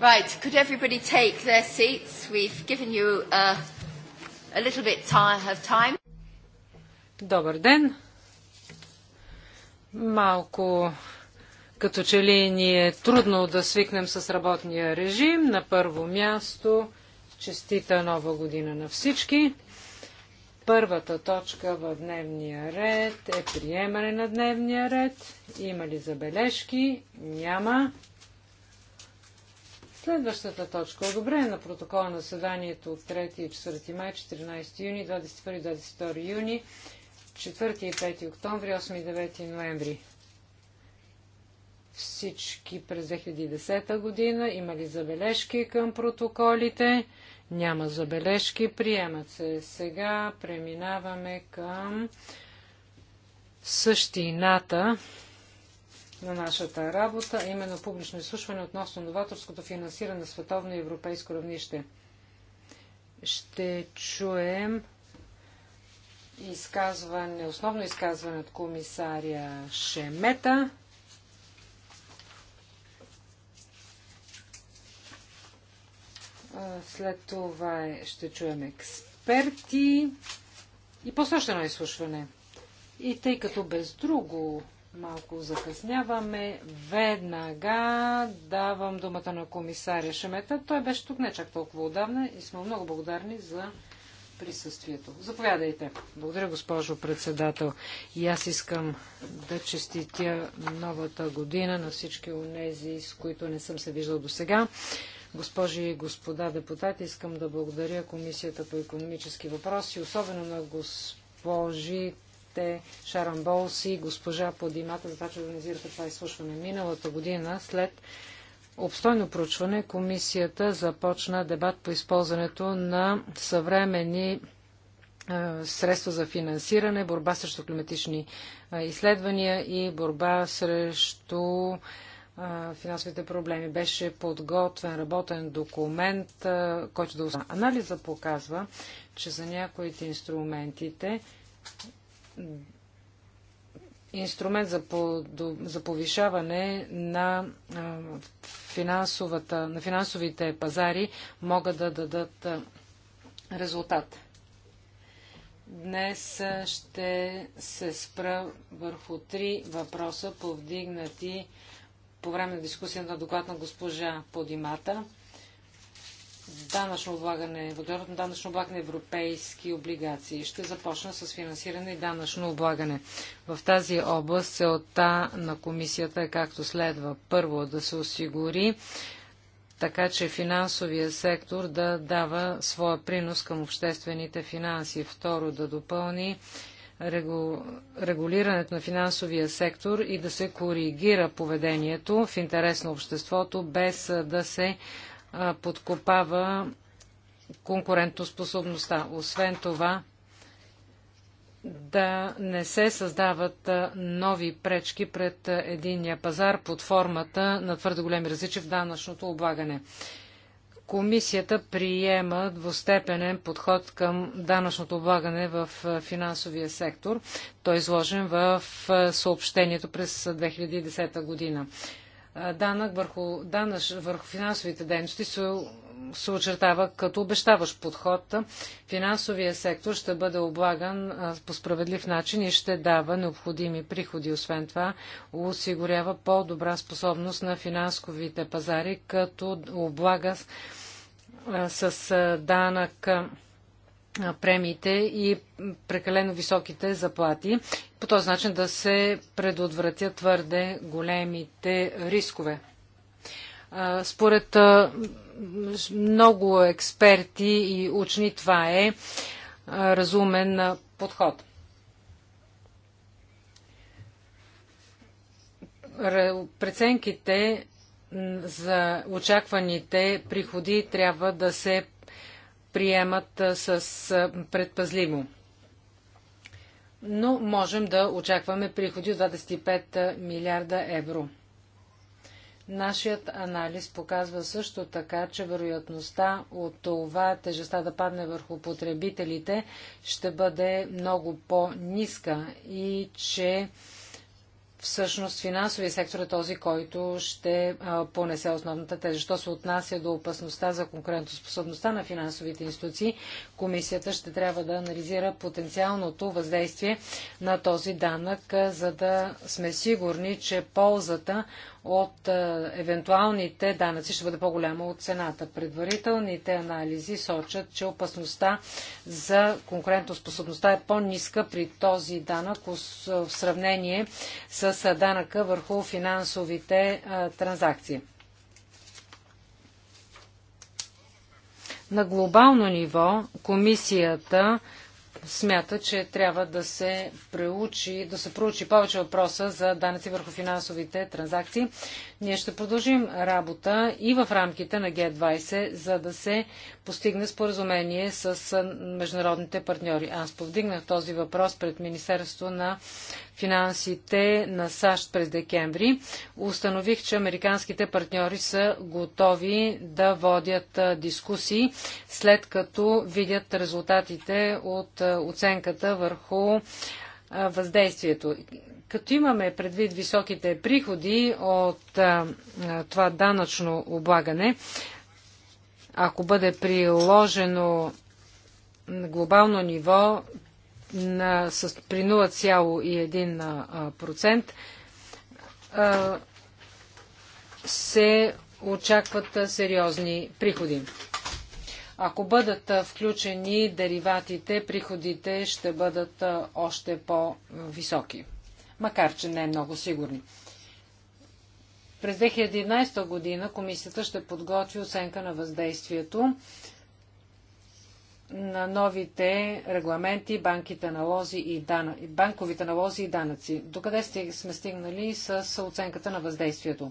Right, could everybody take their seats? We've given you a, uh, a little bit of time. Добър ден! Малко като че ли ни е трудно да свикнем с работния режим. На първо място, честита нова година на всички. Първата точка в дневния ред е приемане на дневния ред. Има ли забележки? Няма. Следващата точка. Одобрение на протокола на съданието от 3 и 4 май, 14 юни, 21 и 22 юни, 4 и 5 октомври, 8 и 9 ноември. Всички през 2010 година има ли забележки към протоколите? Няма забележки, приемат се. Сега преминаваме към същината на нашата работа, именно публично изслушване относно новаторското финансиране на световно и европейско равнище. Ще чуем изказване, основно изказване от комисаря Шемета. След това е, ще чуем експерти и после изслушване. И тъй като без друго Малко закъсняваме. Веднага давам думата на комисаря Шемета. Той беше тук не чак толкова отдавна и сме много благодарни за присъствието. Заповядайте. Благодаря, госпожо председател. И аз искам да честитя новата година на всички унези, с които не съм се виждал до сега. Госпожи и господа депутати, искам да благодаря Комисията по економически въпроси, особено на госпожи поздравихте Шаран Болс и госпожа Подимата за това, че организирате това изслушване. Миналата година, след обстойно проучване, комисията започна дебат по използването на съвремени е, средства за финансиране, борба срещу климатични е, изследвания и борба срещу е, финансовите проблеми. Беше подготвен работен документ, който да... Анализа показва, че за някои от инструментите инструмент за, по, до, за повишаване на, финансовата, на финансовите пазари могат да дадат резултат. Днес ще се спра върху три въпроса, повдигнати по време на дискусия на доклад на госпожа Подимата данъчно облагане, въглеродно данъчно облагане, европейски облигации. Ще започна с финансиране и данъчно облагане. В тази област целта на комисията е както следва. Първо да се осигури така че финансовия сектор да дава своя принос към обществените финанси. Второ, да допълни регулирането на финансовия сектор и да се коригира поведението в интерес на обществото, без да се подкопава конкурентоспособността. Освен това, да не се създават нови пречки пред единния пазар под формата на твърде големи различия в данъчното облагане. Комисията приема двустепенен подход към данъчното облагане в финансовия сектор. Той е изложен в съобщението през 2010 година данък върху, данъж, върху финансовите дейности се, се очертава като обещаващ подход. Финансовия сектор ще бъде облаган по справедлив начин и ще дава необходими приходи. Освен това, осигурява по-добра способност на финансовите пазари, като облага с, данък премиите и прекалено високите заплати. По този начин да се предотвратят твърде големите рискове. Според много експерти и учени това е разумен подход. Преценките за очакваните приходи трябва да се приемат с предпазливо. Но можем да очакваме приходи от 25 милиарда евро. Нашият анализ показва също така, че вероятността от това тежестта да падне върху потребителите ще бъде много по-ниска и че всъщност финансовия сектор е този, който ще понесе основната тежест. Що се отнася до опасността за конкурентоспособността на финансовите институции, комисията ще трябва да анализира потенциалното въздействие на този данък, за да сме сигурни, че ползата от е, евентуалните данъци ще бъде по-голяма от цената. Предварителните анализи сочат, че опасността за конкурентоспособността е по-ниска при този данък в сравнение с е, данъка върху финансовите е, транзакции. На глобално ниво комисията смята, че трябва да се, проучи, да се проучи повече въпроса за данъци върху финансовите транзакции. Ние ще продължим работа и в рамките на Г20, за да се постигне споразумение с международните партньори. Аз повдигнах този въпрос пред Министерство на финансите на САЩ през декември. Установих, че американските партньори са готови да водят дискусии, след като видят резултатите от оценката върху въздействието. Като имаме предвид високите приходи от а, това данъчно облагане, ако бъде приложено на глобално ниво на, с, при 0,1% се очакват сериозни приходи. Ако бъдат включени дериватите, приходите ще бъдат още по-високи, макар че не е много сигурни. През 2011 година комисията ще подготви оценка на въздействието на новите регламенти, банките налози и дана... банковите налози и данъци. Докъде сме стигнали с оценката на въздействието?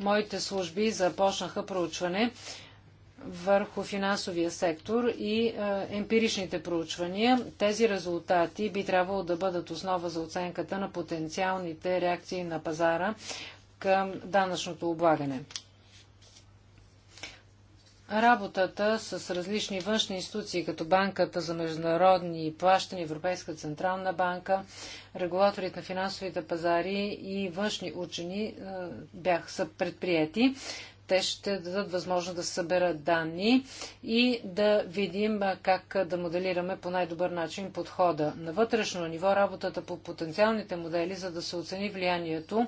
Моите служби започнаха проучване върху финансовия сектор и е, емпиричните проучвания. Тези резултати би трябвало да бъдат основа за оценката на потенциалните реакции на пазара към данъчното облагане. Работата с различни външни институции, като Банката за международни плащания, Европейска централна банка, регулаторите на финансовите пазари и външни учени бях са предприяти те ще дадат възможност да съберат данни и да видим как да моделираме по най-добър начин подхода. На вътрешно ниво работата по потенциалните модели, за да се оцени влиянието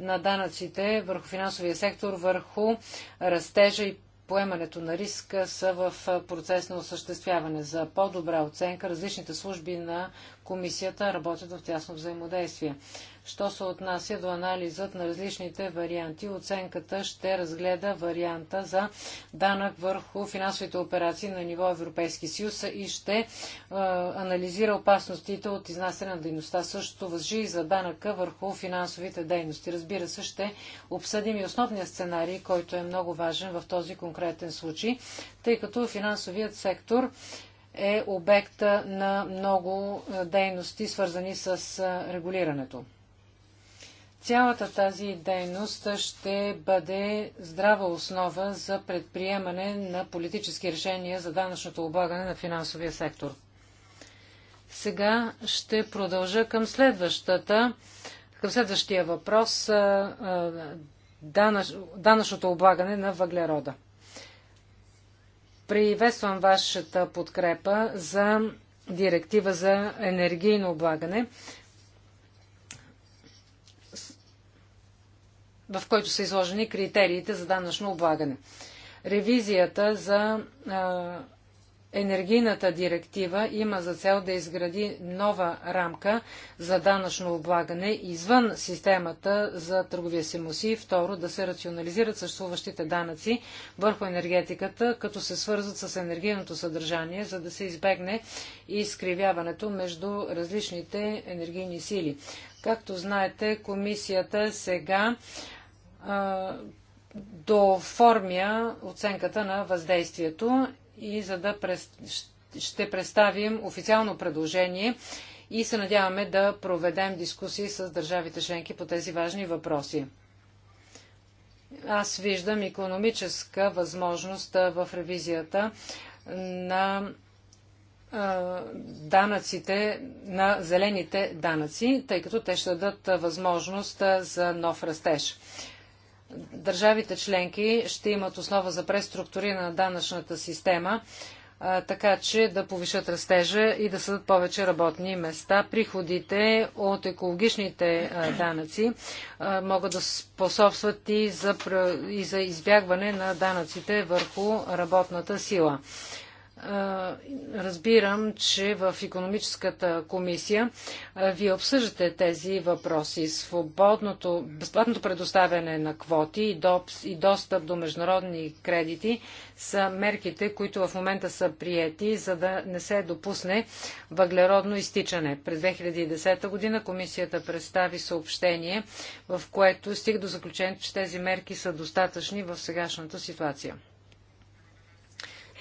на данъците върху финансовия сектор, върху растежа и поемането на риска са в процес на осъществяване. За по-добра оценка различните служби на комисията работят в тясно взаимодействие. Що се отнася до анализът на различните варианти, оценката ще разгледа варианта за данък върху финансовите операции на ниво Европейски съюз и ще е, анализира опасностите от изнасяне на дейността. Същото въжи и за данъка върху финансовите дейности. Разбира се, ще обсъдим и основния сценарий, който е много важен в този конкретен случай, тъй като финансовият сектор е обект на много е, дейности, свързани с е, регулирането. Цялата тази дейност ще бъде здрава основа за предприемане на политически решения за данъчното облагане на финансовия сектор. Сега ще продължа към следващата, към следващия въпрос е, данъчното облагане на въглерода. Приветствам вашата подкрепа за директива за енергийно облагане, в който са изложени критериите за данъчно облагане. Ревизията за а, Енергийната директива има за цел да изгради нова рамка за данъчно облагане извън системата за търговия с и Второ, да се рационализират съществуващите данъци върху енергетиката, като се свързват с енергийното съдържание, за да се избегне изкривяването между различните енергийни сили. Както знаете, комисията сега дооформя оценката на въздействието и за да през... ще представим официално предложение и се надяваме да проведем дискусии с държавите членки по тези важни въпроси. Аз виждам економическа възможност в ревизията на данъците, на зелените данъци, тъй като те ще дадат възможност за нов растеж държавите членки ще имат основа за преструктуриране на данъчната система, така че да повишат растежа и да съдат повече работни места. Приходите от екологичните данъци могат да способстват и за, и за избягване на данъците върху работната сила. Е, разбирам, че в економическата комисия е, вие обсъждате тези въпроси. Свободното, безплатното предоставяне на квоти и, и достъп до международни кредити са мерките, които в момента са приети, за да не се допусне въглеродно изтичане. През 2010 година комисията представи съобщение, в което стига до заключението, че тези мерки са достатъчни в сегашната ситуация.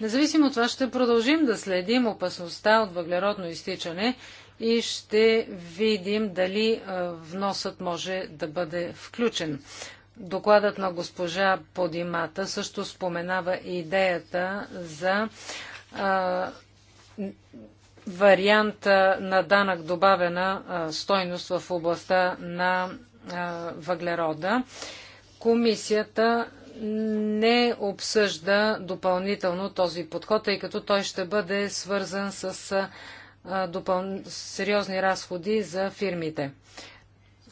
Независимо от това ще продължим да следим опасността от въглеродно изтичане и ще видим дали вносът може да бъде включен. Докладът на госпожа Подимата също споменава идеята за а, варианта на данък добавена стойност в областта на а, въглерода. Комисията не обсъжда допълнително този подход, тъй като той ще бъде свързан с допъл... сериозни разходи за фирмите.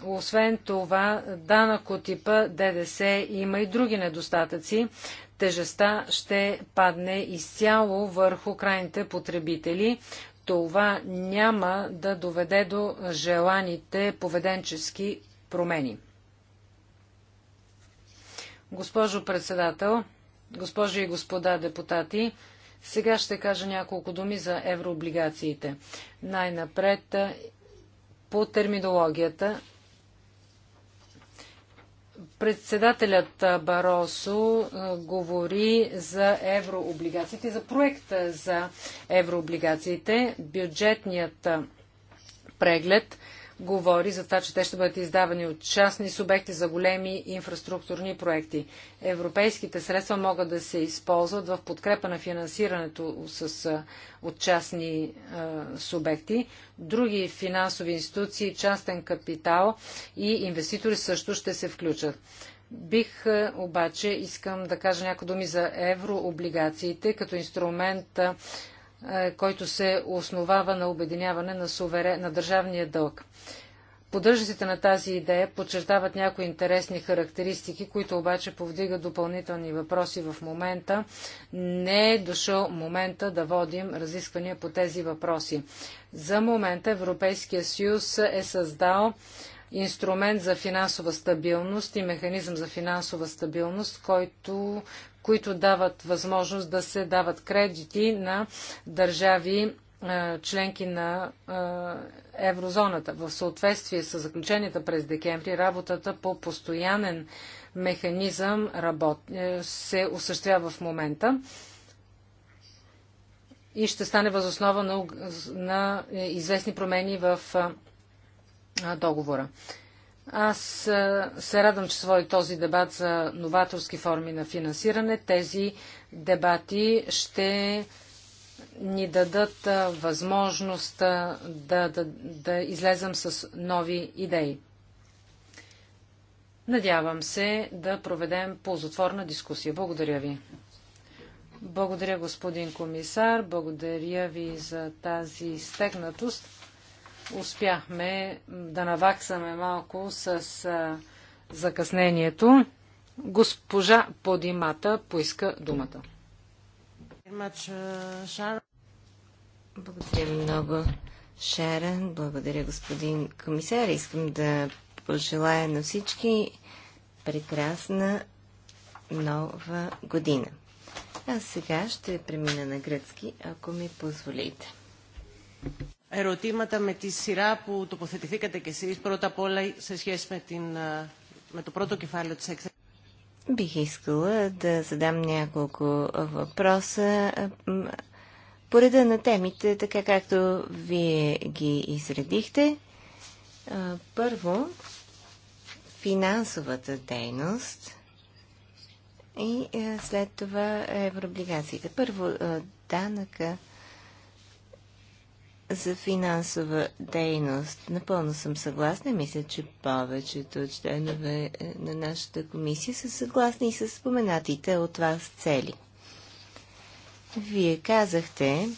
Освен това, данък от типа ДДС има и други недостатъци. Тежестта ще падне изцяло върху крайните потребители. Това няма да доведе до желаните поведенчески промени. Госпожо председател, госпожи и господа депутати, сега ще кажа няколко думи за еврооблигациите. Най-напред по терминологията. Председателят Баросо говори за еврооблигациите, за проекта за еврооблигациите. Бюджетният преглед – говори за това, че те ще бъдат издавани от частни субекти за големи инфраструктурни проекти. Европейските средства могат да се използват в подкрепа на финансирането с, от частни е, субекти. Други финансови институции, частен капитал и инвеститори също ще се включат. Бих обаче искам да кажа някои думи за еврооблигациите като инструмент е, който се основава на обединяване на, суверен, на държавния дълг. Поддържащите на тази идея подчертават някои интересни характеристики, които обаче повдигат допълнителни въпроси в момента. Не е дошъл момента да водим разисквания по тези въпроси. За момента Европейския съюз е създал инструмент за финансова стабилност и механизъм за финансова стабилност, който които дават възможност да се дават кредити на държави членки на еврозоната. В съответствие с заключенията през декември, работата по постоянен механизъм работ... Е, се осъществява в момента и ще стане възоснова на, на е, известни промени в договора. Аз се радвам, че свой този дебат за новаторски форми на финансиране. Тези дебати ще ни дадат възможност да, да, да излезам с нови идеи. Надявам се да проведем ползотворна дискусия. Благодаря ви. Благодаря, господин комисар. Благодаря ви за тази стегнатост успяхме да наваксаме малко с закъснението. Госпожа Подимата поиска думата. Благодаря много, Шарен. Благодаря, господин комисар. Искам да пожелая на всички прекрасна нова година. А сега ще премина на гръцки, ако ми позволите ερωτήματα με τη σειρά που τοποθετηθήκατε κι εσείς, πρώτα απ' όλα σε σχέση με, την, με το πρώτο κεφάλαιο της εξέτασης. Бих искала да задам няколко въпроса по реда на темите, така както вие ги изредихте. Първо, финансовата дейност и е, след това еврооблигациите. Първо, е, данъка за финансова дейност. Напълно съм съгласна. Мисля, че повечето от членове е, на нашата комисия са съгласни и с споменатите от вас цели. Вие казахте,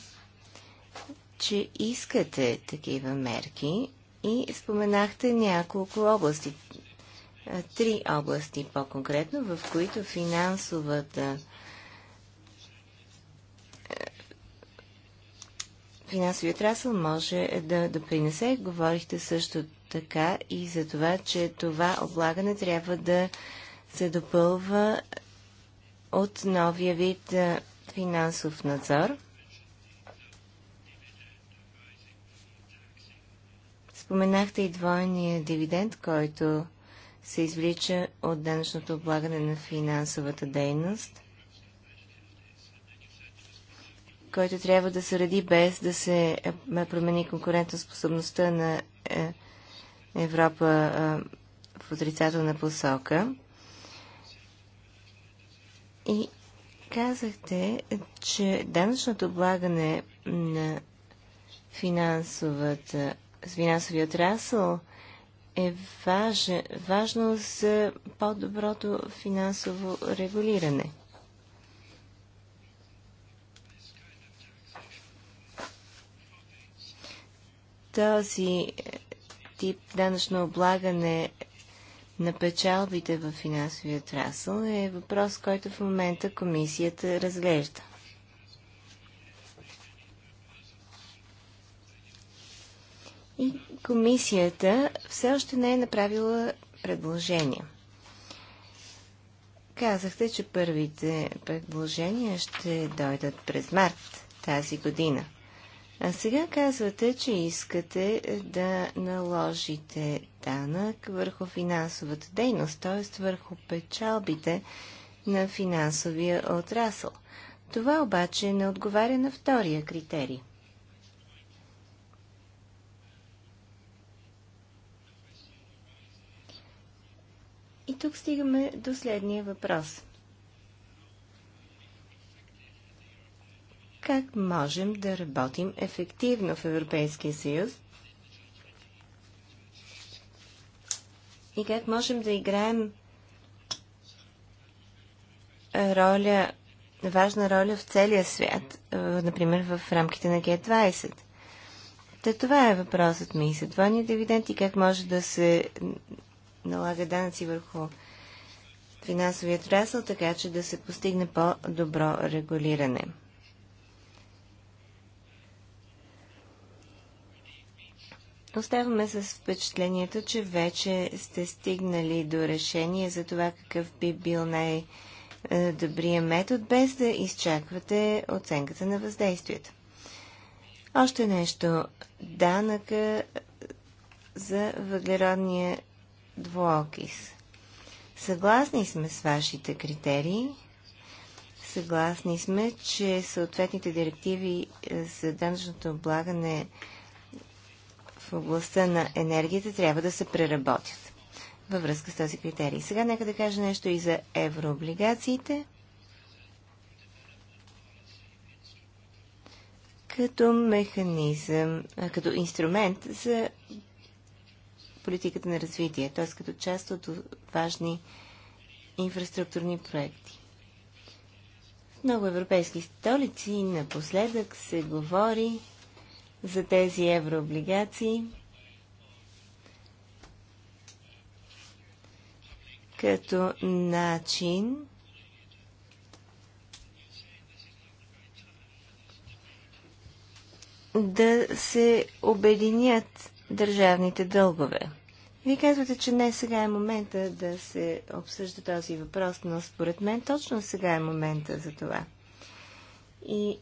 че искате такива мерки и споменахте няколко области. Три области по-конкретно, в които финансовата Финансовият отрасъл може да допринесе. Говорихте също така и за това, че това облагане трябва да се допълва от новия вид финансов надзор. Споменахте и двойния дивиденд, който се извлича от данъчното облагане на финансовата дейност. който трябва да се ради без да се е, промени конкурентоспособността на е, Европа е, в отрицателна посока. И казахте, че данъчното облагане на финансовата, финансовия отрасъл е важен, важно за по-доброто финансово регулиране. този е, тип данъчно облагане на печалбите в финансовия отрасъл е въпрос, който в момента комисията разглежда. И комисията все още не е направила предложения. Казахте, че първите предложения ще дойдат през март тази година. А сега казвате, че искате да наложите данък върху финансовата дейност, т.е. върху печалбите на финансовия отрасъл. Това обаче не отговаря на втория критерий. И тук стигаме до следния въпрос – как можем да работим ефективно в Европейския съюз и как можем да играем роля, важна роля в целия свят, е, например в рамките на Г-20. Та това е въпросът ми. и двойния дивиденд и как може да се налага данъци върху финансовият отрасъл, така че да се постигне по-добро регулиране. Оставаме с впечатлението, че вече сте стигнали до решение за това какъв би бил най-добрия метод, без да изчаквате оценката на въздействието. Още нещо. Данъка за въглеродния двуокис. Съгласни сме с вашите критерии. Съгласни сме, че съответните директиви е, за данъчното облагане в областта на енергията трябва да се преработят във връзка с този критерий. Сега нека да кажа нещо и за еврооблигациите. като механизъм, като инструмент за политиката на развитие, т.е. като част от важни инфраструктурни проекти. В много европейски столици напоследък се говори за тези еврооблигации, като начин да се обединят държавните дългове. Вие казвате, че не сега е момента да се обсъжда този въпрос, но според мен точно сега е момента за това. И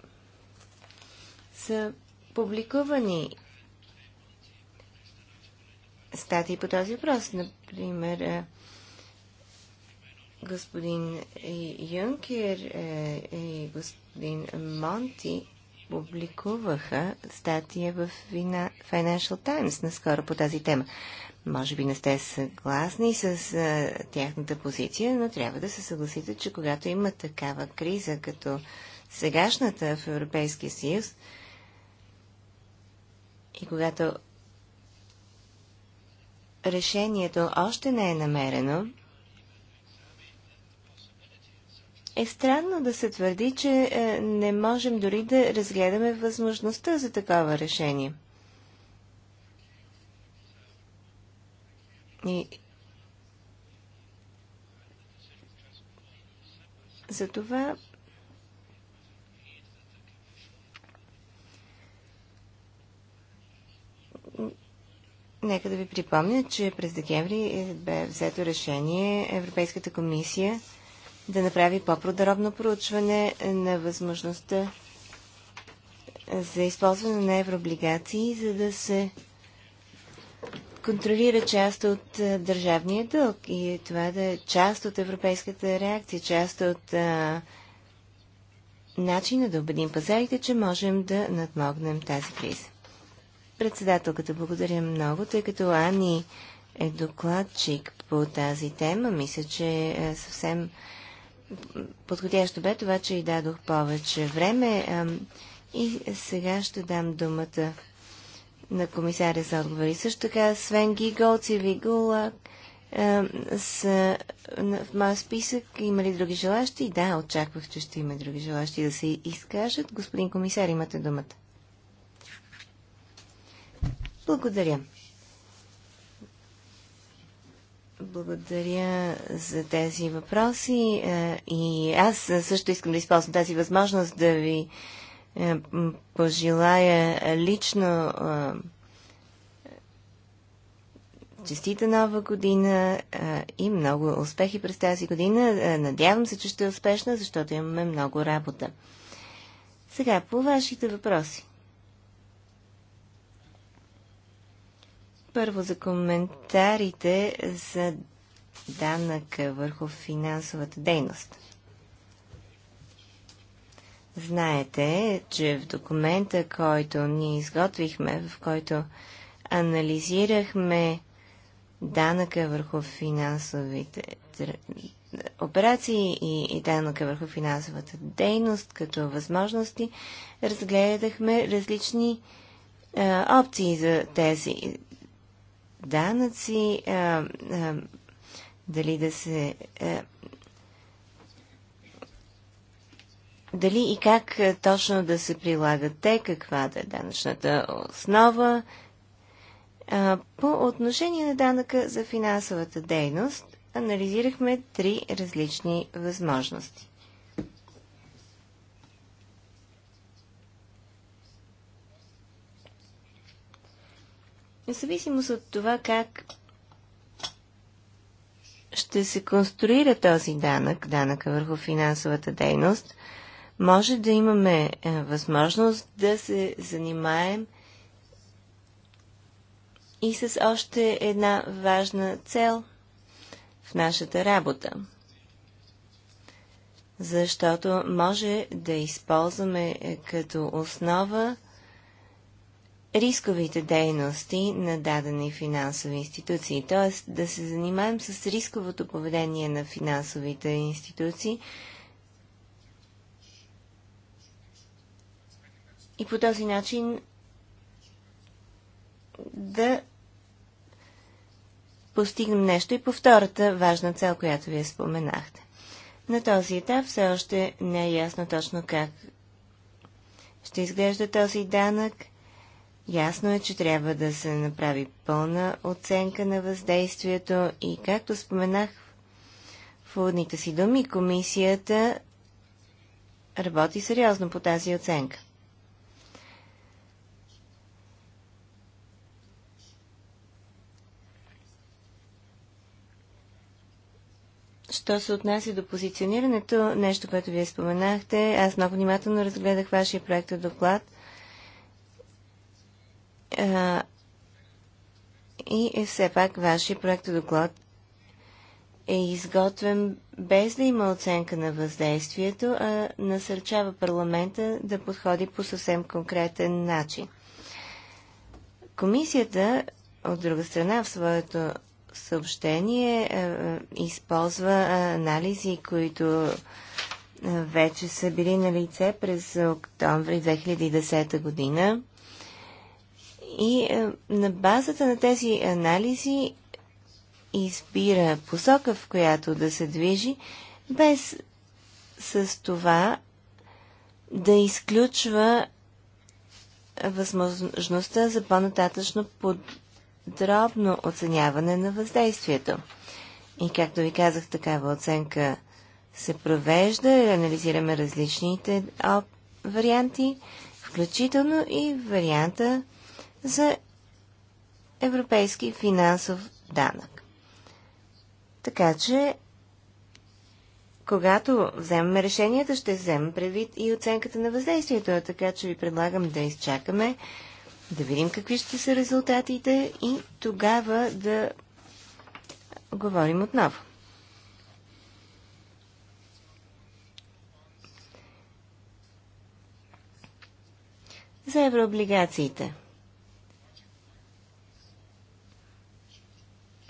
са публикувани статии по този въпрос. Например, е, господин Юнкер е, и господин Монти публикуваха статия в Financial Times наскоро по тази тема. Може би не сте съгласни с а, е, тяхната позиция, но трябва да се съгласите, че когато има такава криза като сегашната в Европейския съюз, и когато решението още не е намерено, е странно да се твърди, че е, не можем дори да разгледаме възможността за такова решение. И затова Нека да ви припомня, че през декември бе взето решение Европейската комисия да направи по-продробно проучване на възможността за използване на еврооблигации, за да се контролира част от държавния дълг и това да е част от европейската реакция, част от а, начина да убедим пазарите, че можем да надмогнем тази криза. Председателката, благодаря много, тъй като Ани е докладчик по тази тема. Мисля, че е съвсем подходящо бе това, че и дадох повече време. И сега ще дам думата на комисаря за отговори. Също така Свен Гиголц и Вигула е, са в моя списък. Има ли други желащи? Да, очаквах, че ще има други желащи да се изкажат. Господин комисар, имате думата. Благодаря. Благодаря за тези въпроси е, и аз също искам да използвам тази възможност да ви е, пожелая лично е, честита нова година и много успехи през тази година. Надявам се, че ще е успешна, защото имаме много работа. Сега по вашите въпроси. Първо за коментарите за данъка върху финансовата дейност. Знаете, че в документа, който ние изготвихме, в който анализирахме данъка върху финансовите операции и, данъка върху финансовата дейност като възможности, разгледахме различни опции за тези данъци, а, а, дали да се. А, дали и как точно да се прилагат те, каква да е данъчната основа. А, по отношение на данъка за финансовата дейност, анализирахме три различни възможности. Независимо от това как ще се конструира този данък, данъка върху финансовата дейност, може да имаме е, възможност да се занимаем и с още една важна цел в нашата работа. Защото може да използваме е, като основа рисковите дейности на дадени финансови институции, т.е. да се занимаем с рисковото поведение на финансовите институции и по този начин да постигнем нещо и по втората важна цел, която вие споменахте. На този етап все още не е ясно точно как ще изглежда този данък – Ясно е, че трябва да се направи пълна оценка на въздействието и, както споменах в водните си думи, комисията работи сериозно по тази оценка. Що се отнася до позиционирането, нещо, което вие споменахте, аз много внимателно разгледах вашия проект доклад – и и е все пак вашия доклад е изготвен без да има оценка на въздействието, а насърчава парламента да подходи по съвсем конкретен начин. Комисията, от друга страна, в своето съобщение е, е, използва анализи, които вече са били на лице през октомври 2010 година и е, на базата на тези анализи избира посока, в която да се движи, без с това да изключва възможността за по-нататъчно подробно оценяване на въздействието. И както ви казах, такава оценка се провежда, анализираме различните варианти, включително и варианта за европейски финансов данък. Така че, когато вземем решенията, ще вземем предвид и оценката на въздействието. Така че ви предлагам да изчакаме, да видим какви ще са резултатите и тогава да говорим отново. За еврооблигациите.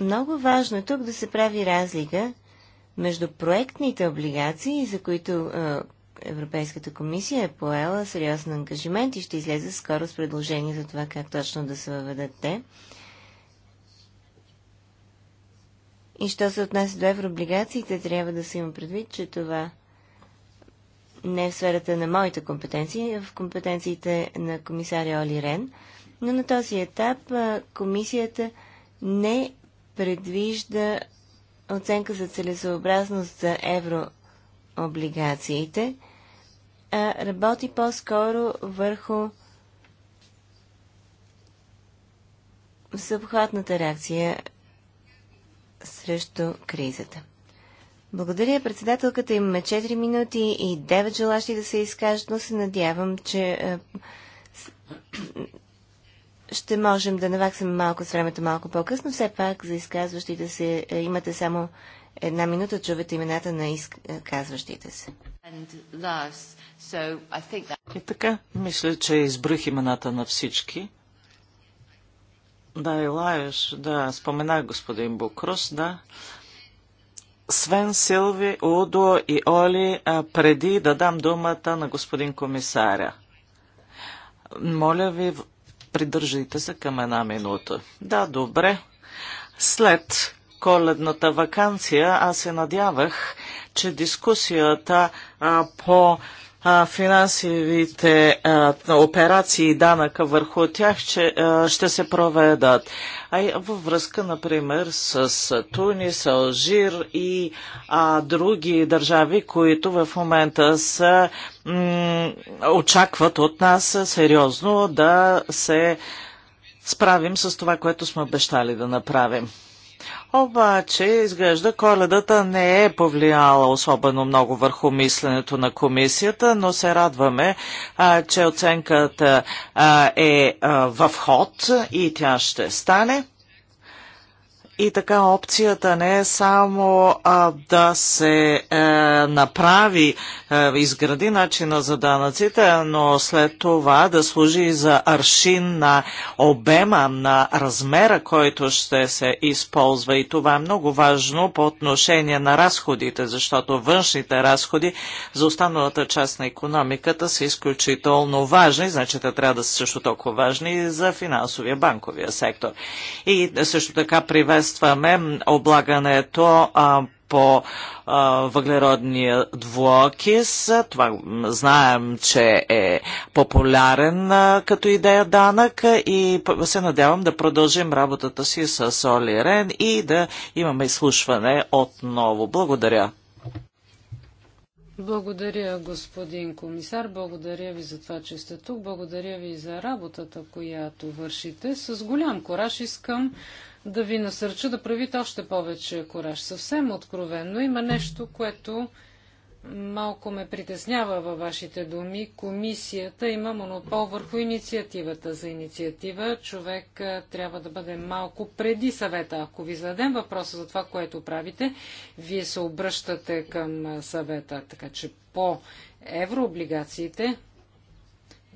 много важно е тук да се прави разлика между проектните облигации, за които е, Европейската комисия е поела сериозен ангажимент и ще излезе скоро с предложение за това как точно да се въведат те. И що се отнася до еврооблигациите, трябва да се има предвид, че това не е в сферата на моите компетенции, а в компетенциите на комисаря Оли Рен. Но на този етап комисията не предвижда оценка за целесообразност за еврооблигациите, а работи по-скоро върху съобхватната реакция срещу кризата. Благодаря, председателката. Имаме 4 минути и 9 желащи да се изкажат, но се надявам, че е, ще можем да наваксаме малко с времето малко по-късно. Все пак за изказващите се е, имате само една минута, чувате имената на изказващите се. И така, мисля, че избрах имената на всички. Да, Илаеш, да, споменах господин Букрус, да. Свен, Силви, Удо и Оли, преди да дам думата на господин комисаря. Моля ви, Придържайте се към една минута. Да, добре. След коледната вакансия аз се надявах, че дискусията а, по финансовите операции и данъка върху тях ще, а, ще се проведат. А във връзка, например, с Тунис, Алжир и а, други държави, които в момента са, очакват от нас сериозно да се справим с това, което сме обещали да направим. Обаче, изглежда, коледата не е повлияла особено много върху мисленето на комисията, но се радваме, а, че оценката а, е а, в ход и тя ще стане. И така опцията не е само а, да се е, направи, е, изгради начина за данъците, но след това да служи за аршин на обема, на размера, който ще се използва. И това е много важно по отношение на разходите, защото външните разходи за останалата част на економиката са изключително важни, значи те трябва да са също толкова важни и за финансовия банковия сектор. И също така привез чувстваме облагането а, по а, въглеродния двуокис. Това знаем, че е популярен а, като идея данък и се надявам да продължим работата си с Оли Рен и да имаме изслушване отново. Благодаря. Благодаря, господин комисар. Благодаря ви за това, че сте тук. Благодаря ви за работата, която вършите. С голям кораж искам да ви насърча да правите още повече кораж. Съвсем откровенно има нещо, което малко ме притеснява във вашите думи. Комисията има монопол върху инициативата. За инициатива човек трябва да бъде малко преди съвета. Ако ви зададем въпроса за това, което правите, вие се обръщате към съвета. Така че по еврооблигациите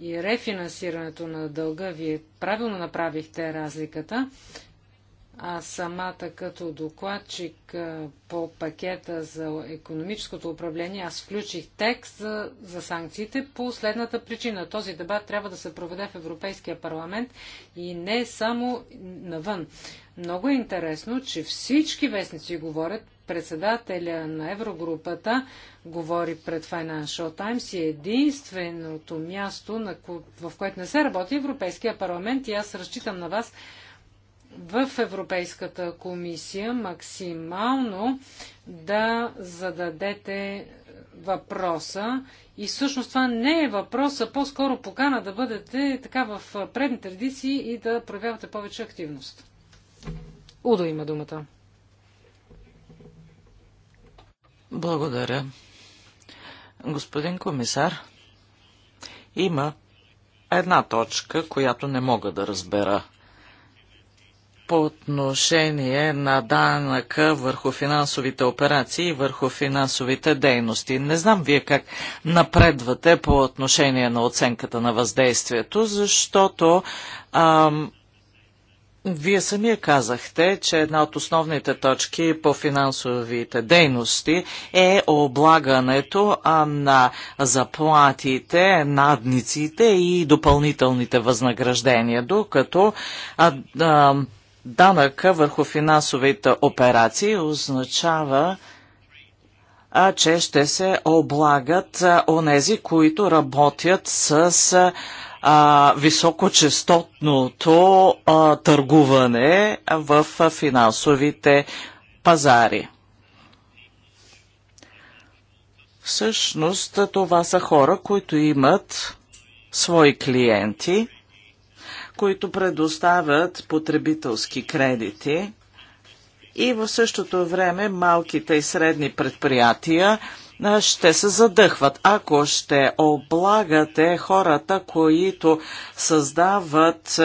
и рефинансирането на дълга, вие правилно направихте разликата а самата като докладчик по пакета за економическото управление, аз включих текст за, за санкциите по следната причина. Този дебат трябва да се проведе в Европейския парламент и не само навън. Много е интересно, че всички вестници говорят, председателя на Еврогрупата говори пред Financial Times и единственото място, в което не се работи е Европейския парламент и аз разчитам на вас в Европейската комисия максимално да зададете въпроса. И всъщност това не е а по-скоро покана да бъдете така в предни традиции и да проявявате повече активност. Удо има думата. Благодаря. Господин комисар, има една точка, която не мога да разбера по отношение на данъка върху финансовите операции и върху финансовите дейности. Не знам вие как напредвате по отношение на оценката на въздействието, защото ам, вие самия казахте, че една от основните точки по финансовите дейности е облагането на заплатите, надниците и допълнителните възнаграждения, докато а, а, данъка върху финансовите операции означава, а, че ще се облагат а, онези, които работят с а, високочастотното а, търгуване в а, финансовите пазари. Всъщност това са хора, които имат свои клиенти които предоставят потребителски кредити и в същото време малките и средни предприятия ще се задъхват. Ако ще облагате хората, които създават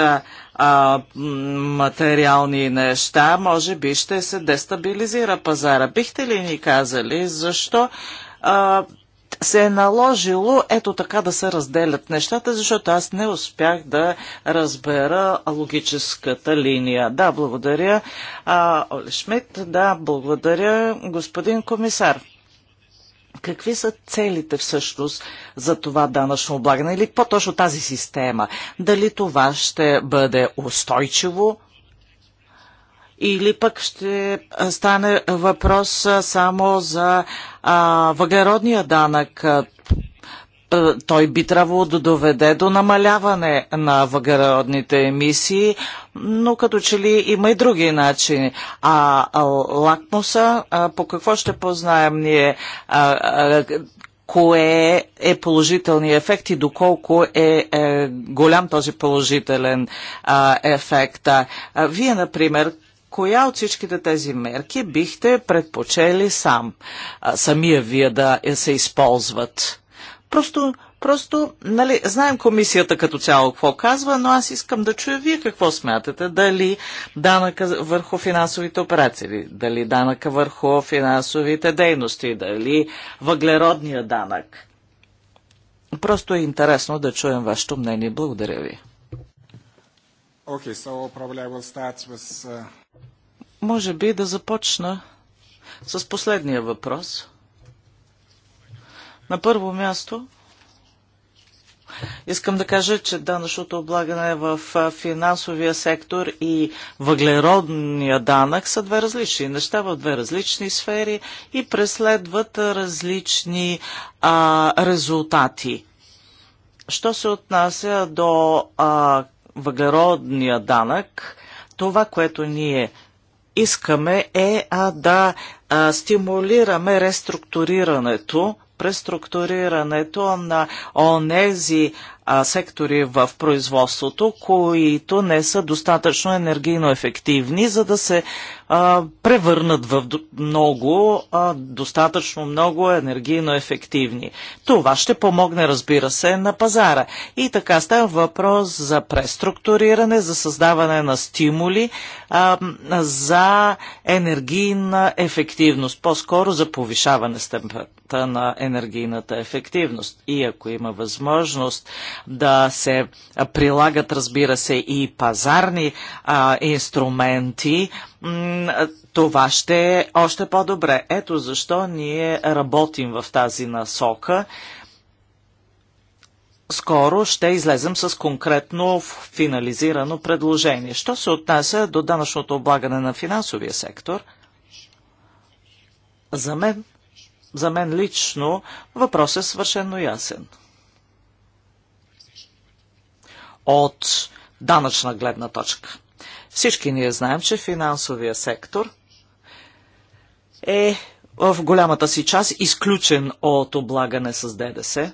а, материални неща, може би ще се дестабилизира пазара. Бихте ли ни казали защо а, се е наложило ето така да се разделят нещата, защото аз не успях да разбера логическата линия. Да, благодаря. А, Оли Шмидт, да, благодаря, господин комисар. Какви са целите всъщност за това данъчно облагане или по-точно тази система? Дали това ще бъде устойчиво, или пък ще стане въпрос само за а, въглеродния данък. Той би трябвало да доведе до намаляване на въглеродните емисии, но като че ли има и други начини. А, лакмуса, по какво ще познаем ние кое е положителният ефект и доколко е, е голям този положителен ефект. вие, например, коя от всичките тези мерки бихте предпочели сам, самия вие да се използват? Просто, просто, нали, знаем комисията като цяло какво казва, но аз искам да чуя вие какво смятате. Дали данъка върху финансовите операции, дали данъка върху финансовите дейности, дали въглеродния данък. Просто е интересно да чуем вашето мнение. Благодаря ви. Okay, so probably I will start with uh, може би да започна с последния въпрос. На първо място Искам да кажа, че данъчното облагане в финансовия сектор и въглеродния данък са две различни неща в две различни сфери и преследват различни а, резултати. Що се отнася до а, въглеродния данък, това, което ние искаме е а, да а, стимулираме реструктурирането, преструктурирането на онези а, сектори в производството, които не са достатъчно енергийно ефективни, за да се превърнат в много, а, достатъчно много енергийно ефективни. Това ще помогне, разбира се, на пазара. И така става въпрос за преструктуриране, за създаване на стимули а, за енергийна ефективност, по-скоро за повишаване степента на енергийната ефективност. И ако има възможност да се прилагат, разбира се, и пазарни а, инструменти, това ще е още по-добре. Ето защо ние работим в тази насока. Скоро ще излезем с конкретно финализирано предложение. Що се отнася до данъчното облагане на финансовия сектор? За мен, за мен лично въпрос е свършено ясен. От данъчна гледна точка. Всички ние знаем, че финансовия сектор е в голямата си част изключен от облагане с ДДС.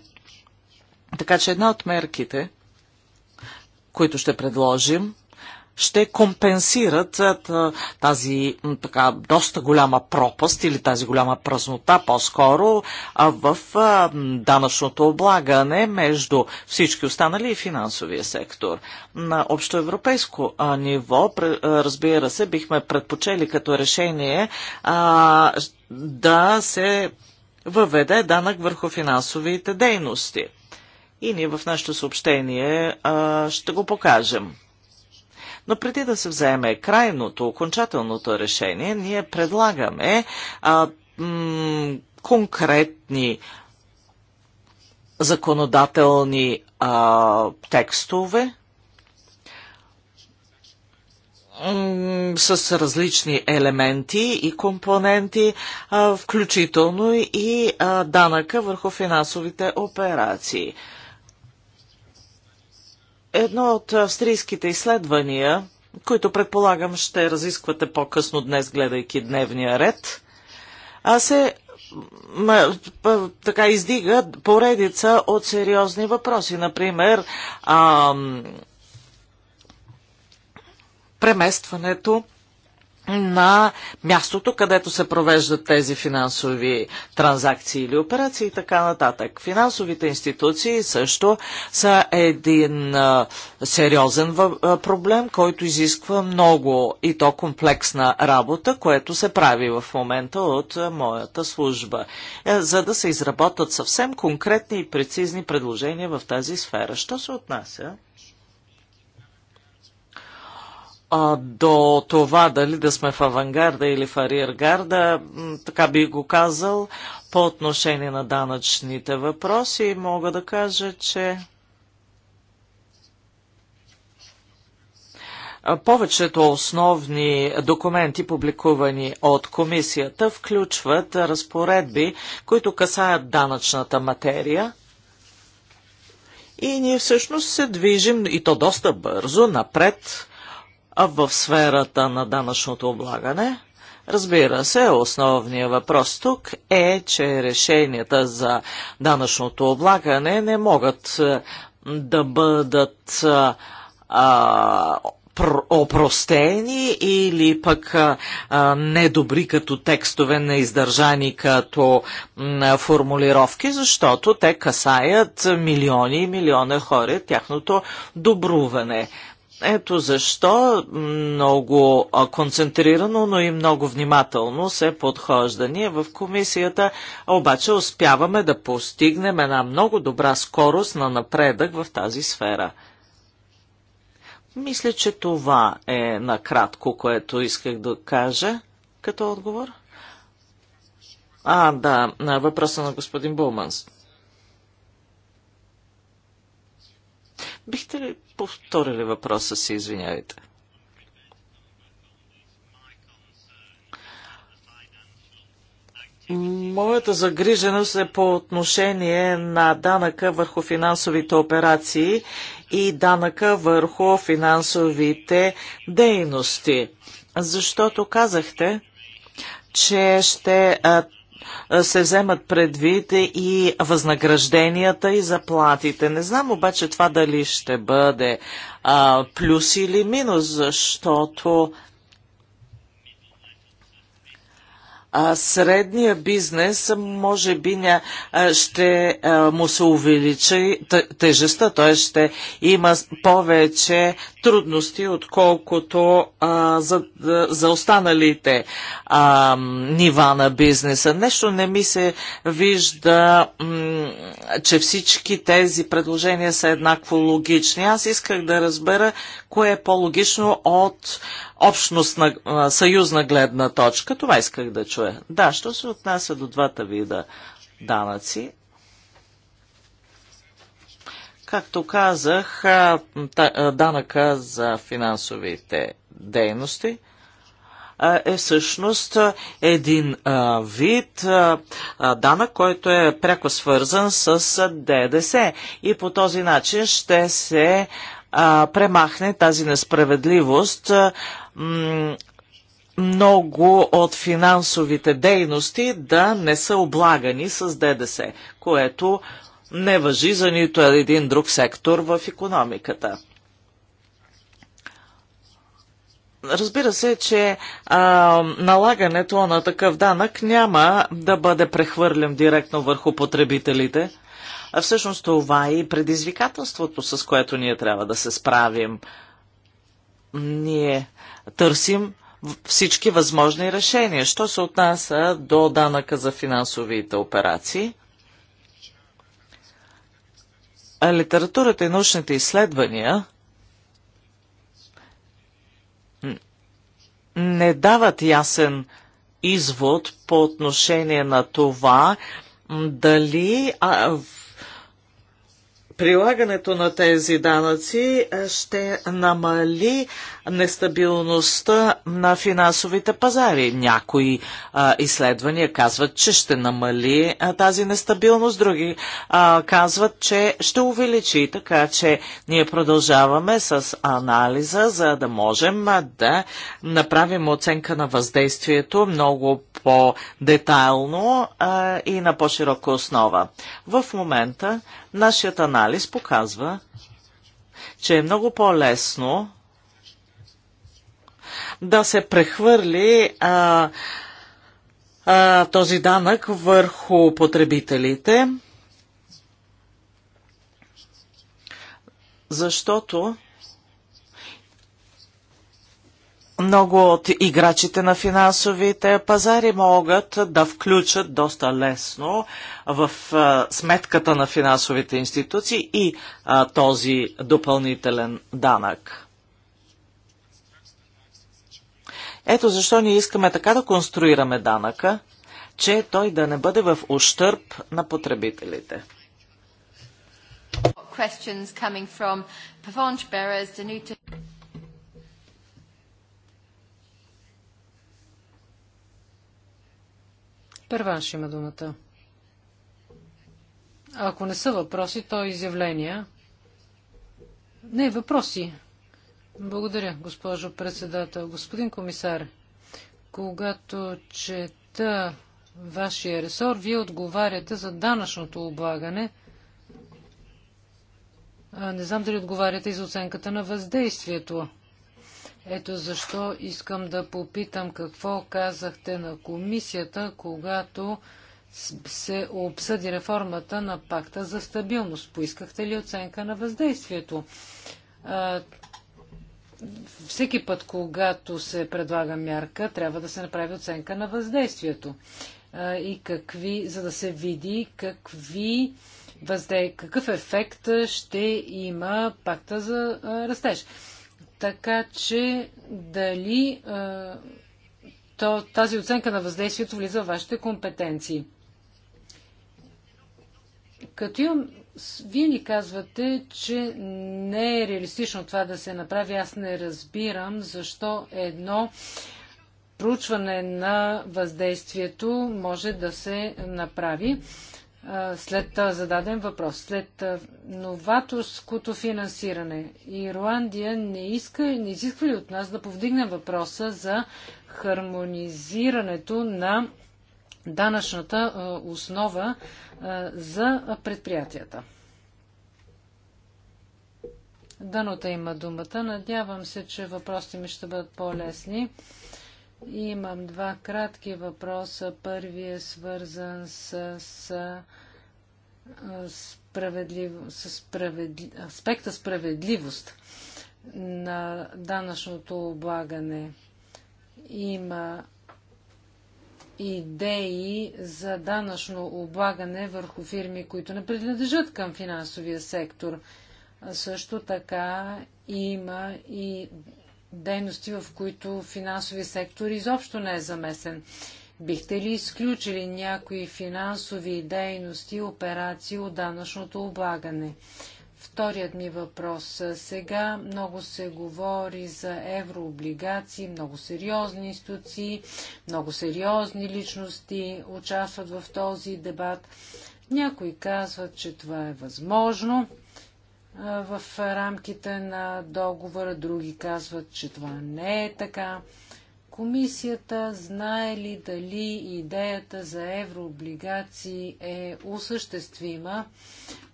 Така че една от мерките, които ще предложим, ще компенсират е, тази така доста голяма пропаст или тази голяма празнота по-скоро в данъчното облагане между всички останали и финансовия сектор. На общоевропейско ниво, разбира се, бихме предпочели като решение да се въведе данък върху финансовите дейности. И ние в нашето съобщение ще го покажем. Но преди да се вземе крайното, окончателното решение, ние предлагаме а, конкретни законодателни а, текстове с различни елементи и компоненти, а, включително и а, данъка върху финансовите операции едно от австрийските изследвания, които предполагам ще разисквате по-късно днес, гледайки дневния ред, а се така издига поредица от сериозни въпроси. Например, а, преместването на мястото, където се провеждат тези финансови транзакции или операции и така нататък. Финансовите институции също са един а, сериозен въ... проблем, който изисква много и то комплексна работа, което се прави в момента от а, моята служба, е, за да се изработат съвсем конкретни и прецизни предложения в тази сфера. Що се отнася? а, до това дали да сме в авангарда или в ариергарда, така би го казал, по отношение на данъчните въпроси мога да кажа, че Повечето основни документи, публикувани от комисията, включват разпоредби, които касаят данъчната материя. И ние всъщност се движим, и то доста бързо, напред в сферата на данъчното облагане. Разбира се, основният въпрос тук е, че решенията за данъчното облагане не могат е, да бъдат е, а, опростени или пък а, е, недобри като текстове, неиздържани като формулировки, защото те касаят милиони и милиона хора, тяхното добруване. Ето защо много концентрирано, но и много внимателно се подхожда. Ние в комисията обаче успяваме да постигнем една много добра скорост на напредък в тази сфера. Мисля, че това е накратко, което исках да кажа като отговор. А, да, на въпроса на господин Булманс. Бихте ли повторили въпроса си, извинявайте? Моята загриженост е по отношение на данъка върху финансовите операции и данъка върху финансовите дейности. Защото казахте, че ще се вземат предвид и възнагражденията и заплатите. Не знам обаче това дали ще бъде а, плюс или минус, защото средния бизнес може би ня, ще му се увеличи тежестта, т.е. ще има повече трудности, отколкото а, за, за останалите а, нива на бизнеса. Нещо не ми се вижда, че всички тези предложения са еднакво логични. Аз исках да разбера кое е по-логично от общностна, съюзна гледна точка. Това исках да чуя. Да, що се отнася до двата вида данъци, Както казах, данъка за финансовите дейности е всъщност един вид данък, който е пряко свързан с ДДС и по този начин ще се премахне тази несправедливост много от финансовите дейности да не са облагани с ДДС, което не въжи за нито един друг сектор в економиката. Разбира се, че а, налагането на такъв данък няма да бъде прехвърлен директно върху потребителите. А всъщност това е и предизвикателството, с което ние трябва да се справим. Ние търсим всички възможни решения. Що се отнася до данъка за финансовите операции? А литературата и научните изследвания не дават ясен извод по отношение на това дали а, прилагането на тези данъци ще намали нестабилността на финансовите пазари. Някои а, изследвания казват, че ще намали а, тази нестабилност, други а, казват, че ще увеличи, така че ние продължаваме с анализа, за да можем а, да направим оценка на въздействието много по-детайлно и на по-широка основа. В момента Нашият анализ показва, че е много по-лесно да се прехвърли а, а, този данък върху потребителите, защото много от играчите на финансовите пазари могат да включат доста лесно в сметката на финансовите институции и този допълнителен данък. Ето защо ние искаме така да конструираме данъка, че той да не бъде в ущърп на потребителите. Първанш има думата. А ако не са въпроси, то е изявления. Не, въпроси. Благодаря, госпожо председател. Господин комисар, когато чета вашия ресор, вие отговаряте за данъчното облагане. Не знам дали отговаряте и за оценката на въздействието. Ето защо искам да попитам какво казахте на комисията, когато се обсъди реформата на пакта за стабилност. Поискахте ли оценка на въздействието? всеки път, когато се предлага мярка, трябва да се направи оценка на въздействието. И какви, за да се види какви въздей, какъв ефект ще има пакта за растеж. Така че дали то, тази оценка на въздействието влиза в вашите компетенции. Като имам, вие ни казвате, че не е реалистично това да се направи. Аз не разбирам защо едно проучване на въздействието може да се направи след зададен въпрос. След новаторското финансиране Ирландия не, иска, не изисква ли от нас да повдигне въпроса за хармонизирането на данъчната основа за предприятията? Данота има думата. Надявам се, че въпросите ми ще бъдат по-лесни. Имам два кратки въпроса. Първият е свързан с, с, справедлив... с справедли... аспекта справедливост на данъчното облагане. Има идеи за данъчно облагане върху фирми, които не принадлежат към финансовия сектор. Също така има и дейности, в които финансови сектор изобщо не е замесен. Бихте ли изключили някои финансови дейности и операции от данъчното облагане? Вторият ми въпрос. Сега много се говори за еврооблигации, много сериозни институции, много сериозни личности участват в този дебат. Някои казват, че това е възможно, в рамките на договора, други казват, че това не е така. Комисията знае ли дали идеята за еврооблигации е осъществима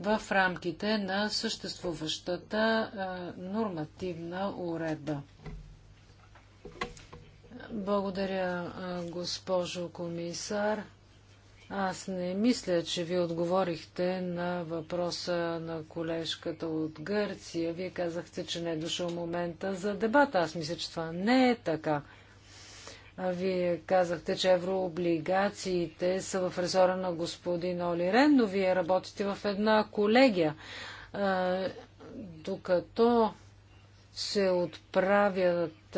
в рамките на съществуващата нормативна уредба? Благодаря, госпожо комисар. Аз не мисля, че ви отговорихте на въпроса на колежката от Гърция. Вие казахте, че не е дошъл момента за дебата. Аз мисля, че това не е така. А вие казахте, че еврооблигациите са в резора на господин Оли Рен, но вие работите в една колегия. А, докато се отправят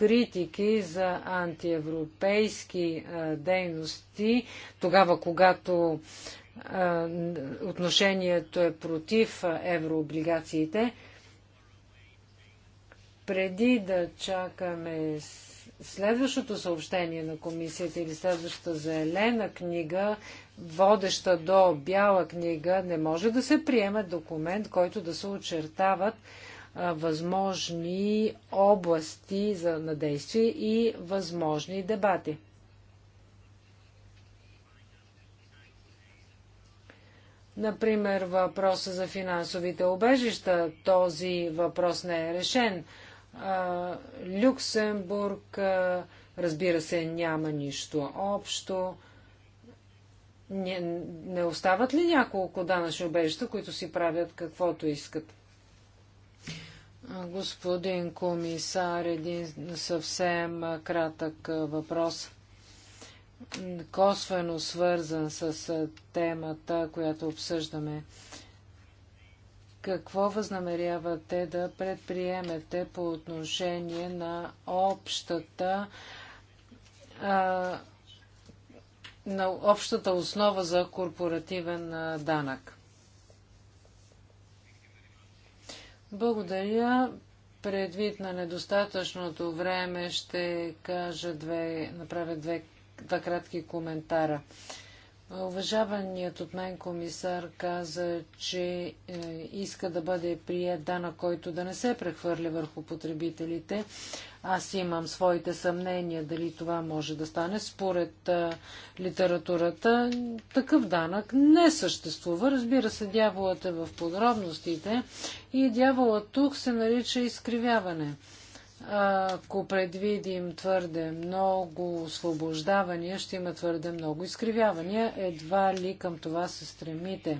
критики за антиевропейски дейности, тогава когато отношението е против еврооблигациите, преди да чакаме следващото съобщение на комисията или следващата зелена книга, водеща до бяла книга, не може да се приеме документ, който да се очертават възможни области за надействие и възможни дебати. Например, въпроса за финансовите обежища. Този въпрос не е решен. Люксембург, разбира се, няма нищо общо. Не, не остават ли няколко данъчни обежища, които си правят каквото искат? Господин комисар, един съвсем кратък въпрос, косвено свързан с темата, която обсъждаме. Какво възнамерявате да предприемете по отношение на общата а, на общата основа за корпоративен данък? Благодаря. Предвид на недостатъчното време ще кажа две, направя две, два кратки коментара. Уважаваният от мен комисар каза, че е, иска да бъде прият данък, който да не се прехвърля върху потребителите, аз имам своите съмнения дали това може да стане. Според а, литературата такъв данък не съществува. Разбира се, дяволът е в подробностите и дяволът тук се нарича изкривяване. Ако предвидим твърде много освобождавания, ще има твърде много изкривявания. Едва ли към това се стремите.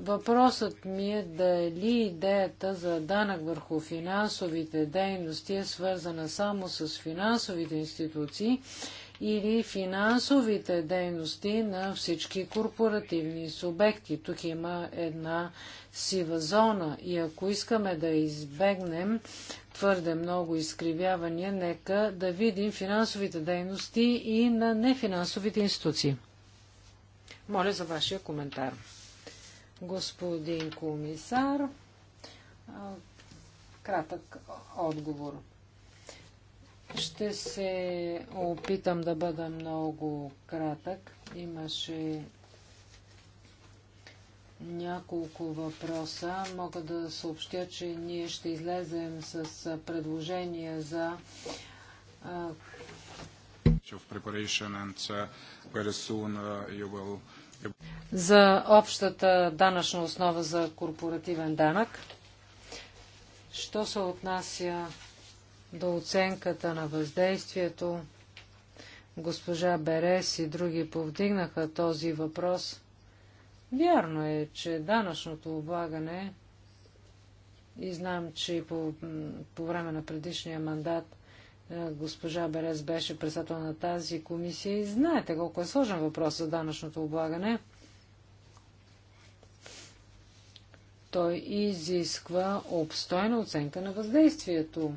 Въпросът ми е дали идеята за данък върху финансовите дейности е свързана само с финансовите институции или финансовите дейности на всички корпоративни субекти. Тук има една сива зона и ако искаме да избегнем твърде много изкривявания, нека да видим финансовите дейности и на нефинансовите институции. Моля за вашия коментар. Господин комисар, кратък отговор. Ще се опитам да бъда много кратък. Имаше няколко въпроса. Мога да съобщя, че ние ще излезем с предложение за of preparation and uh, very soon uh, you will за общата данъчна основа за корпоративен данък. Що се отнася до оценката на въздействието, госпожа Берес и други повдигнаха този въпрос. Вярно е, че данъчното облагане и знам, че по, по време на предишния мандат – е, госпожа Берес беше председател на тази комисия и знаете колко е сложен въпрос за данъчното облагане. Той изисква обстойна оценка на въздействието.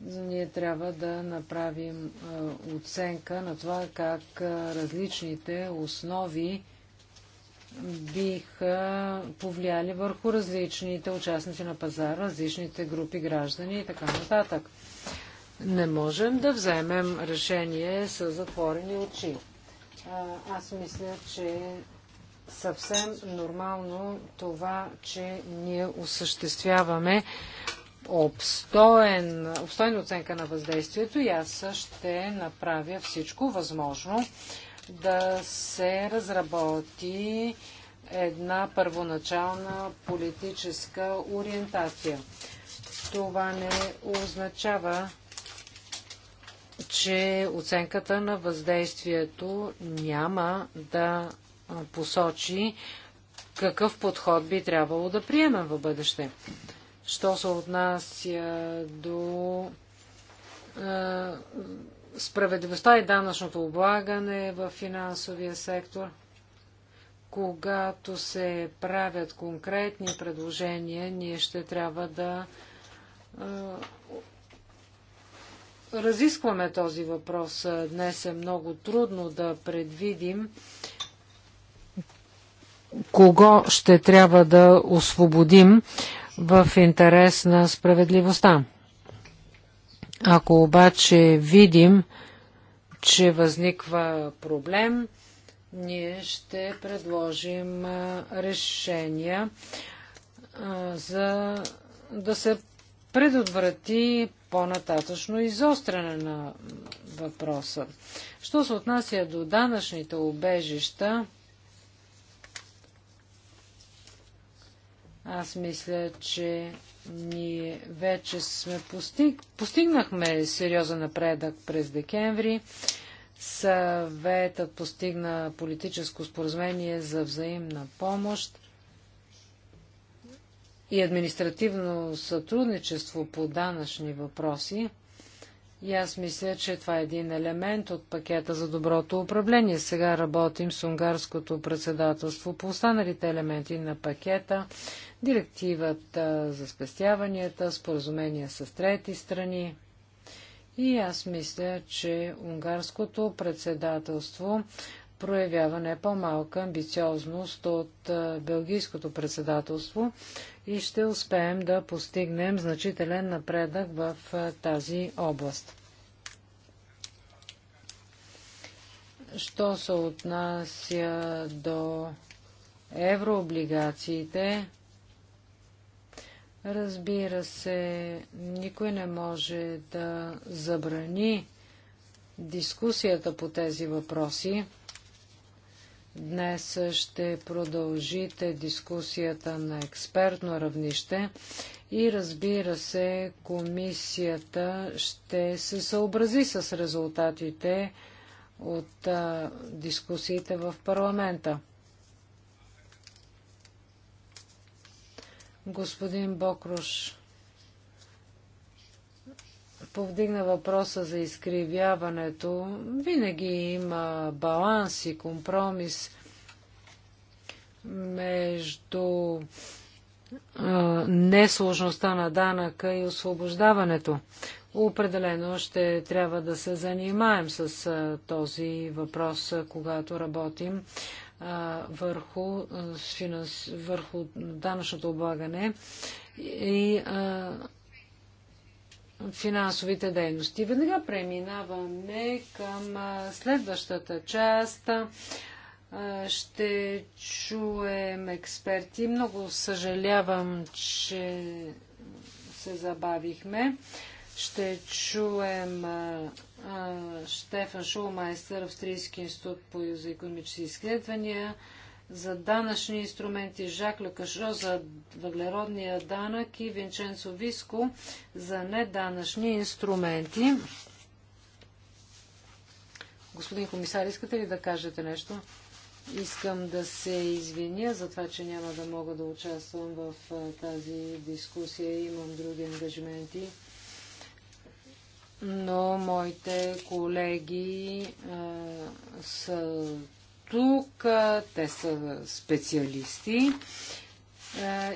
Ние трябва да направим е, оценка на това как е, различните основи биха повлияли върху различните участници на пазара, различните групи граждани и така нататък не можем да вземем решение с затворени очи. Аз мисля, че съвсем нормално това, че ние осъществяваме обстоен, обстойна оценка на въздействието и аз ще направя всичко възможно да се разработи една първоначална политическа ориентация. Това не означава, че оценката на въздействието няма да посочи какъв подход би трябвало да приемем в бъдеще. Що се отнася до е, справедливостта и данъчното облагане в финансовия сектор, когато се правят конкретни предложения, ние ще трябва да е, разискваме този въпрос. Днес е много трудно да предвидим кого ще трябва да освободим в интерес на справедливостта. Ако обаче видим, че възниква проблем, ние ще предложим решения за да се предотврати по-нататъчно изостряне на въпроса. Що се отнася до данъчните обежища, аз мисля, че ние вече сме постиг... постигнахме сериозен напредък през декември. Съветът постигна политическо споразумение за взаимна помощ и административно сътрудничество по данъчни въпроси. И аз мисля, че това е един елемент от пакета за доброто управление. Сега работим с унгарското председателство по останалите елементи на пакета, директивата за спестяванията, споразумения с трети страни. И аз мисля, че унгарското председателство проявява не по-малка амбициозност от Белгийското председателство и ще успеем да постигнем значителен напредък в тази област. Що се отнася до еврооблигациите, разбира се, никой не може да забрани дискусията по тези въпроси. Днес ще продължите дискусията на експертно равнище и разбира се, комисията ще се съобрази с резултатите от а, дискусиите в парламента. Господин Бокруш, повдигна въпроса за изкривяването. Винаги има баланс и компромис между несложността на данъка и освобождаването. Определено ще трябва да се занимаем с този въпрос, когато работим върху, финанс... върху данъчното облагане и финансовите дейности. Веднага преминаваме към следващата част. Ще чуем експерти. Много съжалявам, че се забавихме. Ще чуем Штефан Шулмайстър, Австрийски институт по економически изследвания, за данъчни инструменти, Жак Лекашо за въглеродния данък и Винченцо Виско за неданъчни инструменти. Господин комисар, искате ли да кажете нещо? Искам да се извиня за това, че няма да мога да участвам в тази дискусия. Имам други ангажименти. Но моите колеги а, са тук, те са специалисти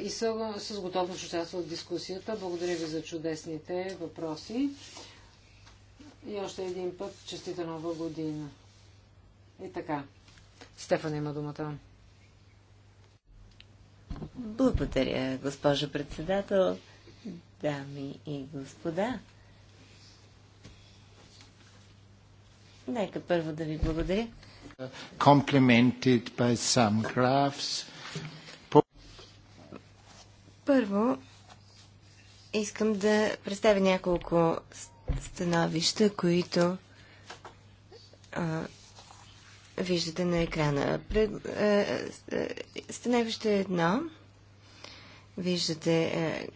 и са с готовност участват в дискусията. Благодаря ви за чудесните въпроси. И още един път, честита нова година. И така. Стефан има думата. Благодаря, госпожа председател, дами и господа. Нека първо да ви благодаря complemented by some graphs. Първо, искам да представя няколко становища, които а, виждате на екрана. Пред, а, становище едно. Виждате а,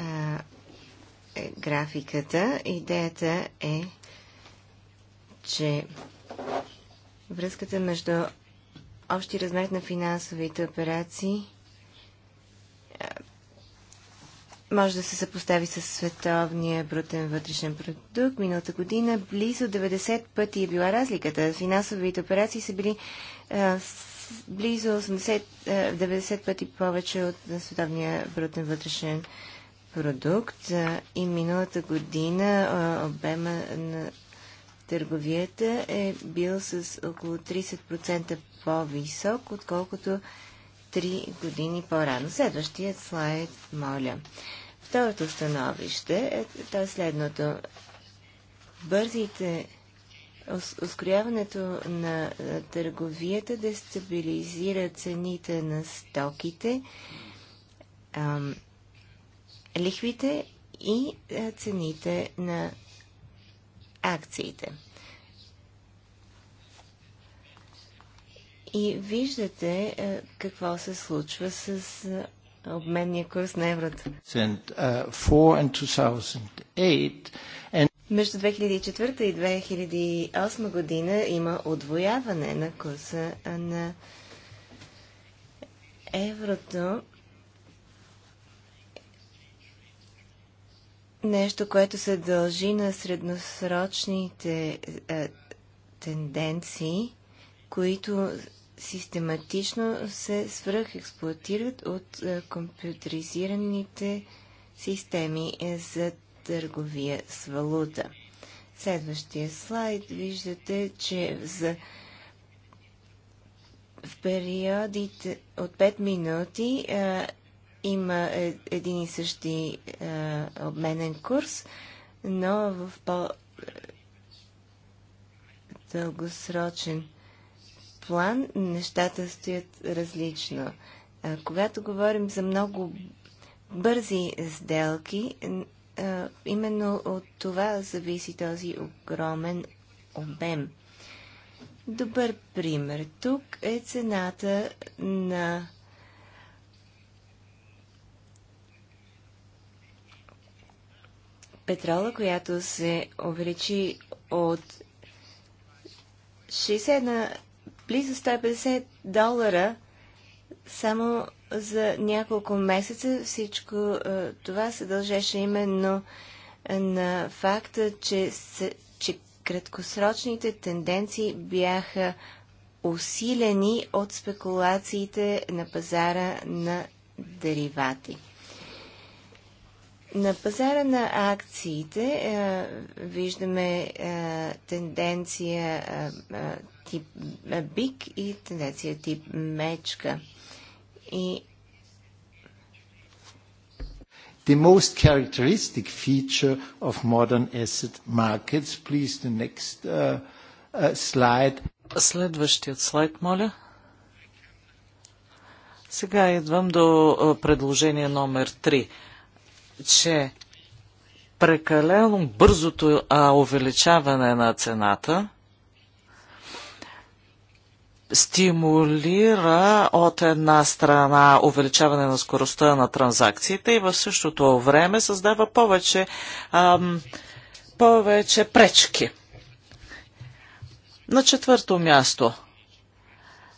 а, е графиката. Идеята е че връзката между общи размер на финансовите операции може да се съпостави с световния брутен вътрешен продукт. Миналата година близо 90 пъти е била разликата. Финансовите операции са били а, с, близо 80, а, 90 пъти повече от световния брутен вътрешен продукт. А, и миналата година а, обема на търговията е бил с около 30% по-висок, отколкото 3 години по-рано. Следващият слайд, моля. Второто становище е то е следното. Бързите ускоряването на търговията дестабилизира цените на стоките, ам, лихвите и цените на акциите. И виждате е, какво се случва с е, обменния курс на еврото. Е, Между 2004 и 2008 година има отвояване на курса на еврото нещо, което се дължи на средносрочните е, тенденции, които систематично се свръхексплуатират от е, компютризираните системи е, за търговия с валута. Следващия слайд виждате, че за в периодите от 5 минути е, има е, един и същи е, обменен курс, но в по-дългосрочен план нещата стоят различно. Е, когато говорим за много бързи сделки, е, именно от това зависи този огромен обем. Добър пример тук е цената на петрола, която се увеличи от 60 на близо 150 долара само за няколко месеца. Всичко е, това се дължеше именно на факта, че, че краткосрочните тенденции бяха усилени от спекулациите на пазара на деривати. На пазара на акциите а, е, виждаме а, е, тенденция а, е, а, тип а, бик и тенденция тип мечка. И The most characteristic feature of modern asset markets, please the next uh, uh, slide. Следващият слайд, моля. Сега идвам до предложение номер 3 че прекалено бързото а, увеличаване на цената стимулира от една страна увеличаване на скоростта на транзакциите и в същото време създава повече, ам, повече пречки. На четвърто място –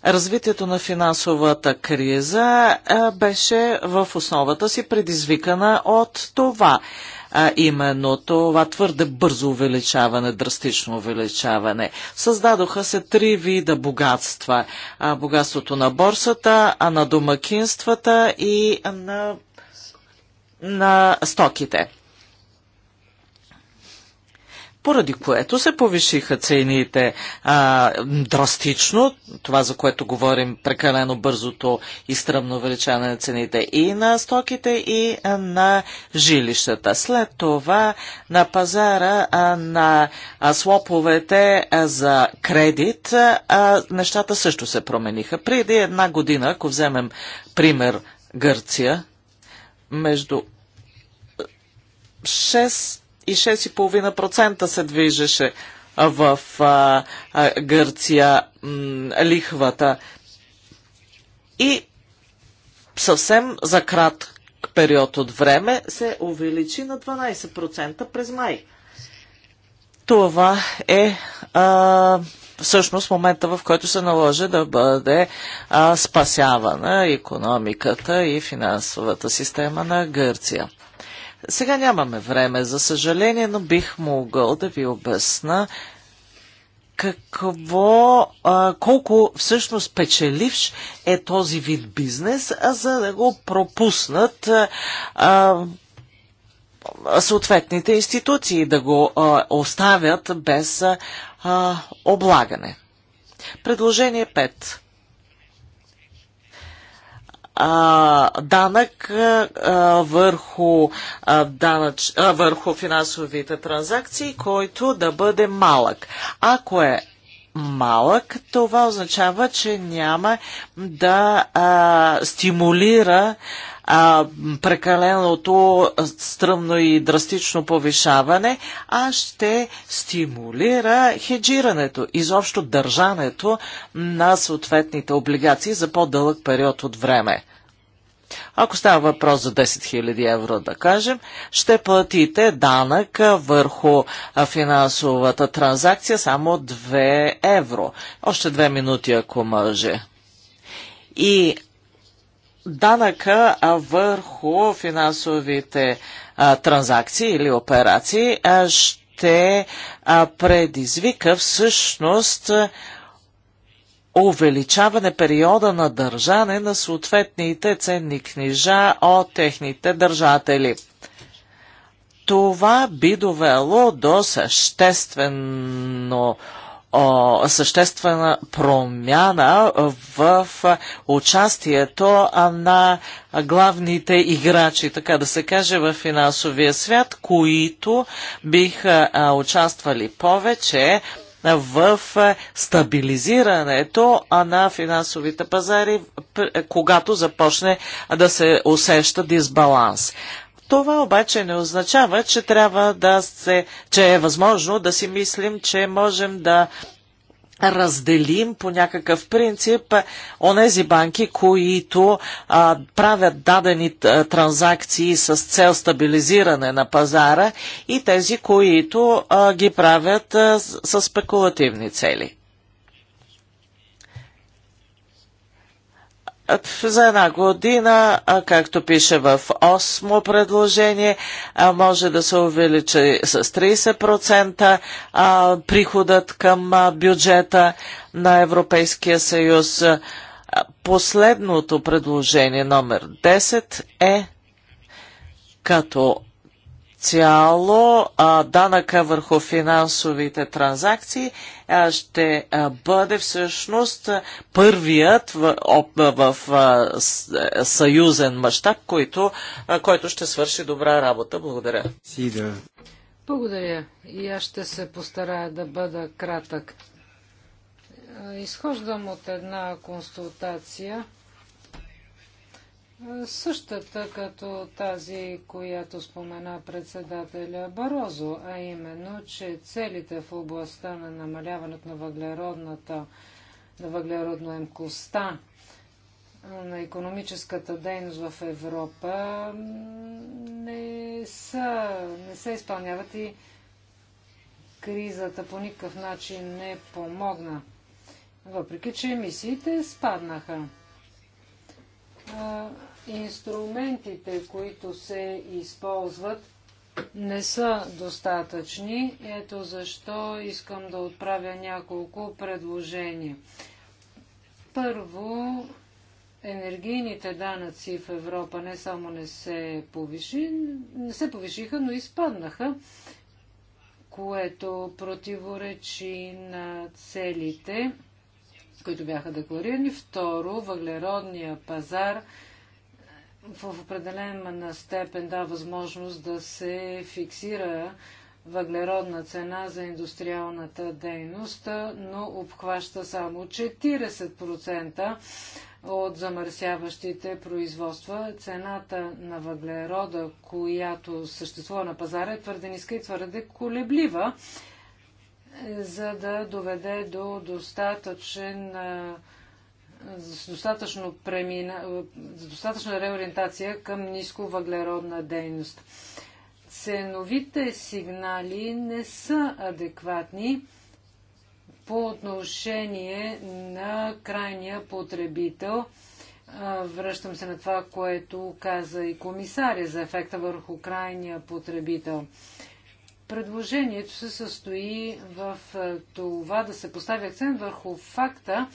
Развитието на финансовата криза беше в основата си предизвикана от това. А именно това твърде бързо увеличаване, драстично увеличаване. Създадоха се три вида богатства. А, богатството на борсата, а на домакинствата и на, на стоките поради което се повишиха цените а, драстично, това за което говорим прекалено бързото и стръмно увеличаване на цените и на стоките и на жилищата. След това на пазара а, на а, слоповете а, за кредит а, нещата също се промениха. Преди една година, ако вземем пример Гърция, между 6 и 6,5% се движеше в а, а, Гърция м, лихвата. И съвсем за кратък период от време се увеличи на 12% през май. Това е а, всъщност момента, в който се наложи да бъде а, спасявана економиката и финансовата система на Гърция. Сега нямаме време, за съжаление, но бих могъл да ви обясна какво, а, колко всъщност печеливш е този вид бизнес, а за да го пропуснат а, съответните институции, да го а, оставят без а, облагане. Предложение 5 а, данък а, върху, а, данъч, а, върху финансовите транзакции, който да бъде малък. Ако е малък, това означава, че няма да а, стимулира а, а, прекаленото стръмно и драстично повишаване, а ще стимулира хеджирането, изобщо държането на съответните облигации за по-дълъг период от време. Ако става въпрос за 10 000 евро, да кажем, ще платите данък върху финансовата транзакция само 2 евро. Още 2 минути, ако може. И данъка върху финансовите транзакции или операции ще предизвика всъщност увеличаване периода на държане на съответните ценни книжа от техните държатели. Това би довело до съществено о, съществена промяна в участието на главните играчи, така да се каже, в финансовия свят, които биха участвали повече в стабилизирането на финансовите пазари, когато започне да се усеща дисбаланс. Това обаче не означава, че трябва да се, че е възможно да си мислим, че можем да разделим по някакъв принцип онези банки, които а, правят дадени транзакции с цел стабилизиране на пазара и тези, които а, ги правят а, с, спекулативни цели. за една година, както пише в осмо предложение, може да се увеличи с 30% приходът към бюджета на Европейския съюз. Последното предложение, номер 10, е като цяло данъка върху финансовите транзакции ще бъде всъщност първият в, в, в е, съюзен мащаб, който, който ще свърши добра работа. Благодаря. Благодаря. И аз ще се постарая да бъда кратък. Изхождам от една консултация същата като тази, която спомена председателя Барозо, а именно, че целите в областта на намаляването на въглеродната на въглеродноемкостта на економическата дейност в Европа не, са, не се изпълняват и кризата по никакъв начин не помогна. Въпреки, че емисиите спаднаха. Инструментите, които се използват, не са достатъчни. Ето защо искам да отправя няколко предложения. Първо, енергийните данъци в Европа не само не се, повиши, не се повишиха, но изпаднаха, което противоречи на целите, които бяха декларирани. Второ, въглеродния пазар – в определена степен дава възможност да се фиксира въглеродна цена за индустриалната дейност, но обхваща само 40% от замърсяващите производства. Цената на въглерода, която съществува на пазара, е твърде ниска и твърде колеблива, е, за да доведе до достатъчен е, с достатъчно, премина, с достатъчна реориентация към ниско въглеродна дейност. Ценовите сигнали не са адекватни по отношение на крайния потребител. Връщам се на това, което каза и комисаря за ефекта върху крайния потребител. Предложението се състои в това да се постави акцент върху факта,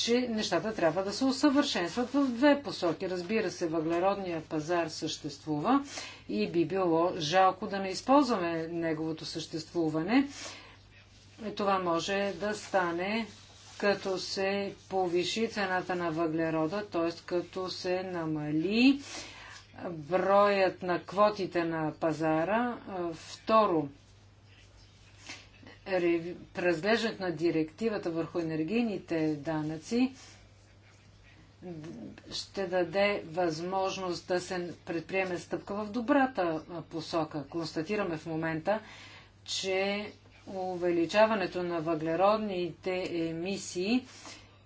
че нещата трябва да се усъвършенстват в две посоки. Разбира се, въглеродния пазар съществува и би било жалко да не използваме неговото съществуване. Това може да стане като се повиши цената на въглерода, т.е. като се намали броят на квотите на пазара. Второ, Разглеждат на директивата върху енергийните данъци ще даде възможност да се предприеме стъпка в добрата посока. Констатираме в момента, че увеличаването на въглеродните емисии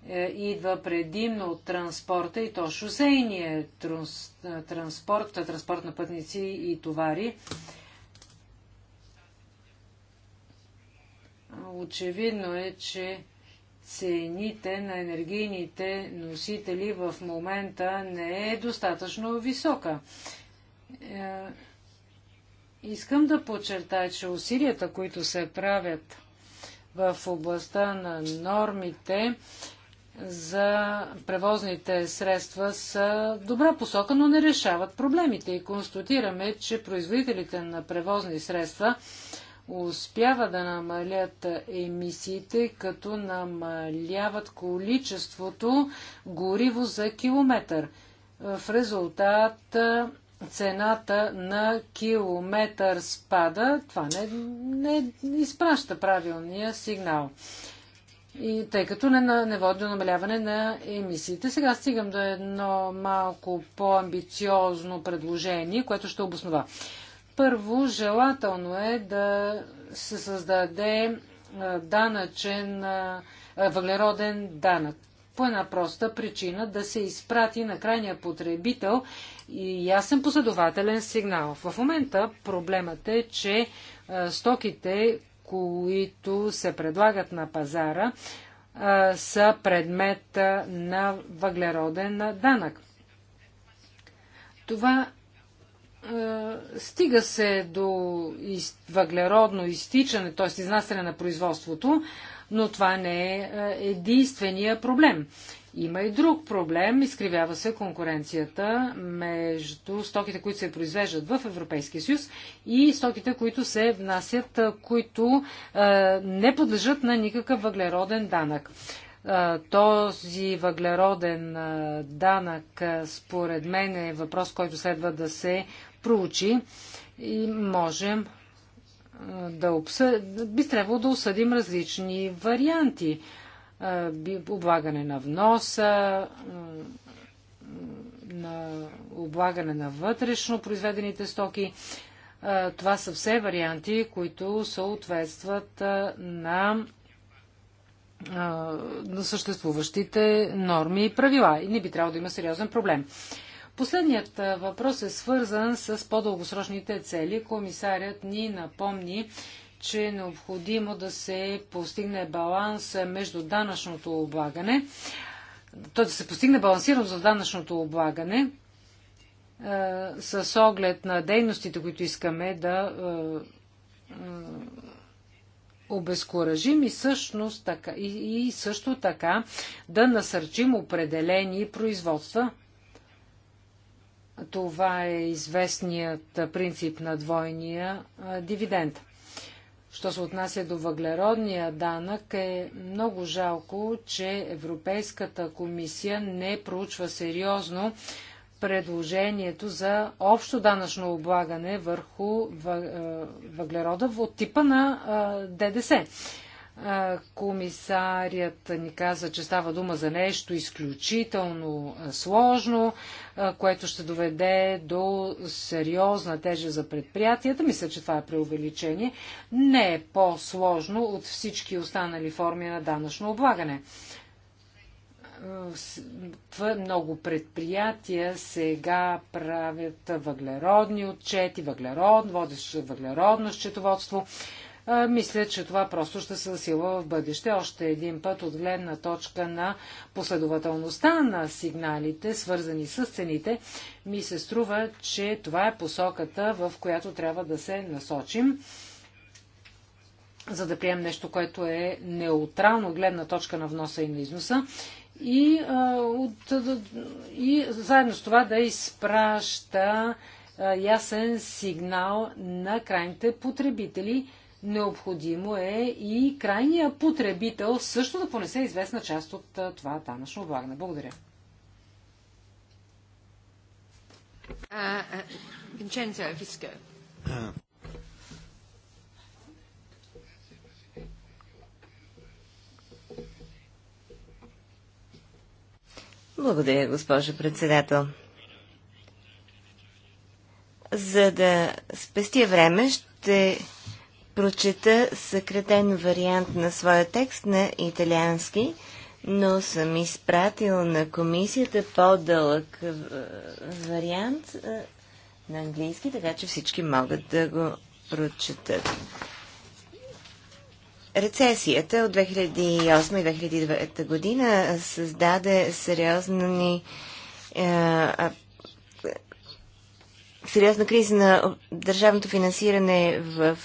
е, идва предимно от транспорта и то шосейния транспорт, транспорт на пътници и товари. Очевидно е, че цените на енергийните носители в момента не е достатъчно висока. Е, искам да подчертая, че усилията, които се правят в областта на нормите за превозните средства са добра посока, но не решават проблемите. И констатираме, че производителите на превозни средства – успява да намалят емисиите, като намаляват количеството гориво за километър. В резултат цената на километър спада. Това не, не изпраща правилния сигнал. И тъй като не, не води до намаляване на емисиите. Сега стигам до едно малко по-амбициозно предложение, което ще обоснова. Първо, желателно е да се създаде данъчен, въглероден данък. По една проста причина да се изпрати на крайния потребител и ясен последователен сигнал. В момента проблемът е, че стоките, които се предлагат на пазара, са предмет на въглероден данък. Това е, стига се до въглеродно изтичане, т.е. изнасяне на производството, но това не е, е единствения проблем. Има и друг проблем. Изкривява се конкуренцията между стоките, които се произвеждат в Европейския съюз и стоките, които се внасят, е, които е, не подлежат на никакъв въглероден данък. Е, този въглероден данък, според мен, е въпрос, който следва да се проучи и можем да обсъдим, би трябвало да осъдим различни варианти. Облагане на вноса, на облагане на вътрешно произведените стоки. Това са все варианти, които съответстват на, на съществуващите норми и правила. И не би трябвало да има сериозен проблем. Последният въпрос е свързан с по-дългосрочните цели. Комисарят ни напомни, че е необходимо да се постигне баланс между данъчното облагане, то да се постигне балансираност за данъчното облагане, с оглед на дейностите, които искаме да обезкуражим и, всъщност така, и, и също така да насърчим определени производства. Това е известният принцип на двойния дивиденд. Що се отнася до въглеродния данък, е много жалко, че Европейската комисия не проучва сериозно предложението за общо данъчно облагане върху въглерода от типа на ДДС. Комисарият ни каза, че става дума за нещо изключително сложно, което ще доведе до сериозна тежа за предприятията. Мисля, че това е преувеличение. Не е по-сложно от всички останали форми на данъчно облагане. Много предприятия сега правят въглеродни отчети, въглерод, водещо въглеродно счетоводство мисля, че това просто ще се засилва в бъдеще. Още един път от гледна точка на последователността на сигналите, свързани с цените, ми се струва, че това е посоката, в която трябва да се насочим за да приемем нещо, което е неутрално гледна точка на вноса и на износа. И, а, от, и заедно с това да изпраща а, ясен сигнал на крайните потребители, Необходимо е и крайния потребител също да понесе известна част от това данъчно облагане. Благодаря. Благодаря, госпожо председател. За да спестия време, ще прочета съкретен вариант на своя текст на италиански, но съм изпратил на комисията по-дълъг е, вариант е, на английски, така че всички могат да го прочетат. Рецесията от 2008 и 2009 година създаде сериозни е, сериозна криза на държавното финансиране в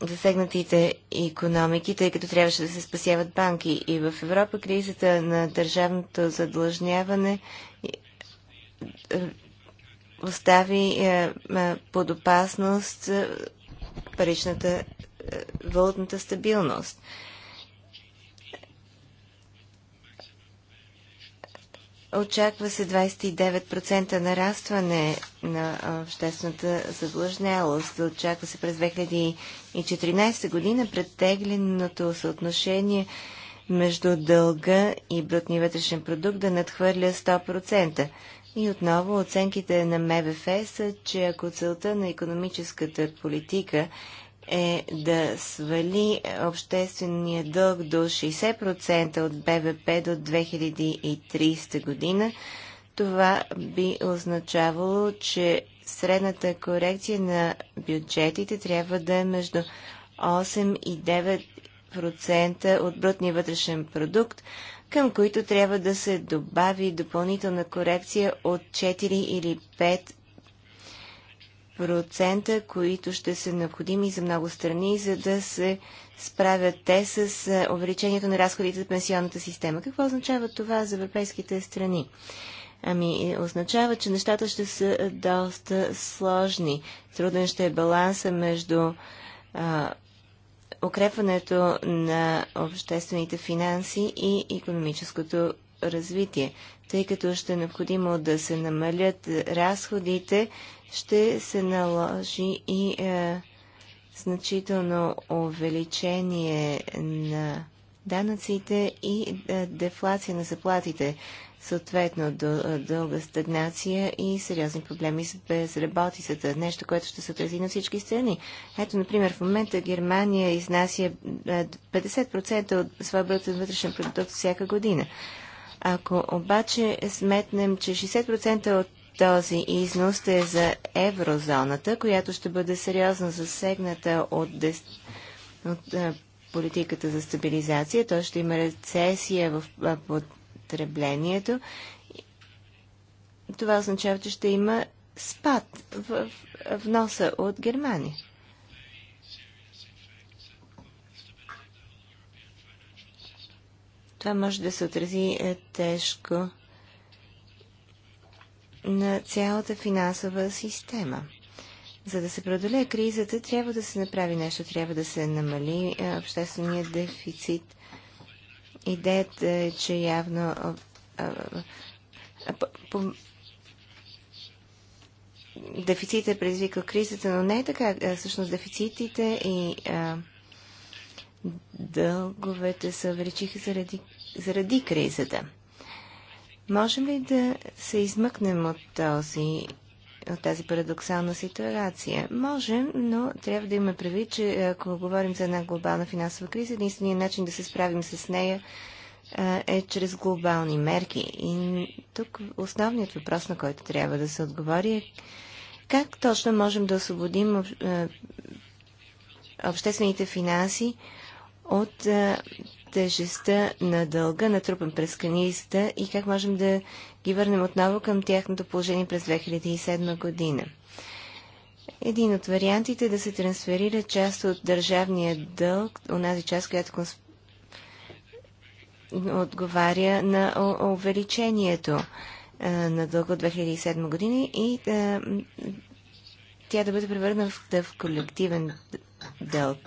засегнатите економики, тъй като трябваше да се спасяват банки. И в Европа кризата на държавното задлъжняване е, е, остави е, под опасност паричната валутната стабилност. Очаква се 29% нарастване на обществената задлъжнялост. Очаква се през 2014 година претегленото съотношение между дълга и брутни вътрешен продукт да надхвърля 100%. И отново оценките на МВФ са, че ако целта на економическата политика е да свали обществения дълг до 60% от БВП до 2030 година. Това би означавало, че средната корекция на бюджетите трябва да е между 8 и 9% от брутния вътрешен продукт, към които трябва да се добави допълнителна корекция от 4 или 5 процента, които ще са необходими за много страни, за да се справят те с увеличението на разходите за пенсионната система. Какво означава това за европейските страни? Ами, означава, че нещата ще са доста сложни. Труден ще е баланса между а, укрепването на обществените финанси и економическото развитие тъй като ще е необходимо да се намалят разходите, ще се наложи и е, значително увеличение на данъците и е, дефлация на заплатите, съответно до, е, дълга стагнация и сериозни проблеми с безработицата, нещо, което ще се отрази на всички страни. Ето, например, в момента Германия изнася 50% е, от своя брутен вътрешен продукт всяка година. Ако обаче сметнем, че 60% от този износ е за еврозоната, която ще бъде сериозно засегната от, дес... от а, политиката за стабилизация, то ще има рецесия в а, потреблението. Това означава, че ще има спад в, в вноса от Германия. Това може да се отрази е, тежко на цялата финансова система. За да се преодолее кризата, трябва да се направи нещо, трябва да се намали е, обществения дефицит. Идеята е, че явно е, е по, по, предизвикал кризата, но не е така. Всъщност дефицитите и дълговете се увеличиха заради, заради кризата. Можем ли да се измъкнем от, този, от тази парадоксална ситуация? Можем, но трябва да имаме предвид, че ако говорим за една глобална финансова криза, единственият начин да се справим с нея е чрез глобални мерки. И тук основният въпрос, на който трябва да се отговори е как точно можем да освободим обществените финанси от тежестта на дълга, натрупан през каниста и как можем да ги върнем отново към тяхното положение през 2007 година. Един от вариантите е да се трансферира част от държавния дълг, онази част, която консп... отговаря на увеличението на дълга от 2007 година и тя да бъде превърна в колективен дълг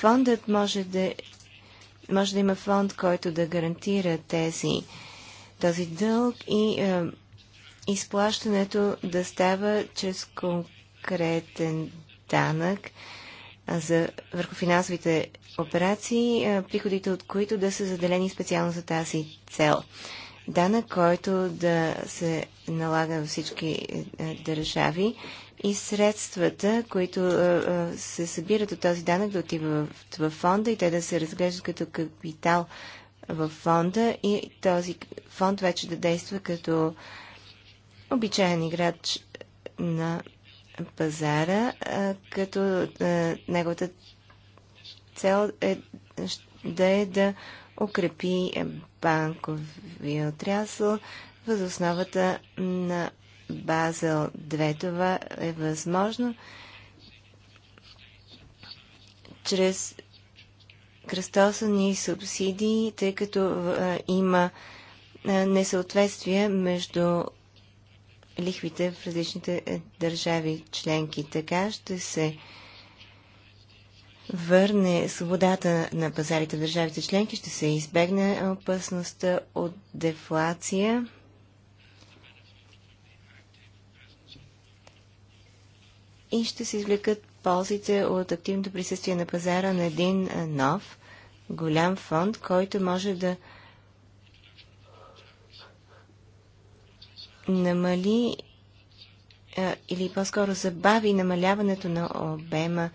фондът може да, може да има фонд, който да гарантира тези, този дълг и е, изплащането да става чрез конкретен данък за, върху финансовите операции, е, приходите от които да са заделени специално за тази цел. Данък, който да се налага във всички е, държави и средствата, които а, се събират от този данък, да отиват в фонда и те да се разглеждат като капитал в фонда и този фонд вече да действа като обичайен играч на пазара, а, като а, неговата цел е да е да укрепи банковия отрясъл въз основата на Базел 2. Това е възможно чрез кръстосани субсидии, тъй като а, има а, несъответствие между лихвите в различните е, държави членки. Така ще се върне свободата на пазарите в държавите членки, ще се избегне опасността от дефлация и ще се извлекат ползите от активното присъствие на пазара на един нов, голям фонд, който може да намали или по-скоро забави намаляването на обема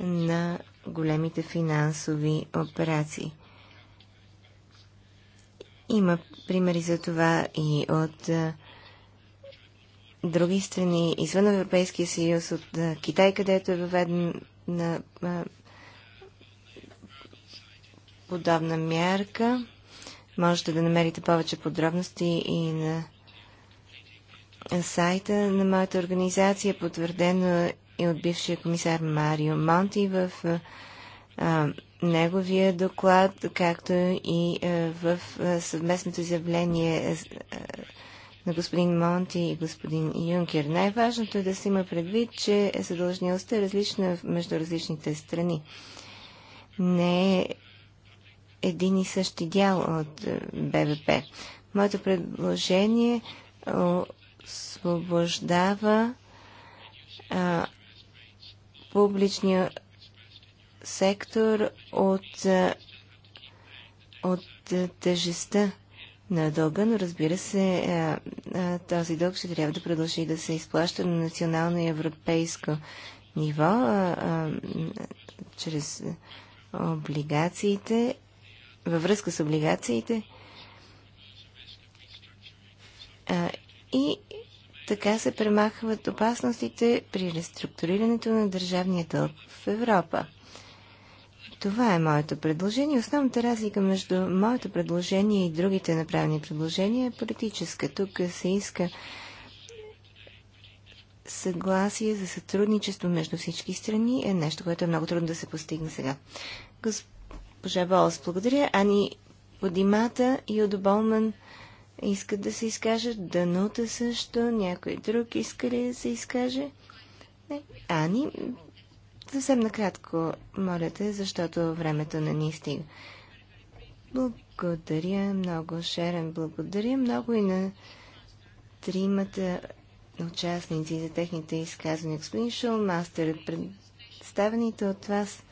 на големите финансови операции. Има примери за това и от други страни извън Европейския съюз, от Китай, където е въведена на подобна мярка. Можете да намерите повече подробности и на сайта на моята организация, потвърдено и от бившия комисар Марио Монти в а, неговия доклад, както и а, в а, съвместното изявление на господин Монти и господин Юнкер. Най-важното е да се има предвид, че задължеността е различна между различните страни. Не е един и същи дял от е, БВП. Моето предложение е, освобождава а, публичния сектор от, е, от тъжеста на дълга, но разбира се, е, е, този дълг ще трябва да продължи да се изплаща на национално и европейско ниво, е, чрез облигациите, във връзка с облигациите. И така се премахват опасностите при реструктурирането на държавния дълг в Европа. Това е моето предложение. Основната разлика между моето предложение и другите направени предложения е политическа. Тук се иска съгласие за сътрудничество между всички страни е нещо, което е много трудно да се постигне сега. Госпожа Болс, благодаря. Ани Подимата и Одоболман искат да се изкажат. Данута също. Някой друг иска ли да се изкаже? Не. Ани, Съвсем накратко, моля те, защото времето не ни стига. Благодаря много, Шерен. Благодаря много и на тримата участници за техните изказвания. Господин Шулмастер, представените от вас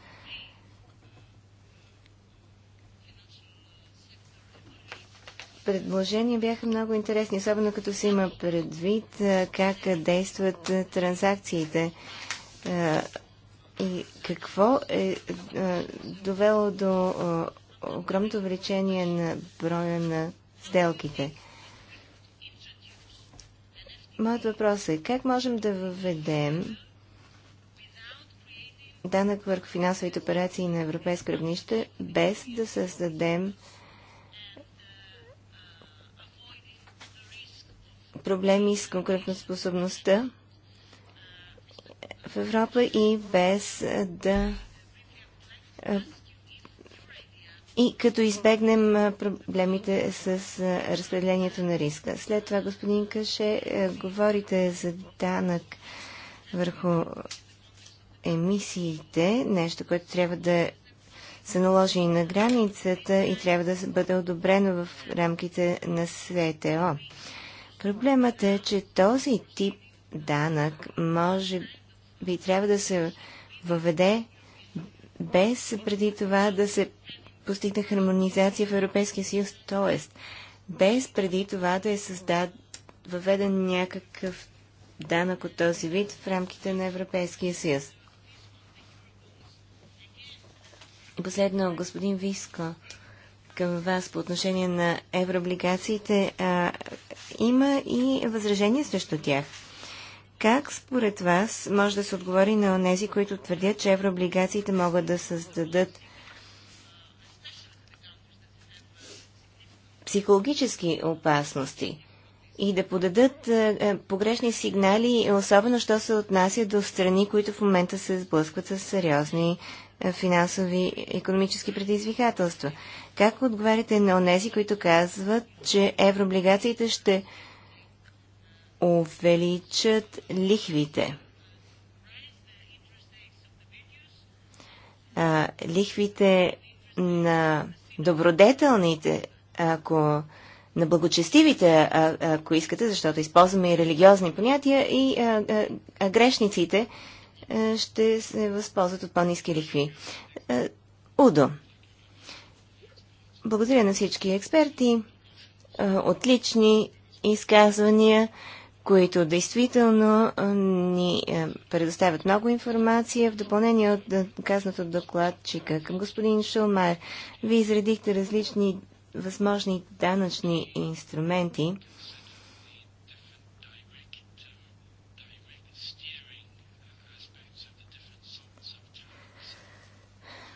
предложения бяха много интересни, особено като се има предвид как действат транзакциите и какво е, е довело до е, огромното увеличение на броя на сделките? Моят въпрос е, как можем да въведем данък върху финансовите операции на европейско равнище, без да създадем проблеми с конкурентоспособността в Европа и без да. И като избегнем проблемите с разпределението на риска. След това, господин Каше, говорите за данък върху емисиите, нещо, което трябва да се наложи и на границата и трябва да бъде одобрено в рамките на СТО. Проблемът е, че този тип данък може би трябва да се въведе без преди това да се постигне хармонизация в Европейския съюз, т.е. без преди това да е създад, въведен някакъв данък от този вид в рамките на Европейския съюз. Последно, господин Виско, към вас по отношение на еврооблигациите. А, има и възражения срещу тях. Как според вас може да се отговори на онези, които твърдят, че еврооблигациите могат да създадат психологически опасности и да подадат е, е, погрешни сигнали, особено що се отнася до страни, които в момента се сблъскват с сериозни е, финансови и економически предизвикателства? Как отговаряте на онези, които казват, че еврооблигациите ще увеличат лихвите. А, лихвите на добродетелните, ако на благочестивите, ако искате, защото използваме и религиозни понятия, и а, а, грешниците а, ще се възползват от по-низки лихви. А, Удо. Благодаря на всички експерти. А, отлични изказвания които действително ни предоставят много информация в допълнение от казаното докладчика. Към господин Шулмайер, вие изредихте различни възможни данъчни инструменти.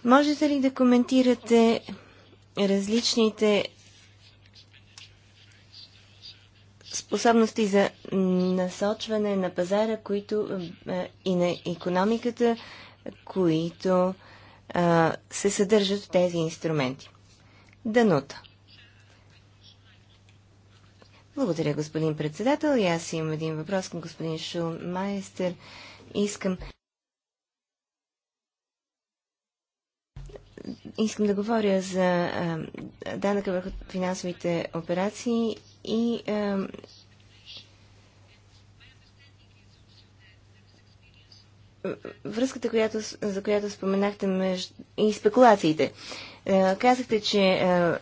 Можете ли да коментирате различните способности за насочване на пазара които, е, е, и на економиката, които а, е, се съдържат в тези инструменти. Данута. Благодаря, господин председател. И аз имам един въпрос към господин Шулмайстер. Искам... Искам да говоря за данъка върху финансовите операции и е, връзката, която, за която споменахте между... и спекулациите. Е, казахте, че е,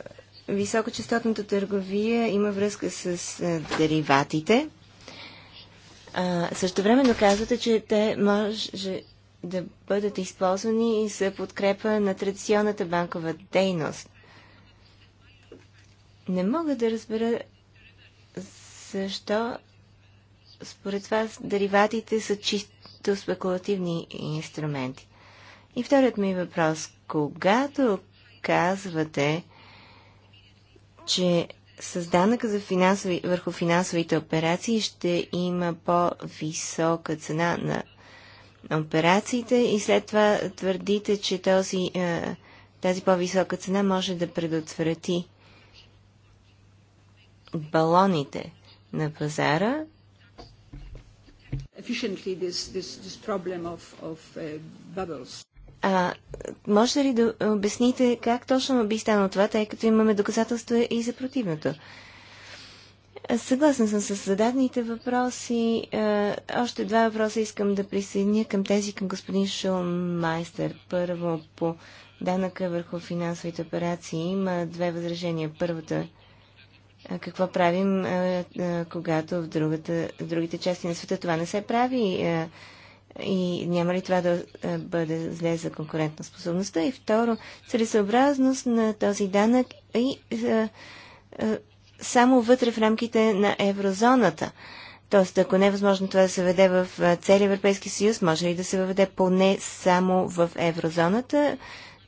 високочастотната търговия има връзка с е, дериватите. А, също времено казвате, че те може да бъдат използвани и за подкрепа на традиционната банкова дейност. Не мога да разбера защо според вас дериватите са чисто спекулативни инструменти? И вторият ми въпрос. Когато казвате, че с данъка за финансови, върху финансовите операции ще има по-висока цена на операциите и след това твърдите, че този, е, тази по-висока цена може да предотврати балоните на пазара. Uh, а, може ли да обясните как точно би станало това, тъй като имаме доказателства и за противното? Съгласна съм с зададените въпроси. Е, още два въпроса искам да присъединя към тези към господин Шулмайстер. Първо по данъка върху финансовите операции има две възражения. Първата какво правим, когато в, другата, в другите части на света това не се прави и няма ли това да бъде зле за конкурентна способността? И второ, целесъобразност на този данък и само вътре в рамките на еврозоната. Тоест, ако не е възможно това да се веде в целия Европейски съюз, може ли да се въведе поне само в еврозоната?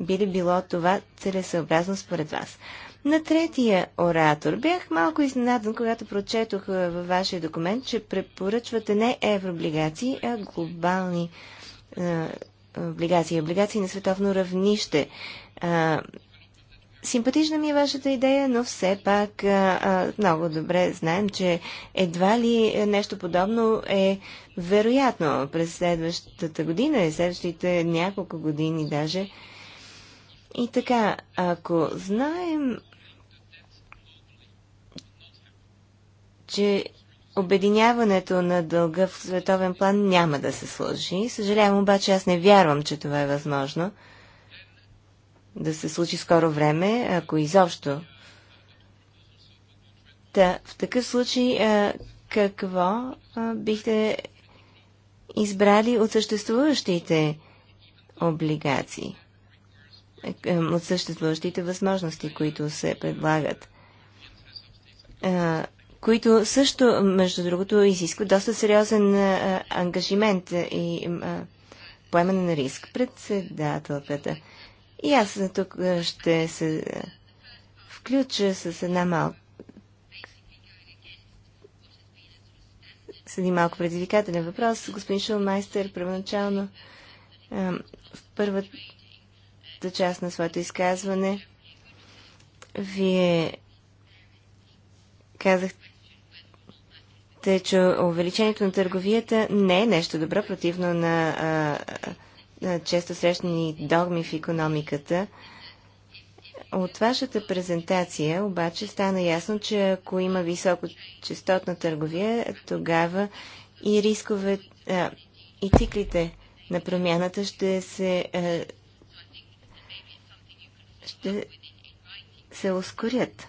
Би ли било това целесъобразно според вас? На третия оратор бях малко изненадан, когато прочетох във вашия документ, че препоръчвате не еврооблигации, а глобални е, облигации, облигации на световно равнище. Е, симпатична ми е вашата идея, но все пак е, много добре знаем, че едва ли нещо подобно е вероятно през следващата година и следващите няколко години даже и така, ако знаем, че обединяването на дълга в световен план няма да се случи, съжалявам обаче, аз не вярвам, че това е възможно да се случи скоро време, ако изобщо. Та, в такъв случай, какво бихте избрали от съществуващите облигации? от съществуващите възможности, които се предлагат. Които също, между другото, изискват доста сериозен ангажимент и поемане на риск. Председателката. И аз за тук ще се включа с една малка с един малко предизвикателен въпрос. Господин Шулмайстер, първоначално в първата първата част на своето изказване вие казахте, че увеличението на търговията не е нещо добро, противно на, а, на често срещани догми в економиката. От вашата презентация обаче стана ясно, че ако има високочастотна търговия, тогава и рискове а, и циклите на промяната ще се а, ще се ускорят.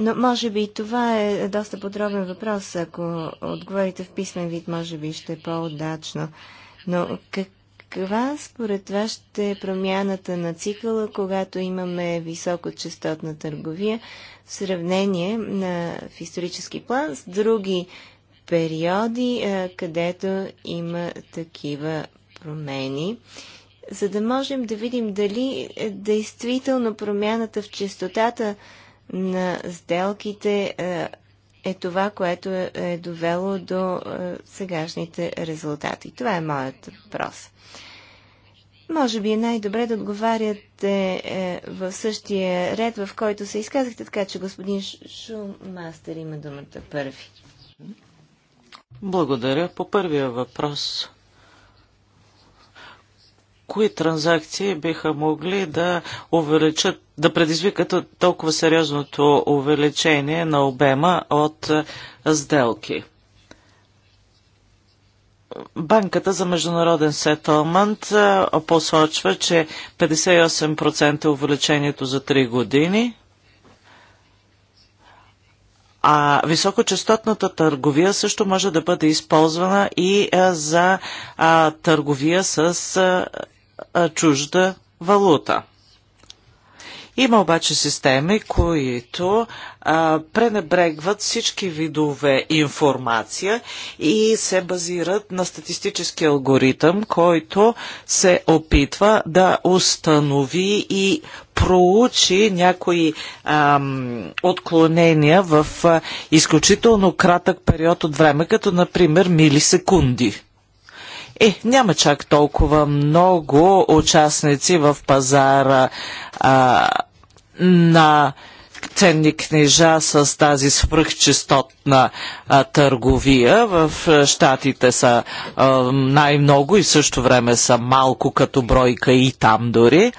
Но може би и това е доста подробен въпрос. Ако отговорите в писмен вид, може би ще е по-удачно. Но каква според вас ще е промяната на цикъла, когато имаме високочастотна търговия в сравнение на, в исторически план с други периоди, където има такива промени? за да можем да видим дали е, действително промяната в частотата на сделките е, е това, което е, е довело до сегашните резултати. Това е моят въпрос. Може би е най-добре да отговаряте в същия ред, в който се изказахте, така че господин Шумастер има думата първи. Благодаря. По първия въпрос кои транзакции биха могли да увеличат, да предизвикат толкова сериозното увеличение на обема от сделки. Банката за международен сетълмент посочва, че 58% е увеличението за 3 години, а високочастотната търговия също може да бъде използвана и за търговия с чужда валута. Има обаче системи, които а, пренебрегват всички видове информация и се базират на статистически алгоритъм, който се опитва да установи и проучи някои ам, отклонения в а, изключително кратък период от време, като например милисекунди. Е, няма чак толкова много участници в пазара а, на ценни книжа с тази свръхчистотна а, търговия. В а, Штатите са най-много и също време са малко като бройка и там дори.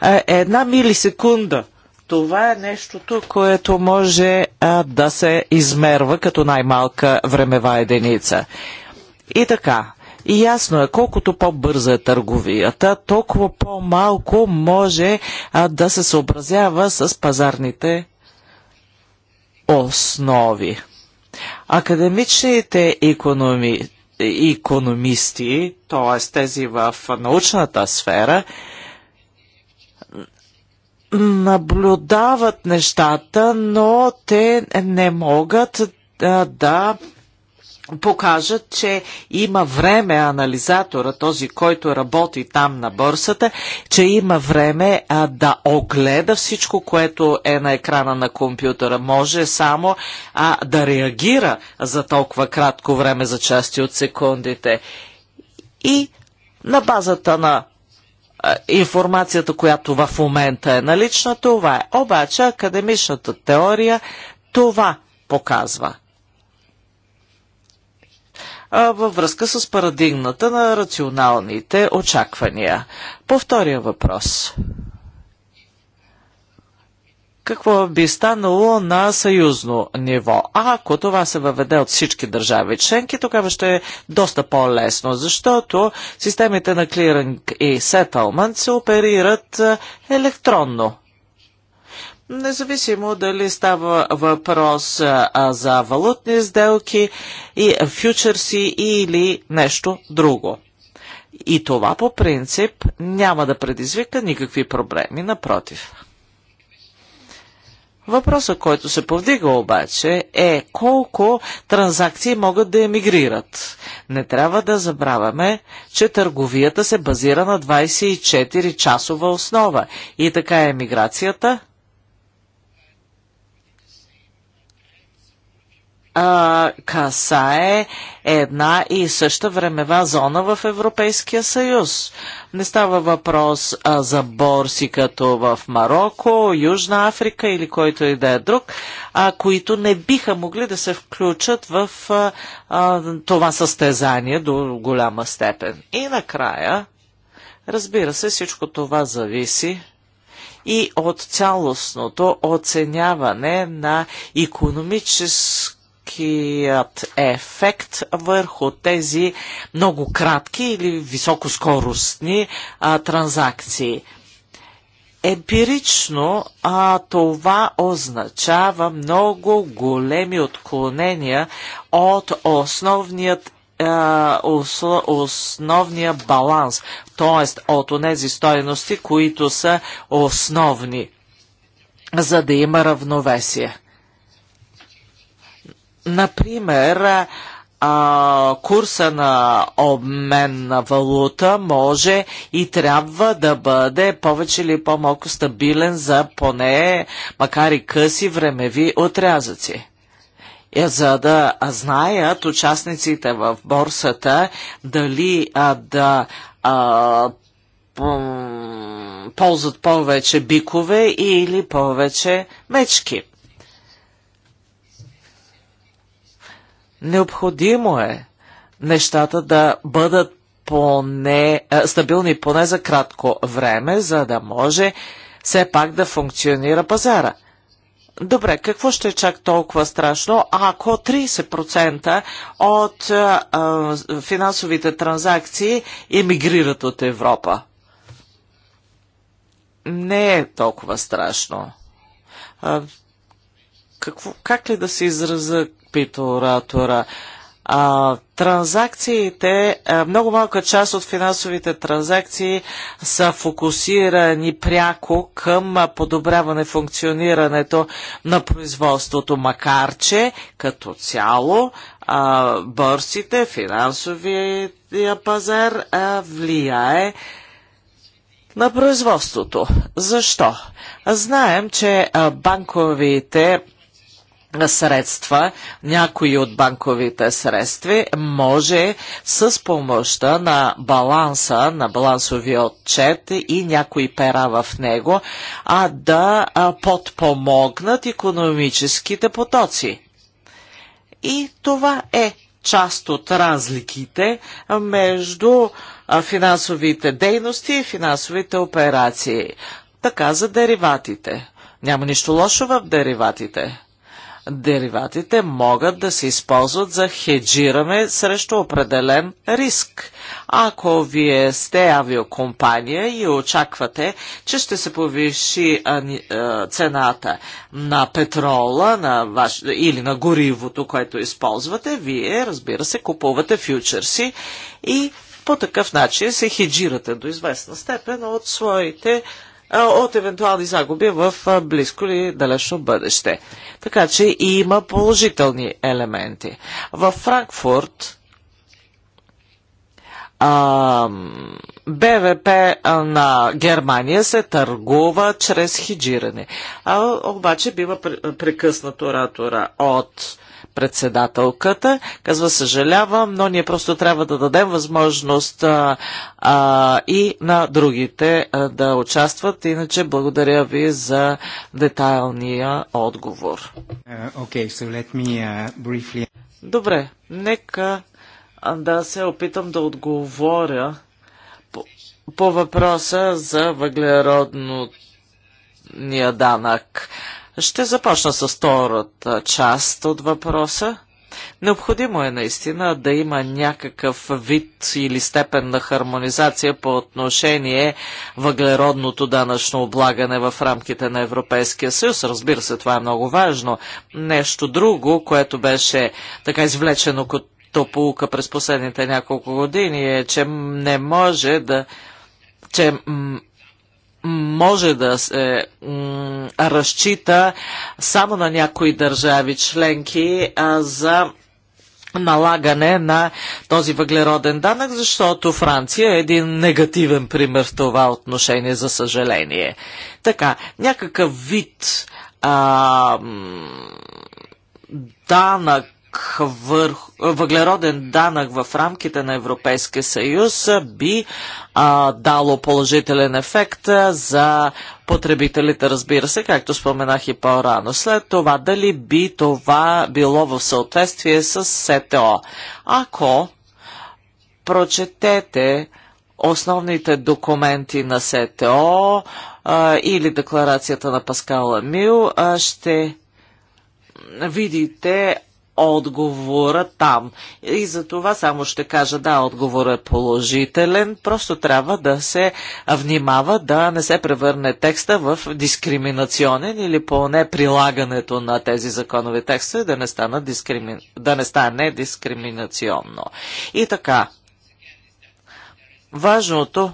А, е, една милисекунда. Това е нещото, което може а, да се измерва като най-малка времева единица. И така, и ясно е, колкото по-бърза е търговията, толкова по-малко може а, да се съобразява с пазарните основи. Академичните економи, економисти, т.е. тези в научната сфера, наблюдават нещата, но те не могат да, да покажат, че има време анализатора, този, който работи там на борсата, че има време а, да огледа всичко, което е на екрана на компютъра. Може само а, да реагира за толкова кратко време, за части от секундите. И на базата на информацията, която в момента е налична, това е. Обаче академичната теория това показва – във връзка с парадигмата на рационалните очаквания. По втория въпрос. Какво би станало на съюзно ниво? А ако това се въведе от всички държави членки, тогава ще е доста по-лесно, защото системите на клиринг и сетълмент се оперират електронно. Независимо дали става въпрос за валутни сделки и фьючерси или нещо друго. И това по принцип няма да предизвика никакви проблеми, напротив. Въпросът, който се повдига обаче е колко транзакции могат да емигрират. Не трябва да забравяме, че търговията се базира на 24-часова основа и така емиграцията а, касае е една и съща времева зона в Европейския съюз. Не става въпрос а, за борси като в Марокко, Южна Африка или който и да е друг, а, които не биха могли да се включат в а, а, това състезание до голяма степен. И накрая, разбира се, всичко това зависи и от цялостното оценяване на економическо високият ефект върху тези много кратки или високоскоростни а, транзакции. Емпирично а, това означава много големи отклонения от основният основния баланс, т.е. от тези стоености, които са основни, за да има равновесие. Например, а, курса на обмен на валута може и трябва да бъде повече или по-малко стабилен за поне, макар и къси времеви отрязъци. Е, за да знаят участниците в борсата дали а, да а, ползват повече бикове или повече мечки. Необходимо е нещата да бъдат поне, а, е, стабилни поне за кратко време, за да може все пак да функционира пазара. Добре, какво ще е чак толкова страшно, ако 30% от а, е, а, е, финансовите транзакции емигрират от Европа? Не е толкова страшно. А, какво, как ли да се израза, пита оратора. А, транзакциите, а, много малка част от финансовите транзакции са фокусирани пряко към подобряване функционирането на производството, макар че като цяло а, бърсите, финансовия пазар а, влияе на производството. Защо? Знаем, че банковите средства, някои от банковите средства, може с помощта на баланса, на балансовия отчет и някои пера в него, а да подпомогнат економическите потоци. И това е част от разликите между финансовите дейности и финансовите операции. Така за дериватите. Няма нищо лошо в дериватите дериватите могат да се използват за хеджиране срещу определен риск. Ако вие сте авиокомпания и очаквате, че ще се повиши цената на петрола на ваш, или на горивото, което използвате, вие, разбира се, купувате фьючерси и по такъв начин се хеджирате до известна степен от своите от евентуални загуби в близко или далечно бъдеще. Така че и има положителни елементи. В Франкфурт а, БВП на Германия се търгува чрез хиджиране. А, обаче бива прекъснато оратора от председателката. Казва, съжалявам, но ние просто трябва да дадем възможност а, а, и на другите а, да участват. Иначе благодаря ви за детайлния отговор. Uh, okay, so let me, uh, briefly... Добре, нека да се опитам да отговоря по, по въпроса за въглеродното данък. Ще започна с втората част от въпроса. Необходимо е наистина да има някакъв вид или степен на хармонизация по отношение въглеродното данъчно облагане в рамките на Европейския съюз. Разбира се, това е много важно. Нещо друго, което беше така извлечено като полука през последните няколко години е, че не може да че може да се разчита само на някои държави членки а, за налагане на този въглероден данък, защото Франция е един негативен пример в това отношение, за съжаление. Така, някакъв вид а, данък въглероден данък в рамките на Европейския съюз би а, дало положителен ефект за потребителите, разбира се, както споменах и по-рано. След това, дали би това било в съответствие с СТО? Ако прочетете основните документи на СТО а, или декларацията на Паскала Мил, а, ще видите отговора там. И за това само ще кажа, да, отговор е положителен, просто трябва да се внимава да не се превърне текста в дискриминационен или поне прилагането на тези законови текстове да не, стана дискрими... да не стане дискриминационно. И така, важното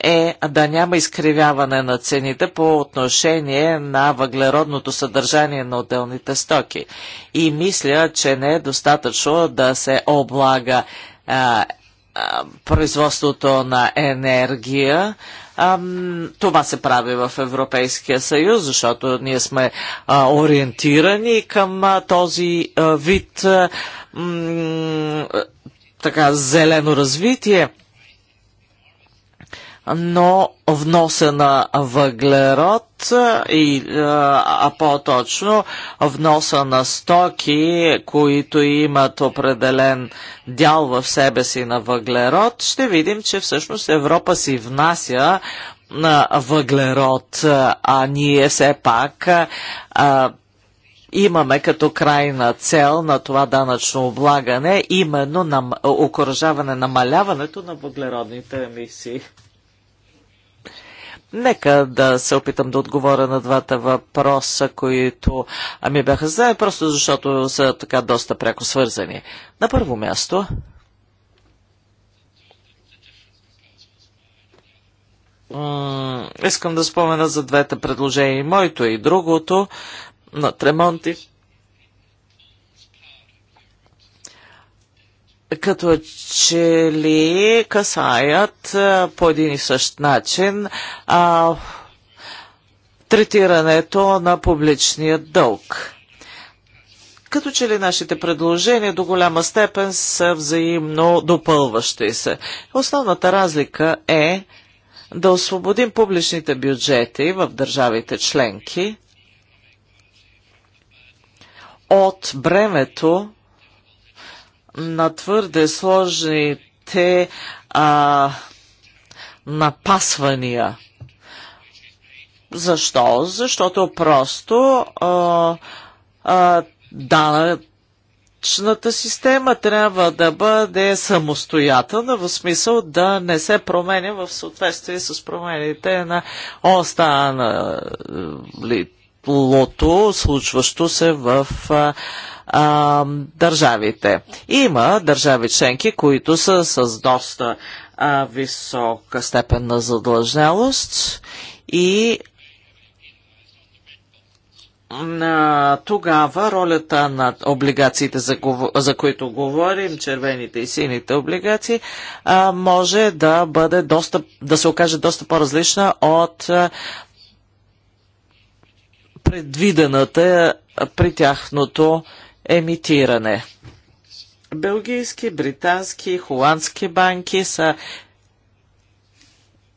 е да няма изкривяване на цените по отношение на въглеродното съдържание на отделните стоки. И мисля, че не е достатъчно да се облага а, а, производството на енергия. А, това се прави в Европейския съюз, защото ние сме а, ориентирани към а, този а, вид а, така зелено развитие но вноса на въглерод и, а по-точно вноса на стоки, които имат определен дял в себе си на въглерод, ще видим, че всъщност Европа си внася на въглерод, а ние все пак а, имаме като крайна цел на това данъчно облагане именно на окоръжаване намаляването на въглеродните емисии. Нека да се опитам да отговоря на двата въпроса, които ми бяха зададени, просто защото са така доста пряко свързани. На първо място, искам да спомена за двете предложения, моето и другото, на Тремонти като че ли касаят по един и същ начин а, третирането на публичния дълг. Като че ли нашите предложения до голяма степен са взаимно допълващи се. Основната разлика е да освободим публичните бюджети в държавите членки от бремето на твърде сложните а, напасвания. Защо? Защото просто а, а, данъчната система трябва да бъде самостоятелна, в смисъл да не се променя в съответствие с промените на останалото, случващо се в а, а, държавите. Има държави членки, които са с доста а, висока степен на задлъжнялост и а, тогава ролята на облигациите, за, за които говорим, червените и сините облигации, а, може да бъде доста, да се окаже доста по-различна от а, предвидената при тяхното емитиране. Белгийски, британски, холандски банки са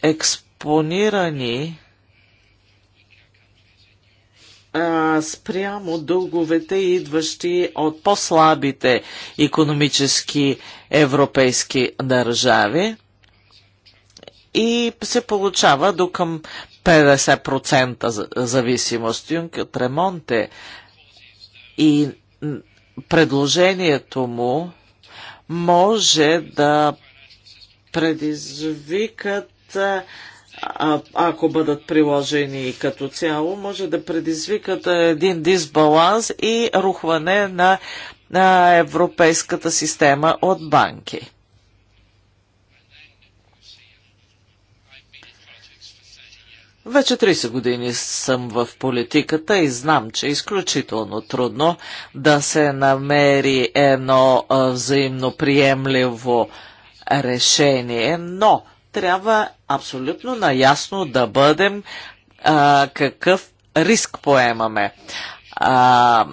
експонирани а, спрямо дълговете, идващи от по-слабите економически европейски държави и се получава до към 50% зависимост. Юнкът Ремонте и предложението му може да предизвикат, ако бъдат приложени като цяло, може да предизвикат един дисбаланс и рухване на, европейската система от банки. Вече 30 години съм в политиката и знам, че е изключително трудно да се намери едно взаимно приемливо решение, но трябва абсолютно наясно да бъдем а, какъв риск поемаме. А,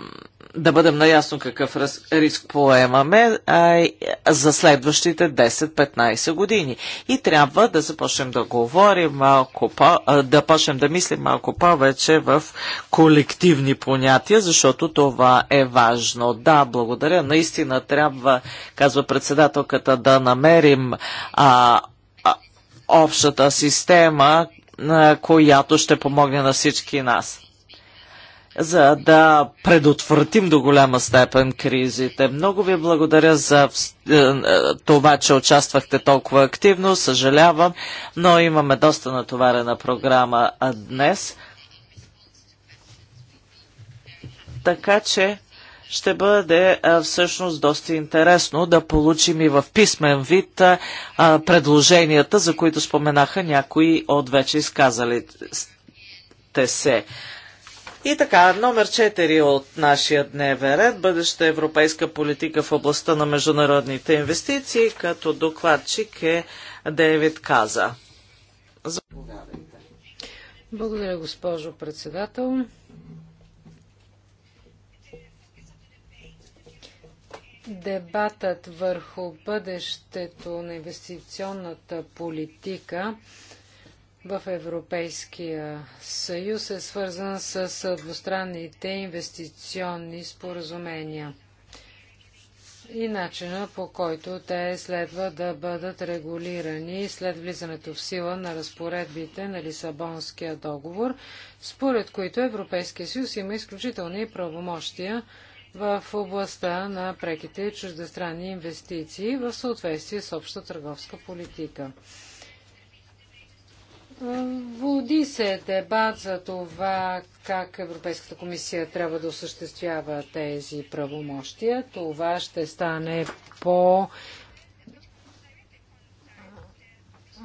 да бъдем наясно какъв риск поемаме а, за следващите 10-15 години. И трябва да започнем да говорим малко, по, да почнем да мислим малко повече в колективни понятия, защото това е важно. Да, благодаря. Наистина трябва, казва председателката, да намерим а, а, общата система, която ще помогне на всички нас за да предотвратим до голяма степен кризите. Много ви благодаря за е, е, това, че участвахте толкова активно. Съжалявам, но имаме доста натоварена програма днес. Така че ще бъде всъщност доста интересно да получим и в писмен вид предложенията, за които споменаха някои от вече изказалите се. И така, номер 4 от нашия дневен ред, бъдеща европейска политика в областта на международните инвестиции, като докладчик е Дейвид Каза. Благодаря, госпожо председател. Дебатът върху бъдещето на инвестиционната политика в Европейския съюз е свързан с двустранните инвестиционни споразумения и начина по който те следва да бъдат регулирани след влизането в сила на разпоредбите на Лисабонския договор, според които Европейския съюз има изключителни правомощия в областта на преките чуждестранни инвестиции в съответствие с обща търговска политика. Води се дебат за това как Европейската комисия трябва да осъществява тези правомощия. Това ще стане по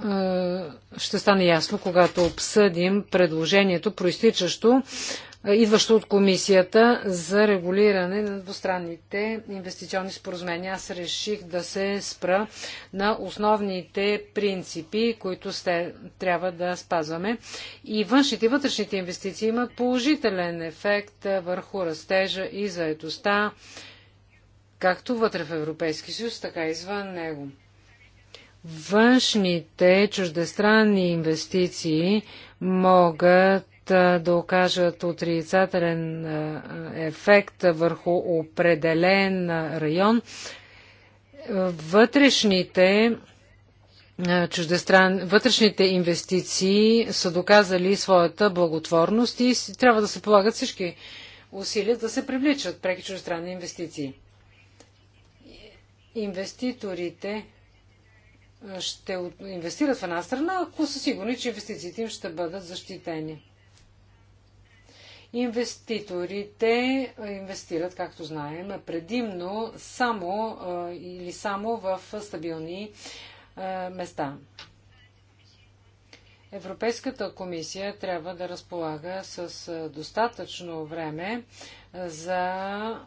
е, ще стане ясно, когато обсъдим предложението, проистичащо идващо от комисията за регулиране на двустранните инвестиционни споразумения. Аз реших да се спра на основните принципи, които сте, трябва да спазваме. И външните и вътрешните инвестиции имат положителен ефект върху растежа и заедостта, както вътре в Европейски съюз, така и извън него. Външните чуждестранни инвестиции могат да окажат отрицателен ефект върху определен район, вътрешните чуждестран, вътрешните инвестиции са доказали своята благотворност и трябва да се полагат всички усилия да се привличат преки чуждестранни инвестиции. Инвеститорите ще инвестират в една страна, ако са сигурни, че инвестициите им ще бъдат защитени. Инвеститорите инвестират, както знаем, предимно само или само в стабилни места. Европейската комисия трябва да разполага с достатъчно време за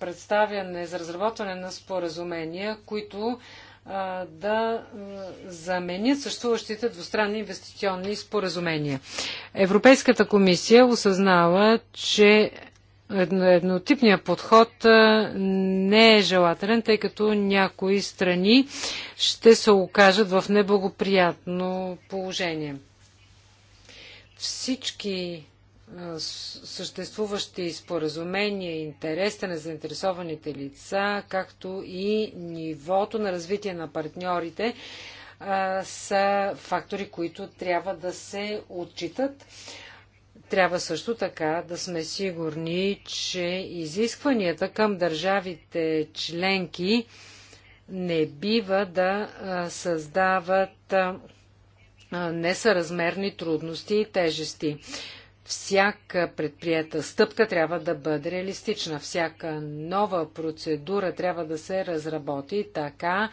представяне, за разработване на споразумения, които да заменят съществуващите двустранни инвестиционни споразумения. Европейската комисия осъзнава, че еднотипният подход не е желателен, тъй като някои страни ще се окажат в неблагоприятно положение. Всички съществуващи споразумения интереса на заинтересованите лица, както и нивото на развитие на партньорите, са фактори, които трябва да се отчитат. Трябва също така да сме сигурни, че изискванията към държавите членки не бива да създават несъразмерни трудности и тежести. Всяка предприета стъпка трябва да бъде реалистична. Всяка нова процедура трябва да се разработи така,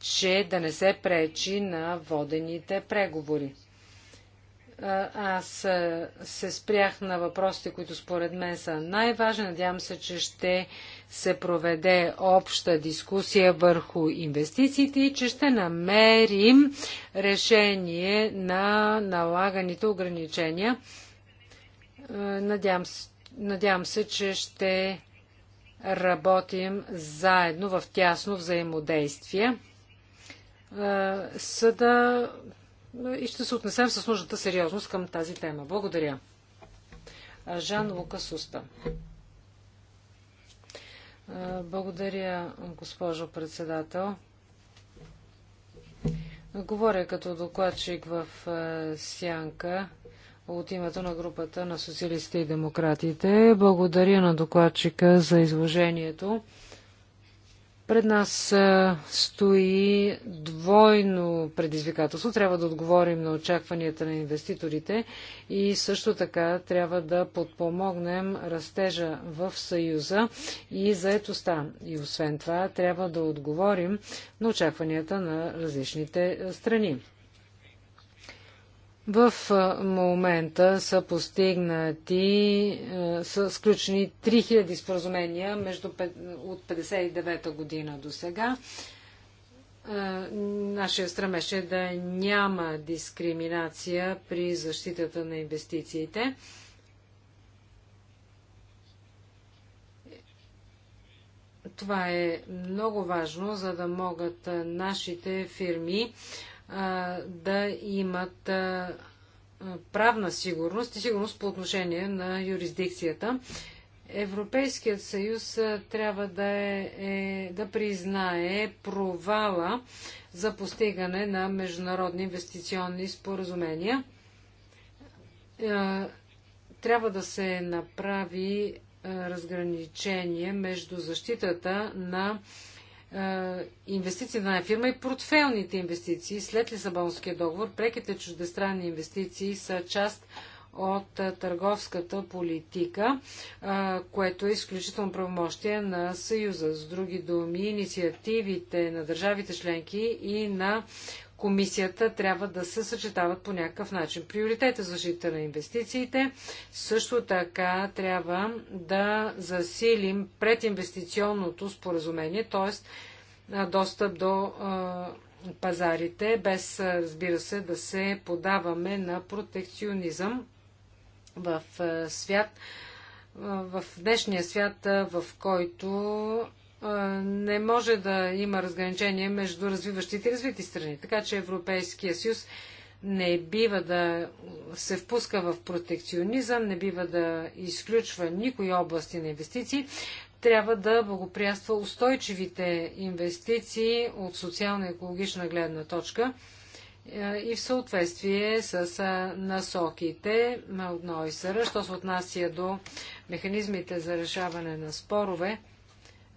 че да не се пречи на водените преговори. Аз се спрях на въпросите, които според мен са най-важни. Надявам се, че ще се проведе обща дискусия върху инвестициите и че ще намерим решение на налаганите ограничения. Е, надявам, надявам се, че ще работим заедно в тясно взаимодействие. Е, съда е, и ще се отнесем с нужната сериозност към тази тема. Благодаря. Жан Лука Суста. Благодаря, госпожо председател. Говоря като докладчик в Сянка от името на групата на социалистите и демократите. Благодаря на докладчика за изложението. Пред нас стои двойно предизвикателство. Трябва да отговорим на очакванията на инвеститорите и също така трябва да подпомогнем растежа в Съюза и заетостта. И освен това трябва да отговорим на очакванията на различните страни. В момента са постигнати, са сключени 3000 споразумения между, от 59-та година до сега. Нашия стремеж е да няма дискриминация при защитата на инвестициите. Това е много важно, за да могат нашите фирми да имат правна сигурност и сигурност по отношение на юрисдикцията. Европейският съюз трябва да, е, е, да признае провала за постигане на международни инвестиционни споразумения. трябва да се направи разграничение между защитата на е, инвестиции на една фирма и портфелните инвестиции. След Лисабонския договор преките чуждестранни инвестиции са част от е, търговската политика, е, което е изключително правомощие на Съюза. С други думи, инициативите на държавите членки и на комисията трябва да се съчетават по някакъв начин. Приоритета за защита на инвестициите също така трябва да засилим прединвестиционното споразумение, т.е. достъп до пазарите, без, разбира се, да се подаваме на протекционизъм в свят, в днешния свят, в който не може да има разграничение между развиващите и развити страни. Така че Европейския съюз не бива да се впуска в протекционизъм, не бива да изключва никои области на инвестиции. Трябва да благоприятства устойчивите инвестиции от социално-екологична гледна точка и в съответствие с насоките на ОИСР, що се отнася до механизмите за решаване на спорове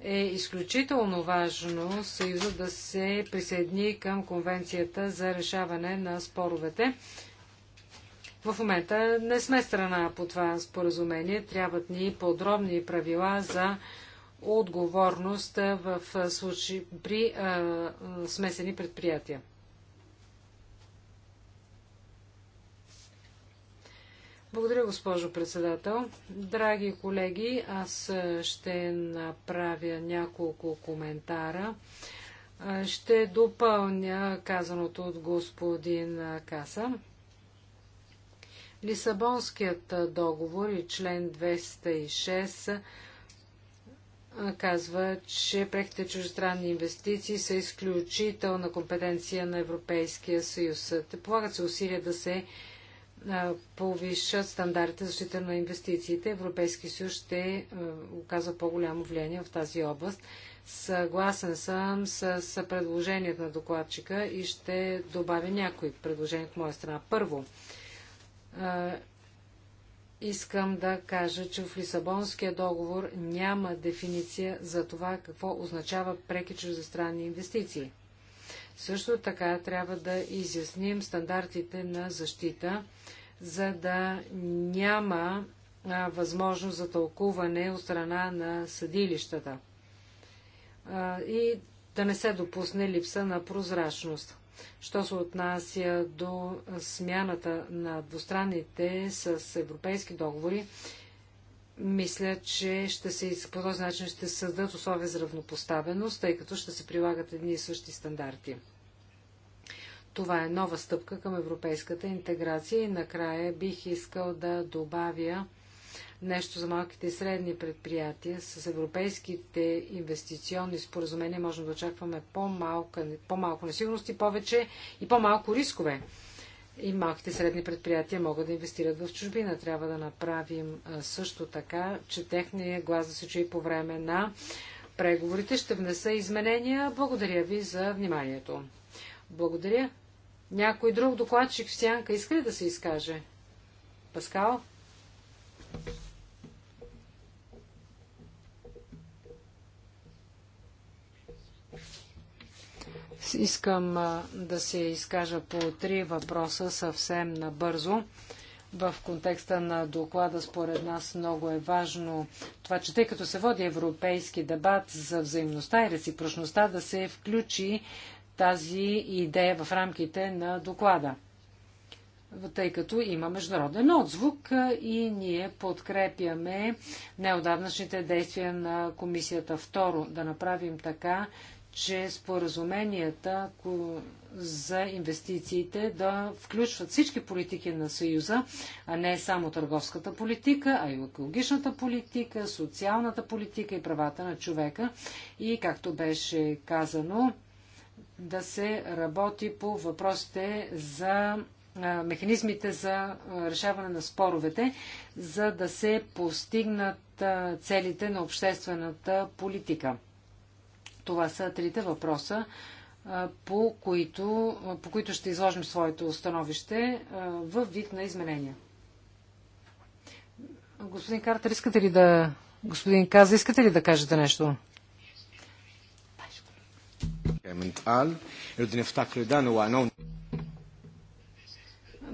е изключително важно Съюза да се присъедини към Конвенцията за решаване на споровете. В момента не сме страна по това споразумение. Трябват ни подробни правила за отговорност в случай при а, смесени предприятия. Благодаря, госпожо председател. Драги колеги, аз ще направя няколко коментара. Ще допълня казаното от господин Каса. Лисабонският договор и член 206 казва, че преките чуждестранни инвестиции са изключителна компетенция на Европейския съюз. Те полагат се усилия да се повишат стандартите за защита на инвестициите, Европейски съюз ще оказва по-голямо влияние в тази област. Съгласен съм с, с предложението на докладчика и ще добавя някои предложения от моя страна. Първо, искам да кажа, че в Лисабонския договор няма дефиниция за това какво означава преки чуждестранни инвестиции. Също така трябва да изясним стандартите на защита, за да няма възможност за тълкуване от страна на съдилищата и да не се допусне липса на прозрачност. Що се отнася до смяната на двустранните с европейски договори, мисля, че ще се, по този начин ще се създадат условия за равнопоставеност, тъй като ще се прилагат едни и същи стандарти. Това е нова стъпка към европейската интеграция и накрая бих искал да добавя нещо за малките и средни предприятия. С европейските инвестиционни споразумения можем да очакваме по-малко, по-малко несигурност и повече и по-малко рискове и малките средни предприятия могат да инвестират в чужбина. Трябва да направим също така, че техния глас да се чуе по време на преговорите. Ще внеса изменения. Благодаря ви за вниманието. Благодаря. Някой друг докладчик в сянка иска ли да се изкаже? Паскал? Искам да се изкажа по три въпроса съвсем набързо. В контекста на доклада, според нас, много е важно това, че тъй като се води европейски дебат за взаимността и реципрочността, да се включи тази идея в рамките на доклада тъй като има международен отзвук и ние подкрепяме неодавнашните действия на комисията. Второ, да направим така, че споразуменията за инвестициите да включват всички политики на Съюза, а не само търговската политика, а и екологичната политика, социалната политика и правата на човека. И, както беше казано, да се работи по въпросите за механизмите за решаване на споровете, за да се постигнат целите на обществената политика. Това са трите въпроса, по които, по които ще изложим своето установище, в вид на изменения. Господин Картер, искате ли да... Господин Каза, искате ли да кажете нещо?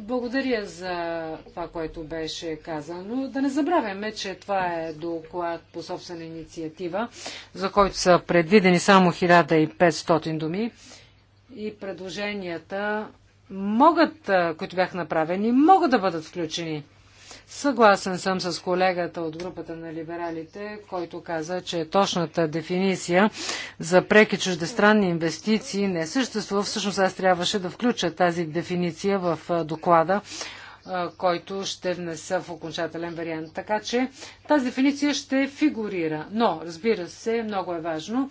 Благодаря за това, което беше казано. Да не забравяме, че това е доклад по собствена инициатива, за който са предвидени само 1500 думи и предложенията могат, които бяха направени, могат да бъдат включени. Съгласен съм с колегата от групата на либералите, който каза, че точната дефиниция за преки чуждестранни инвестиции не съществува. Всъщност аз трябваше да включа тази дефиниция в доклада, който ще внеса в окончателен вариант. Така че тази дефиниция ще фигурира. Но, разбира се, много е важно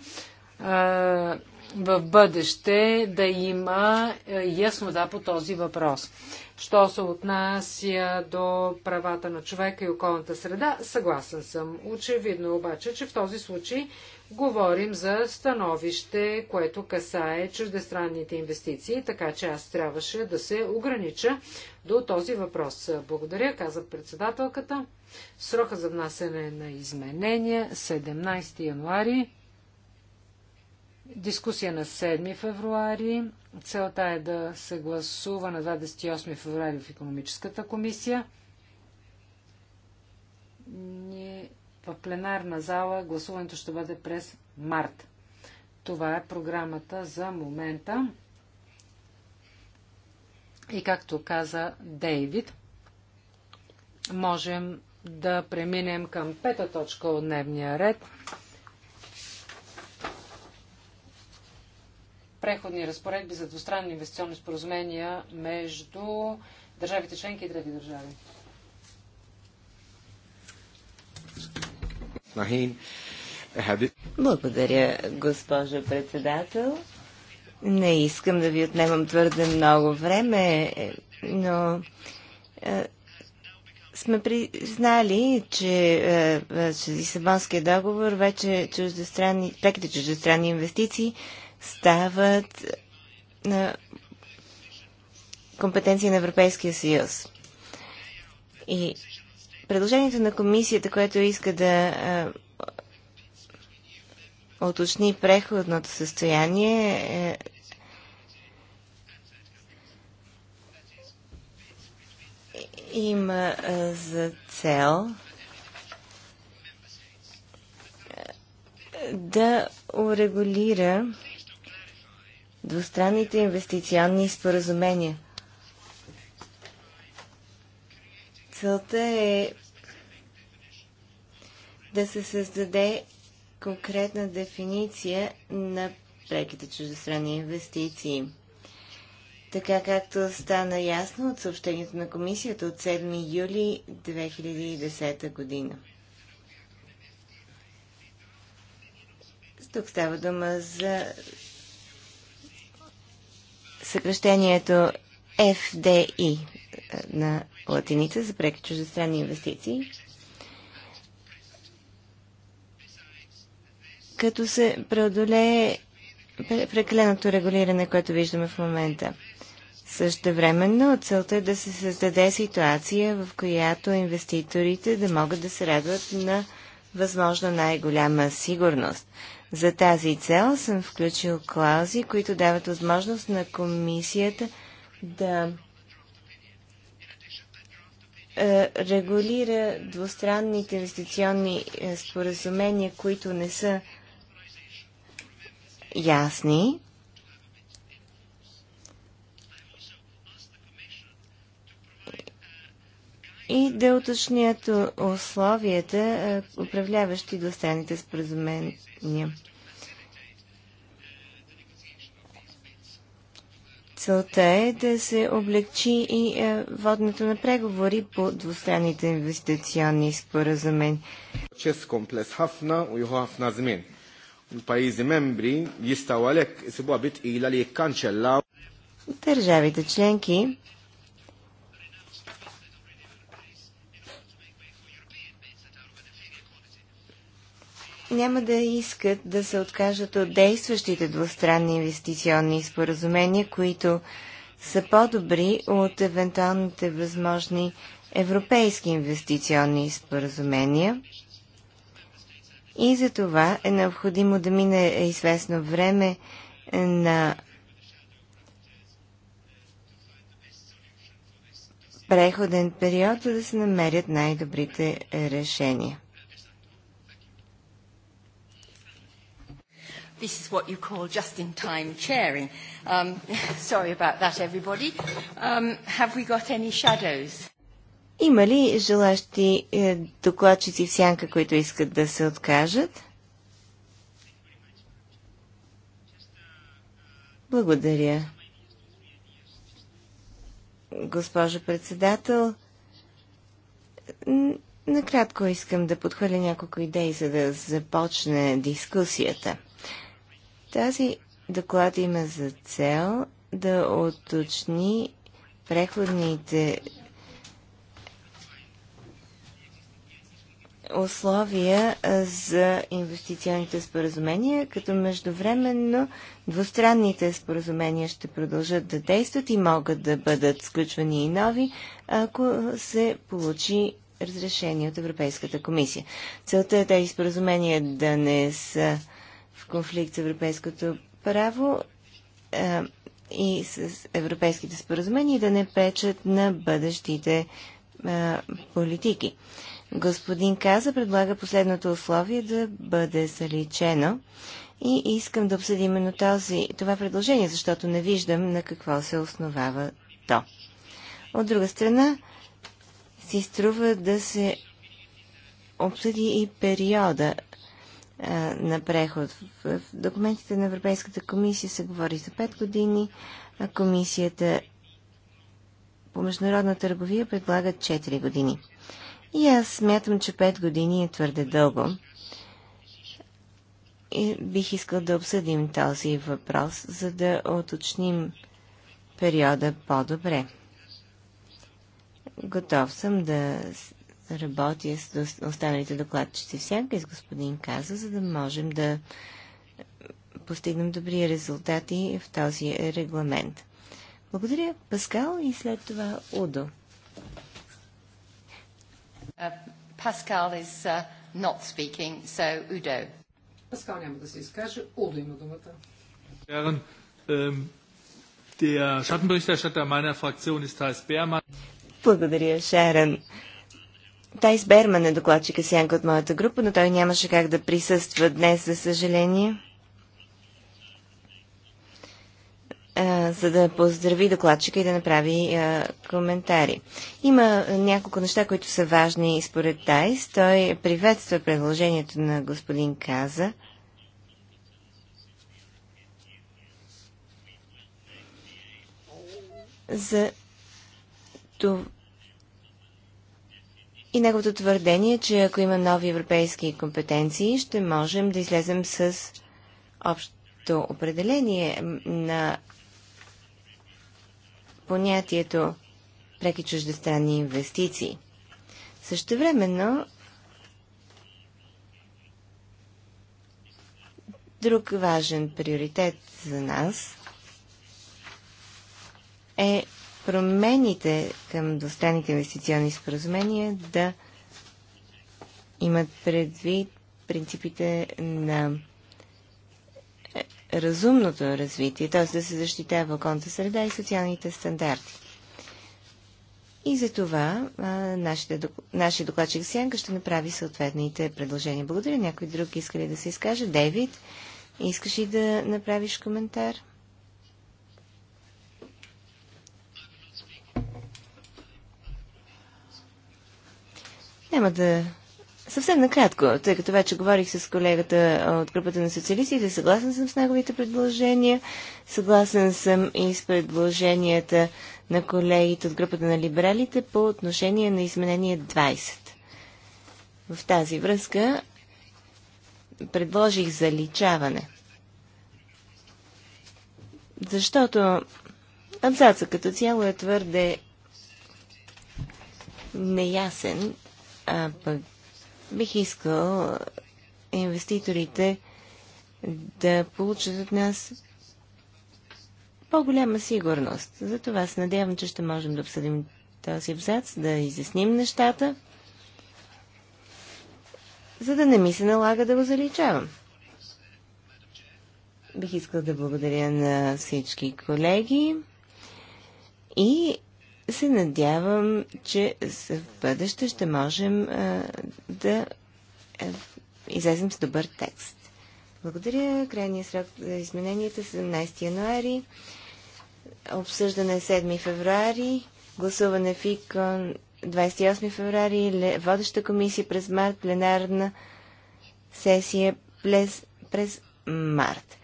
в бъдеще да има е, яснота по този въпрос. Що се отнася до правата на човека и околната среда, съгласен съм. Очевидно обаче, че в този случай говорим за становище, което касае чуждестранните инвестиции, така че аз трябваше да се огранича до този въпрос. Благодаря, каза председателката. Срока за внасене на изменения 17 януари Дискусия на 7 февруари. Целта е да се гласува на 28 февруари в економическата комисия. Ние в пленарна зала гласуването ще бъде през март. Това е програмата за момента. И както каза Дейвид, можем да преминем към пета точка от дневния ред. преходни разпоредби за двустранни инвестиционни споразумения между държавите членки и трети държави. Благодаря, госпожо председател. Не искам да ви отнемам твърде много време, но е, сме признали, че е, е Лисабонския договор вече чуждестранни, преките чуждестранни инвестиции стават на компетенция на Европейския съюз. И предложението на комисията, което иска да уточни преходното състояние, е, има за цел да урегулира двустранните инвестиционни споразумения. Целта е да се създаде конкретна дефиниция на преките чуждестранни инвестиции. Така както стана ясно от съобщението на комисията от 7 юли 2010 година. Тук става дума за съкръщението FDI е, на латиница за преки чуждестранни инвестиции. Като се преодолее прекаленото регулиране, което виждаме в момента. Същевременно целта е да се създаде ситуация, в която инвеститорите да могат да се радват на възможно най-голяма сигурност. За тази цел съм включил клаузи, които дават възможност на комисията да е, регулира двустранните инвестиционни е, споразумения, които не са ясни. И да уточнят условията, е, управляващи двустранните споразумения Целта е да се облегчи и е, воденето на преговори по двустранните инвестиционни споразумения. Proċess kompless ħafna u jieħu ħafna żmien. Pajjiżi membri jistgħu għalhekk isibuha bitqila li jikkanċellaw. Държавите членки няма да искат да се откажат от действащите двустранни инвестиционни споразумения, които са по-добри от евентуалните възможни европейски инвестиционни споразумения. И за това е необходимо да мине известно време на преходен период, за да се намерят най-добрите решения. This is what you call just-in-time chairing. Um, sorry about that, everybody. Um, have we got any shadows? Има ли желащи е, докладчици в сянка, които искат да се откажат? Благодаря. Госпожо председател, накратко искам да подхвърля няколко идеи, за да започне дискусията. Тази доклад има за цел да оточни преходните условия за инвестиционните споразумения, като междувременно двустранните споразумения ще продължат да действат и могат да бъдат сключвани и нови, ако се получи разрешение от Европейската комисия. Целта е тези споразумения да не са в конфликт с европейското право а, и с европейските споразумения да не пречат на бъдещите а, политики. Господин Каза предлага последното условие да бъде заличено и искам да обсъдим именно този, това предложение, защото не виждам на какво се основава то. От друга страна, си струва да се обсъди и периода на преход. В, в документите на Европейската комисия се говори за 5 години, а комисията по международна търговия предлага 4 години. И аз смятам, че 5 години е твърде дълго. И бих искал да обсъдим този въпрос, за да оточним периода по-добре. Готов съм да работя с останалите докладчици всяка и с господин Каза, за да можем да постигнем добри резултати в този регламент. Благодаря, Паскал, и след това Удо. Uh, Pascal is uh, not so Udo. Паскал няма да се изкаже. Удо има думата. Ähm, der Schattenberichterstatter meiner Fraktion ist Thais Beermann. Благодаря, Шерен. Тайс Берман е докладчика сянка от моята група, но той нямаше как да присъства днес, за съжаление. за да поздрави докладчика и да направи а, коментари. Има няколко неща, които са важни според Тайс. Той приветства предложението на господин Каза. За това, и неговото твърдение, че ако има нови европейски компетенции, ще можем да излезем с общото определение на понятието преки чуждестранни инвестиции. времено, друг важен приоритет за нас е промените към двустранните инвестиционни споразумения да имат предвид принципите на разумното развитие, т.е. да се защитава околната среда и социалните стандарти. И за това нашия докладчик Сянка ще направи съответните предложения. Благодаря. Някой друг иска ли да се изкаже? Дейвид, искаш ли да направиш коментар? Няма да... Съвсем накратко, тъй като вече говорих с колегата от групата на социалистите, съгласен съм с неговите предложения, съгласен съм и с предложенията на колегите от групата на либералите по отношение на изменение 20. В тази връзка предложих заличаване. Защото абзаца като цяло е твърде неясен а пък бих искал инвеститорите да получат от нас по-голяма сигурност. Затова се надявам, че ще можем да обсъдим този абзац, да изясним нещата, за да не ми се налага да го заличавам. Бих искал да благодаря на всички колеги и се надявам, че в бъдеще ще можем а, да а, излезем с добър текст. Благодаря. Крайния срок за измененията 17 е януари. Обсъждане 7 е февруари. Гласуване в ИКОН 28 февруари. Водеща комисия през март. Пленарна сесия през, през март.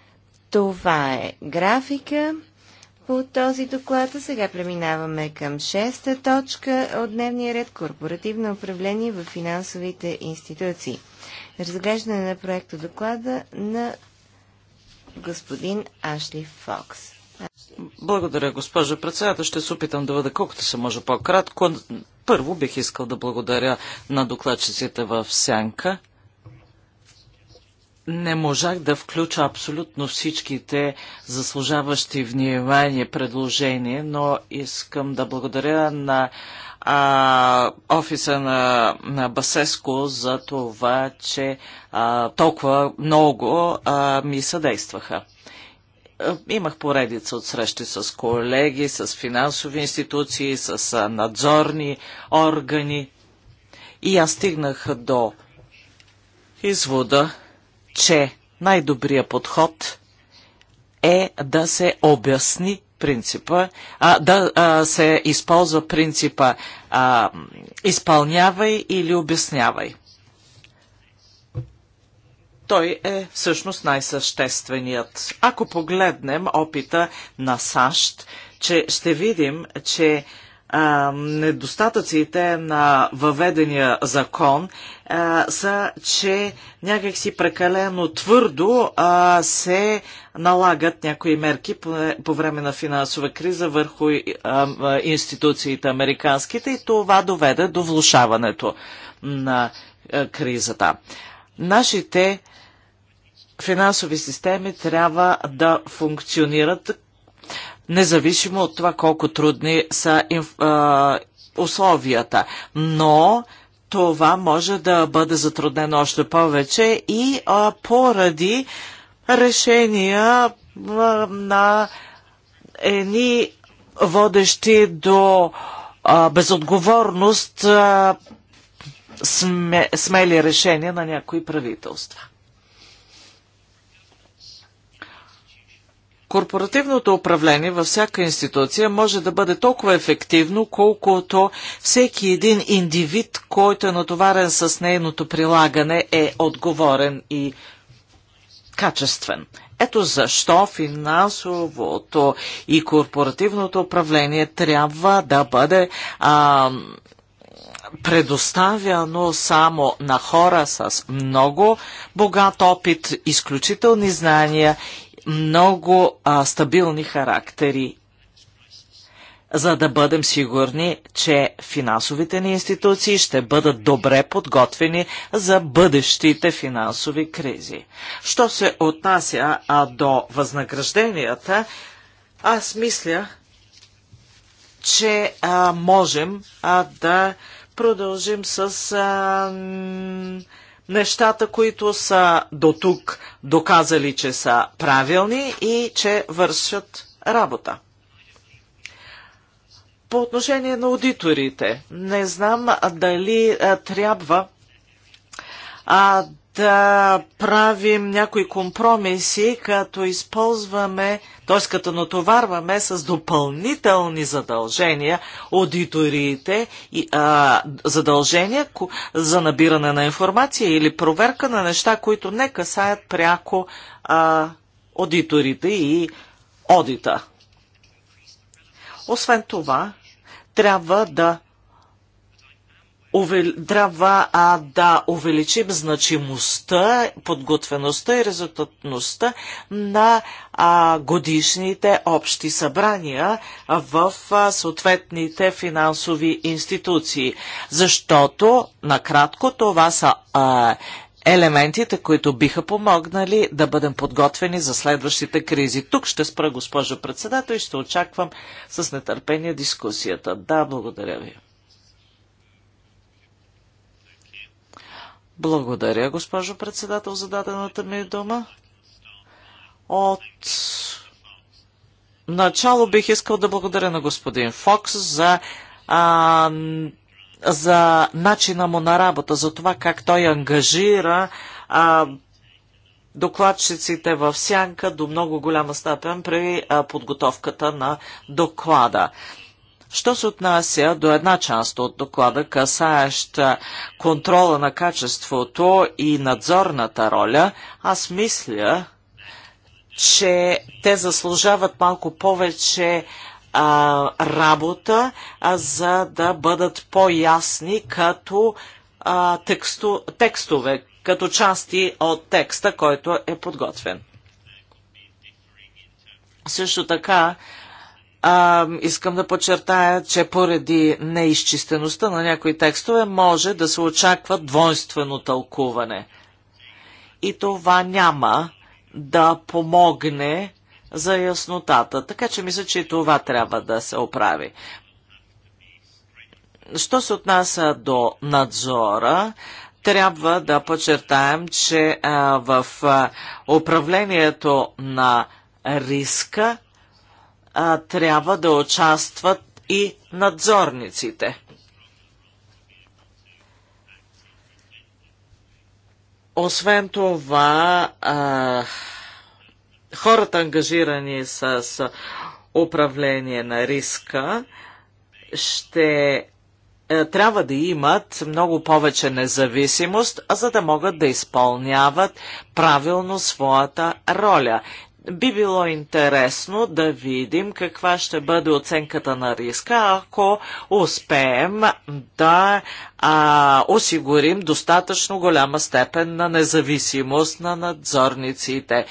Това е графика по този доклад. А сега преминаваме към шеста точка от дневния ред Корпоративно управление в финансовите институции. Разглеждане на проекта доклада на господин Ашли Фокс. Благодаря, госпожо председател. Ще се опитам да бъда колкото се може по-кратко. Първо бих искал да благодаря на докладчиците в Сянка не можах да включа абсолютно всичките заслужаващи внимание предложения, но искам да благодаря на а, офиса на, на Басеско за това, че а, толкова много а, ми съдействаха. Е, имах поредица от срещи с колеги, с финансови институции, с надзорни органи и аз стигнах до извода, че най-добрият подход е да се обясни принципа, а, да а, се използва принципа а, изпълнявай или обяснявай. Той е всъщност най-същественият. Ако погледнем опита на САЩ, че ще видим, че а, недостатъците на въведения закон а, са, че някакси прекалено твърдо а, се налагат някои мерки по, по време на финансова криза върху а, институциите американските и това доведе до влушаването на а, кризата. Нашите финансови системи трябва да функционират независимо от това колко трудни са а, условията. Но това може да бъде затруднено още повече и а, поради решения а, на едни водещи до а, безотговорност а, сме, смели решения на някои правителства. Корпоративното управление във всяка институция може да бъде толкова ефективно, колкото всеки един индивид, който е натоварен с нейното прилагане, е отговорен и качествен. Ето защо финансовото и корпоративното управление трябва да бъде а, предоставяно само на хора с много богат опит, изключителни знания много а, стабилни характери, за да бъдем сигурни, че финансовите ни институции ще бъдат добре подготвени за бъдещите финансови кризи. Що се отнася а, до възнагражденията, аз мисля, че а, можем а, да продължим с а, нещата, които са до тук доказали, че са правилни и че вършат работа. По отношение на аудиторите, не знам дали трябва да правим някои компромиси, като използваме, т.е. като натоварваме с допълнителни задължения аудиториите, и, а, задължения за набиране на информация или проверка на неща, които не касаят пряко а, аудиторите и одита. Освен това, трябва да трябва а, да увеличим значимостта, подготвеността и резултатността на а, годишните общи събрания в а, съответните финансови институции. Защото, накратко, това са а, елементите, които биха помогнали да бъдем подготвени за следващите кризи. Тук ще спра, госпожо председател, и ще очаквам с нетърпение дискусията. Да, благодаря ви. Благодаря, госпожо председател, за дадената ми дума. От начало бих искал да благодаря на господин Фокс за, а, за начина му на работа, за това как той ангажира а, докладчиците в сянка до много голяма степен при а, подготовката на доклада. Що се отнася до една част от доклада, касаеща контрола на качеството и надзорната роля, аз мисля, че те заслужават малко повече а, работа, а, за да бъдат по-ясни като а, тексту, текстове, като части от текста, който е подготвен. Също така, а, искам да подчертая, че поради неизчистеността на някои текстове може да се очаква двойствено тълкуване. И това няма да помогне за яснотата. Така че мисля, че и това трябва да се оправи. Що се отнася до надзора, трябва да подчертаем, че а, в а, управлението на риска а, трябва да участват и надзорниците. Освен това, а, хората ангажирани с управление на риска ще трябва да имат много повече независимост, за да могат да изпълняват правилно своята роля би било интересно да видим каква ще бъде оценката на риска, ако успеем да а, осигурим достатъчно голяма степен на независимост на надзорниците.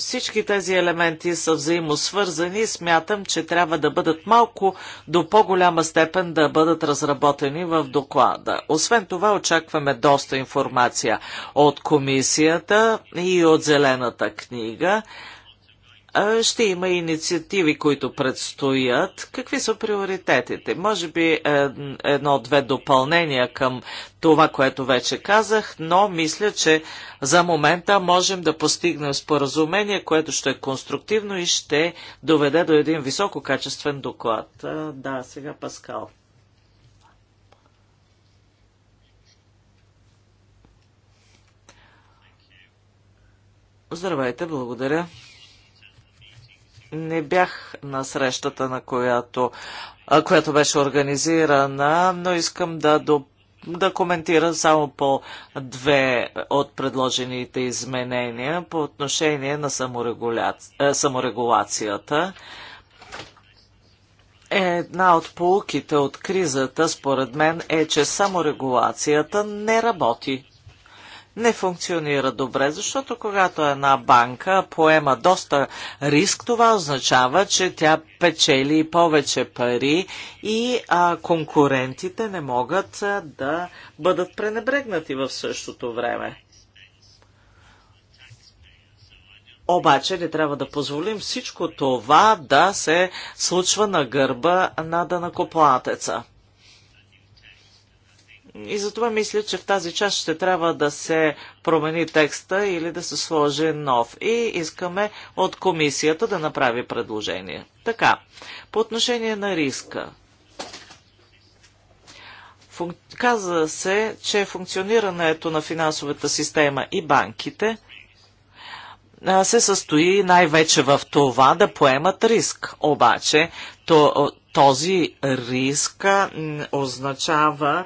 всички тези елементи са взаимосвързани и смятам, че трябва да бъдат малко до по-голяма степен да бъдат разработени в доклада. Освен това очакваме доста информация от комисията и от зелената книга. Ще има инициативи, които предстоят. Какви са приоритетите? Може би е, едно-две допълнения към това, което вече казах, но мисля, че за момента можем да постигнем споразумение, което ще е конструктивно и ще доведе до един висококачествен доклад. Да, сега Паскал. Здравейте, благодаря не бях на срещата, на която, която беше организирана, но искам да допълня да коментира само по две от предложените изменения по отношение на саморегуля... Е, саморегулацията. Една от полуките от кризата, според мен, е, че саморегулацията не работи не функционира добре, защото когато една банка поема доста риск, това означава, че тя печели повече пари и а, конкурентите не могат а, да бъдат пренебрегнати в същото време. Обаче не трябва да позволим всичко това да се случва на гърба на данакоплатеца. И затова мисля, че в тази част ще трябва да се промени текста или да се сложи нов. И искаме от комисията да направи предложение. Така, по отношение на риска. Каза се, че функционирането на финансовата система и банките се състои най-вече в това да поемат риск. Обаче, то, този риск означава,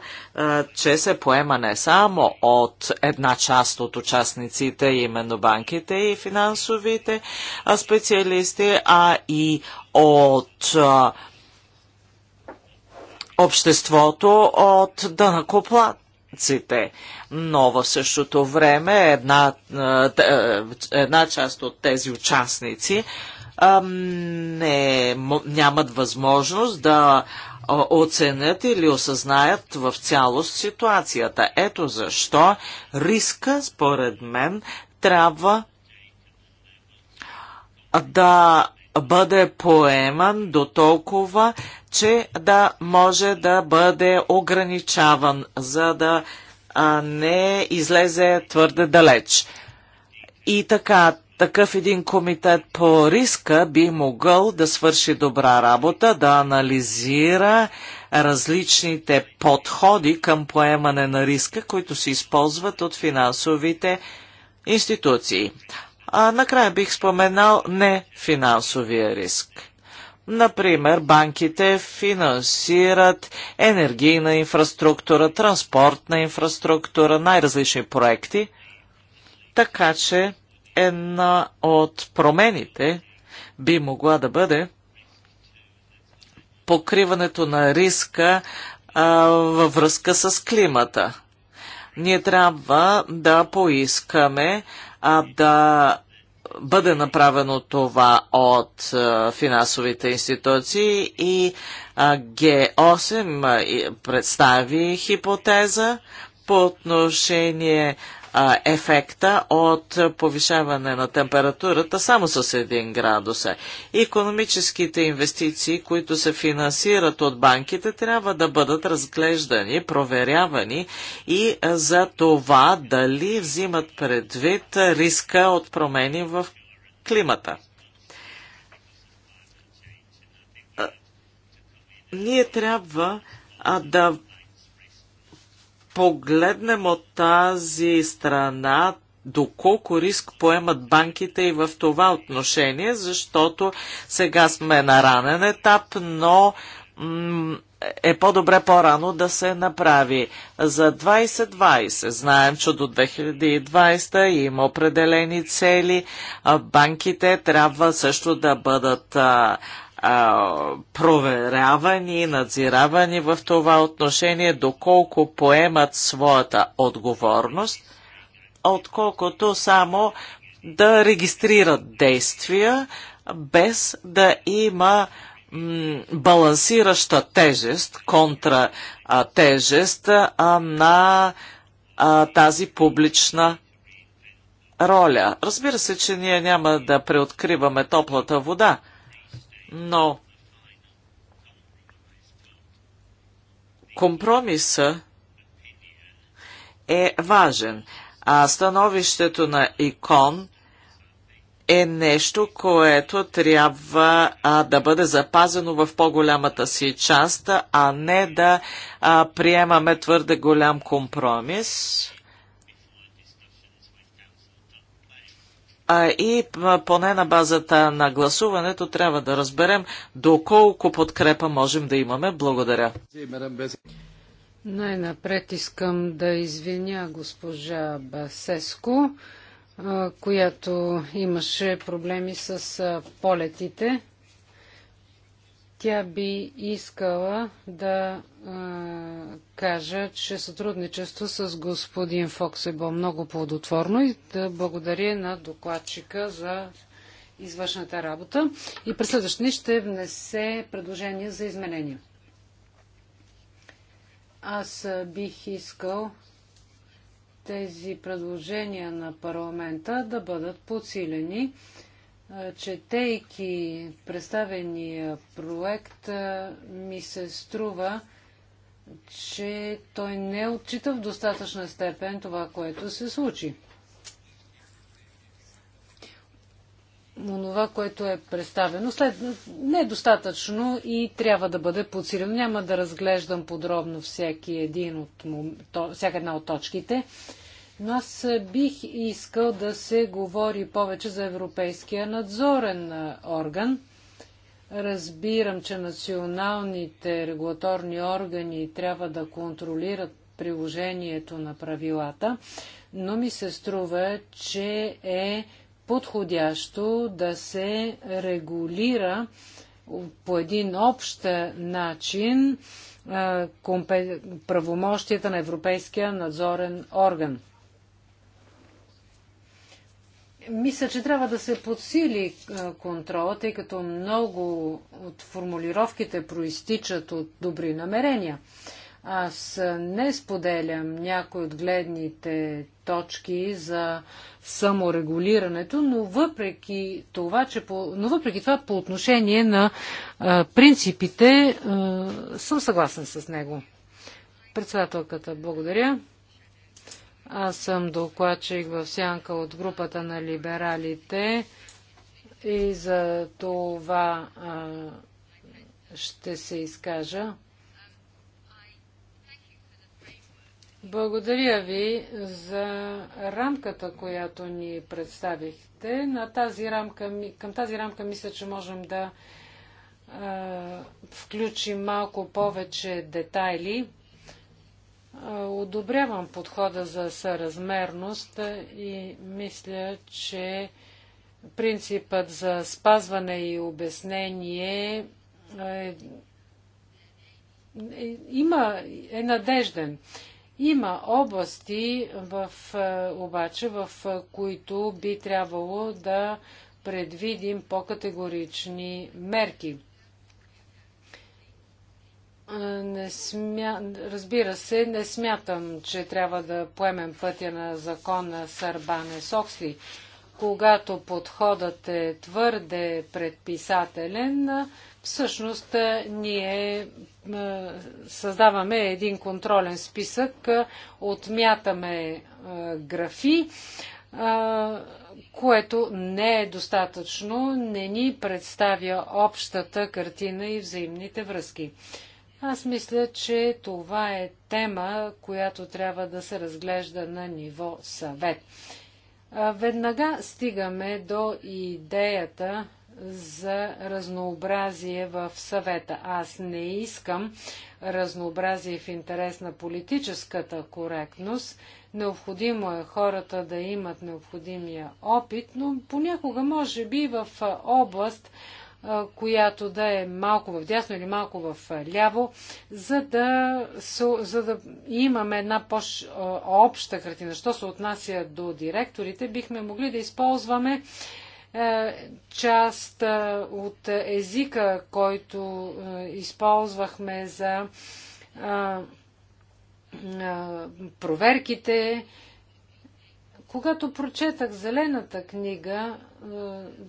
че се поема не само от една част от участниците, именно банките и финансовите специалисти, а и от обществото, от дънакоплат Но в същото време една, една част от тези участници а, не, нямат възможност да оценят или осъзнаят в цялост ситуацията. Ето защо риска, според мен, трябва да бъде поеман до толкова, че да може да бъде ограничаван, за да а, не излезе твърде далеч. И така, такъв един комитет по риска би могъл да свърши добра работа, да анализира различните подходи към поемане на риска, които се използват от финансовите институции. А накрая бих споменал не финансовия риск. Например, банките финансират енергийна инфраструктура, транспортна инфраструктура, най-различни проекти, така че една от промените би могла да бъде покриването на риска а, във връзка с климата. Ние трябва да поискаме а, да бъде направено това от а, финансовите институции и а, Г8 представи хипотеза по отношение ефекта от повишаване на температурата само с 1 градус. Економическите инвестиции, които се финансират от банките, трябва да бъдат разглеждани, проверявани и за това дали взимат предвид риска от промени в климата. ние трябва да погледнем от тази страна, доколко риск поемат банките и в това отношение, защото сега сме на ранен етап, но е по-добре по-рано да се направи. За 2020 знаем, че до 2020 има определени цели. Банките трябва също да бъдат проверявани, надзиравани в това отношение, доколко поемат своята отговорност, отколкото само да регистрират действия, без да има балансираща тежест, контра а, тежест а, на а, тази публична роля. Разбира се, че ние няма да преоткриваме топлата вода – но компромиса е важен, а становището на икон е нещо, което трябва а, да бъде запазено в по-голямата си част, а не да а, приемаме твърде голям компромис. а и поне на базата на гласуването трябва да разберем доколко подкрепа можем да имаме. Благодаря. Най-напред искам да извиня госпожа Басеско, която имаше проблеми с полетите. Тя би искала да а, кажа, че сътрудничество с господин Фокс е било много плодотворно и да благодаря на докладчика за извършната работа. И през следващи ще внесе предложение за изменения. Аз бих искал тези предложения на парламента да бъдат подсилени четейки представения проект, ми се струва, че той не отчита в достатъчна степен това, което се случи. Онова, което е представено, след... не е достатъчно и трябва да бъде подсилено. Няма да разглеждам подробно всеки един от, всяка една от точките. Но аз бих искал да се говори повече за Европейския надзорен орган. Разбирам, че националните регулаторни органи трябва да контролират приложението на правилата, но ми се струва, че е подходящо да се регулира по един общ начин правомощията на Европейския надзорен орган. Мисля, че трябва да се подсили контрола, тъй като много от формулировките проистичат от добри намерения. Аз не споделям някои от гледните точки за саморегулирането, но въпреки това, че по, но въпреки това по отношение на а, принципите а, съм съгласен с него. Председателката, благодаря. Аз съм докладчик в сянка от групата на либералите и за това а, ще се изкажа. Благодаря ви за рамката, която ни представихте. На тази рамка, към тази рамка мисля, че можем да а, включим малко повече детайли. Одобрявам подхода за съразмерност и мисля, че принципът за спазване и обяснение е, е, има, е надежден. Има области, в, обаче, в които би трябвало да предвидим по-категорични мерки. Не смя... Разбира се, не смятам, че трябва да поемем пътя на закона Сърбане Соксли. Когато подходът е твърде предписателен, всъщност ние създаваме един контролен списък, отмятаме графи, което не е достатъчно, не ни представя общата картина и взаимните връзки. Аз мисля, че това е тема, която трябва да се разглежда на ниво съвет. Веднага стигаме до идеята за разнообразие в съвета. Аз не искам разнообразие в интерес на политическата коректност. Необходимо е хората да имат необходимия опит, но понякога може би в област, която да е малко в дясно или малко в ляво, за да, за да имаме една по-обща картина. Що се отнася до директорите, бихме могли да използваме е, част е, от езика, който е, използвахме за проверките. Когато прочетах зелената книга, е,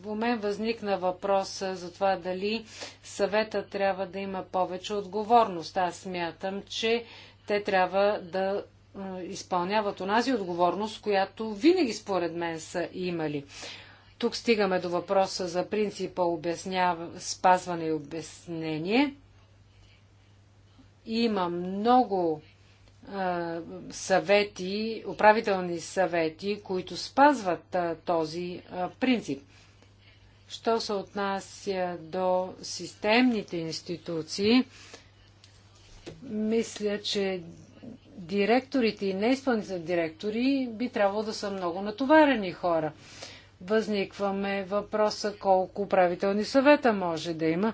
В мен възникна въпрос за това дали съвета трябва да има повече отговорност. Аз смятам, че те трябва да е, изпълняват онази отговорност, която винаги според мен са имали. Тук стигаме до въпроса за принципа обяснява, спазване и обяснение. Има много съвети, управителни съвети, които спазват този принцип. Що се отнася до системните институции, мисля, че директорите и неизпълнителни директори би трябвало да са много натоварени хора. Възникваме въпроса колко управителни съвета може да има.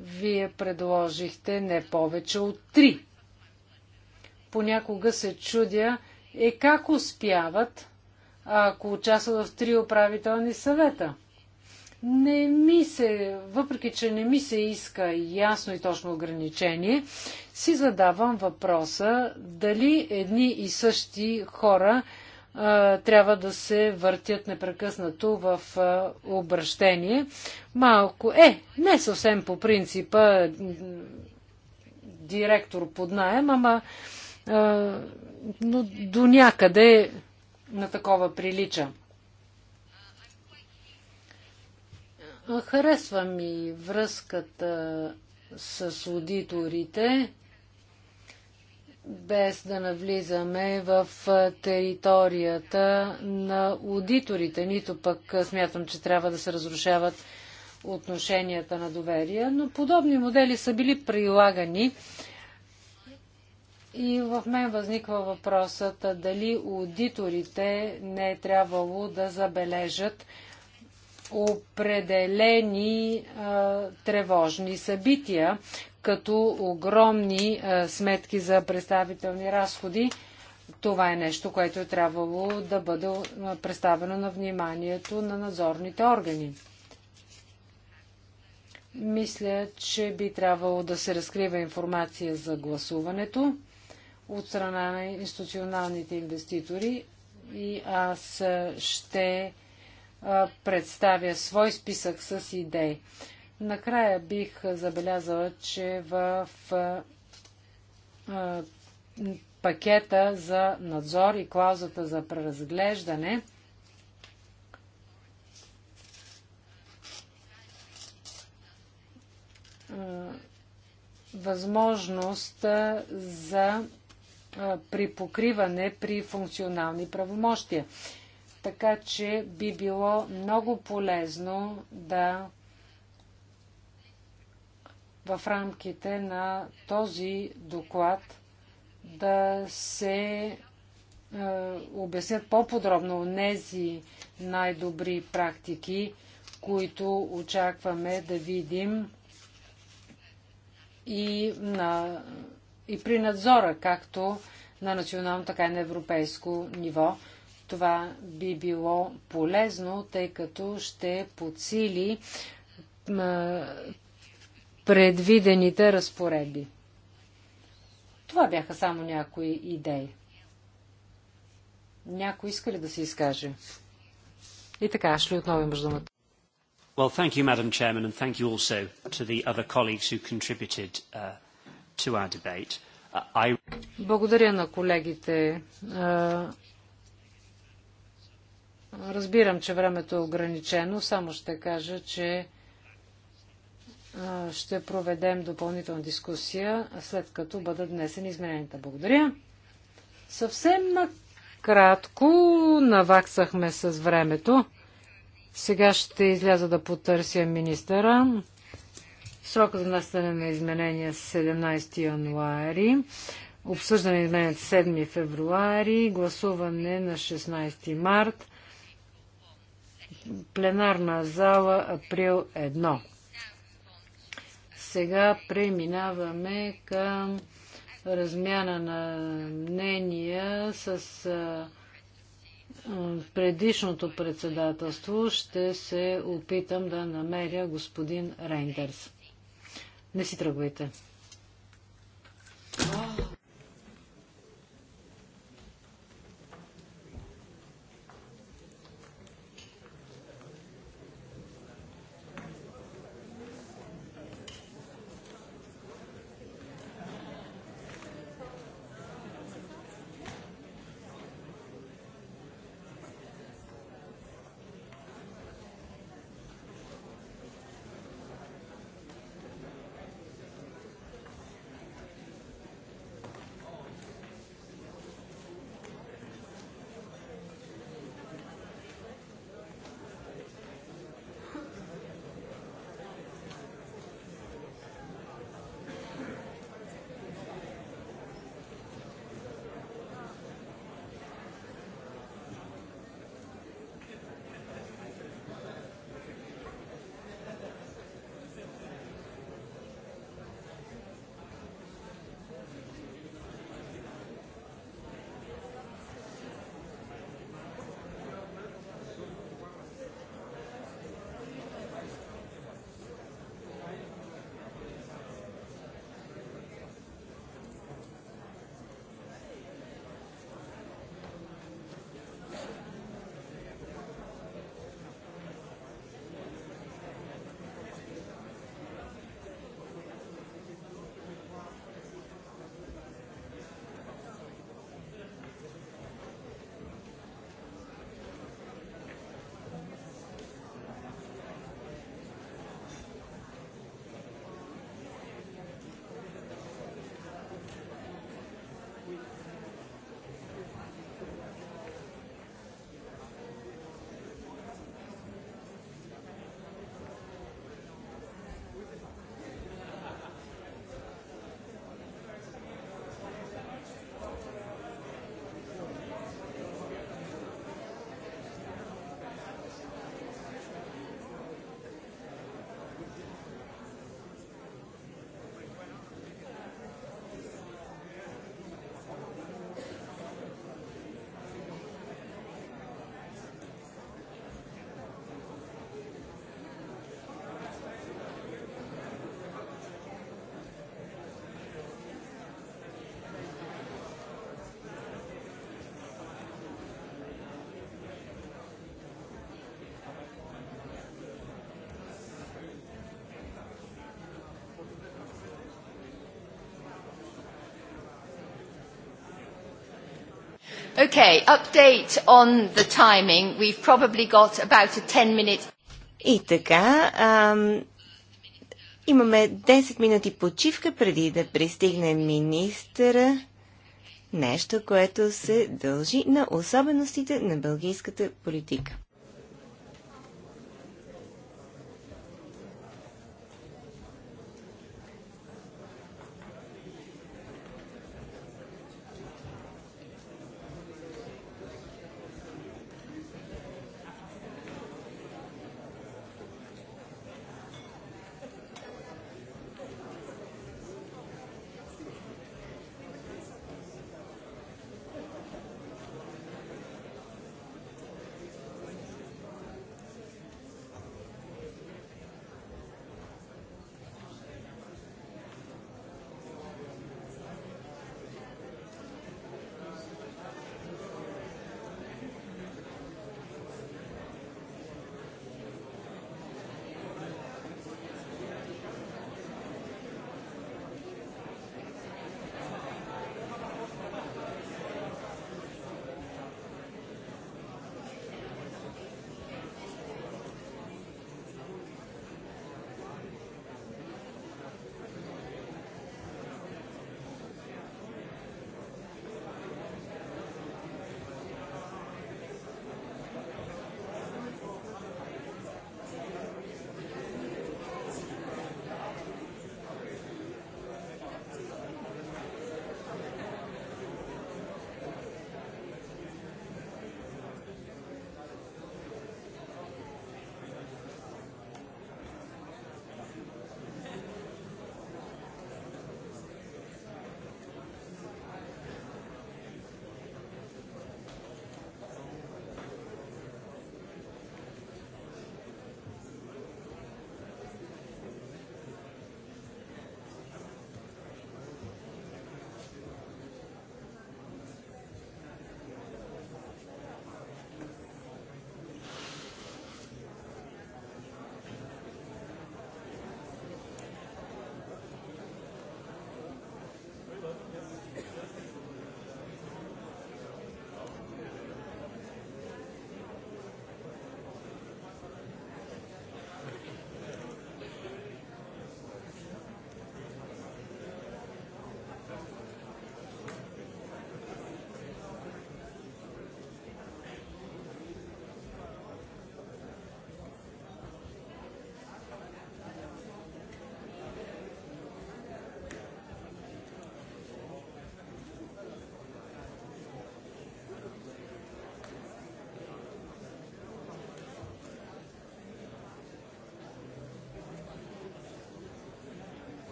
Вие предложихте не повече от три Понякога се чудя е как успяват, ако участват в три управителни съвета. Не ми се, въпреки че не ми се иска ясно и точно ограничение, си задавам въпроса дали едни и същи хора а, трябва да се въртят непрекъснато в а, обращение. Малко е, не съвсем по принципа директор под найем, ама но до някъде на такова прилича. Харесва ми връзката с аудиторите, без да навлизаме в територията на аудиторите. Нито пък смятам, че трябва да се разрушават отношенията на доверие, но подобни модели са били прилагани и в мен възниква въпросът дали аудиторите не е трябвало да забележат определени а, тревожни събития, като огромни а, сметки за представителни разходи. Това е нещо, което е трябвало да бъде представено на вниманието на надзорните органи. Мисля, че би трябвало да се разкрива информация за гласуването от страна на институционалните инвеститори и аз ще представя свой списък с идеи. Накрая бих забелязала, че в пакета за надзор и клаузата за преразглеждане възможност за при покриване при функционални правомощия. Така че би било много полезно да в рамките на този доклад да се обяснят по-подробно тези най-добри практики, които очакваме да видим и на и при надзора, както на национално, така и на европейско ниво. Това би било полезно, тъй като ще подсили предвидените разпоредби. Това бяха само някои идеи. Някой иска ли да се изкаже? И така, ще ли отново имаш думата? Well, thank you, Madam Chairman, and thank you also to the other colleagues who contributed uh, to our debate. Uh, I... Благодаря на колегите. Разбирам, че времето е ограничено. Само ще кажа, че ще проведем допълнителна дискусия, след като бъдат внесени измененията. Благодаря. Съвсем накратко наваксахме с времето. Сега ще изляза да потърся министъра. Срока за настане на изменения 17 е януари. Обсъждане на измененията 7 е февруари. Гласуване на 16 март. Пленарна зала април 1. Сега преминаваме към размяна на мнения с предишното председателство ще се опитам да намеря господин Рейндерс. Не си тръгвайте. Okay, update on the timing. We've probably got about a 10 minute... И така, ам, имаме 10 минути почивка преди да пристигне министъра. Нещо, което се дължи на особеностите на бългийската политика.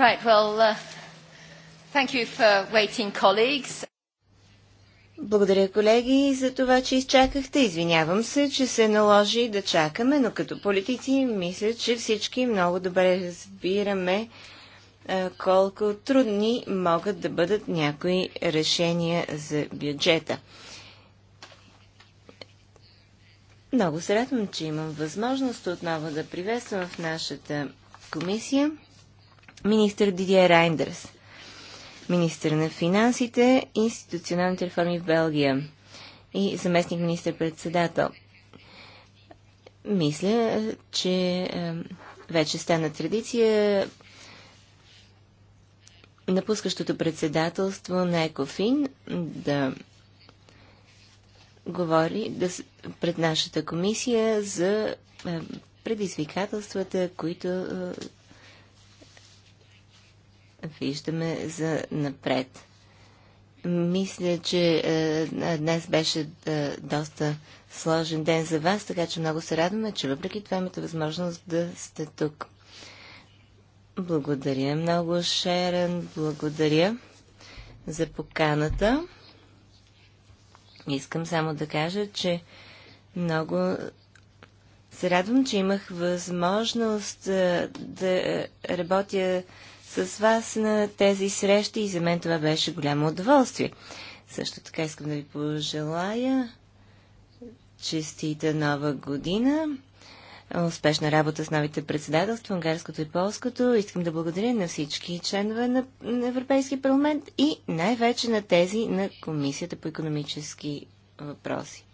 Right, well, uh, thank you for waiting, colleagues. Благодаря, колеги, за това, че изчакахте. Извинявам се, че се наложи да чакаме, но като политици мисля, че всички много добре разбираме колко трудни могат да бъдат някои решения за бюджета. Много се радвам, че имам възможност отново да приветствам в нашата комисия министър Дидия Райндърс, министър на финансите и институционалните реформи в Белгия и заместник министър-председател. Мисля, че е, вече стана традиция напускащото председателство на Екофин да говори да, пред нашата комисия за е, предизвикателствата, които е, виждаме за напред. Мисля, че е, днес беше е, доста сложен ден за вас, така че много се радваме, че въпреки това имате възможност да сте тук. Благодаря много, Шерен. Благодаря за поканата. Искам само да кажа, че много се радвам, че имах възможност е, да работя с вас на тези срещи и за мен това беше голямо удоволствие. Също така искам да ви пожелая честита нова година, успешна работа с новите председателства, унгарското и полското. Искам да благодаря на всички членове на Европейския парламент и най-вече на тези на Комисията по економически въпроси.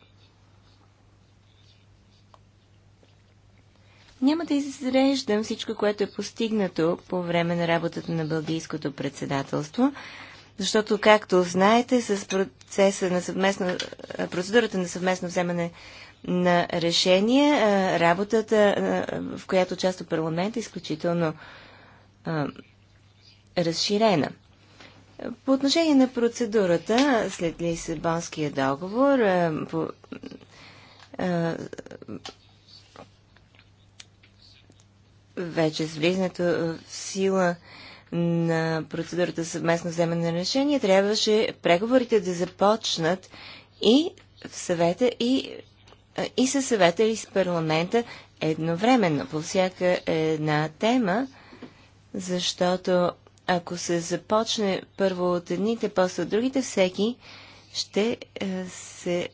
Няма да изреждам всичко, което е постигнато по време на работата на Бългийското председателство, защото, както знаете, с процеса на съвместно, процедурата на съвместно вземане на решение, работата, в която част от парламент, е изключително а, разширена. По отношение на процедурата след Лисабонския договор, а, по, а, вече с влизането в сила на процедурата съвместно вземане на решение, трябваше преговорите да започнат и в съвета, и, и със съвета, и с парламента едновременно по всяка една тема, защото ако се започне първо от едните, после от другите, всеки ще се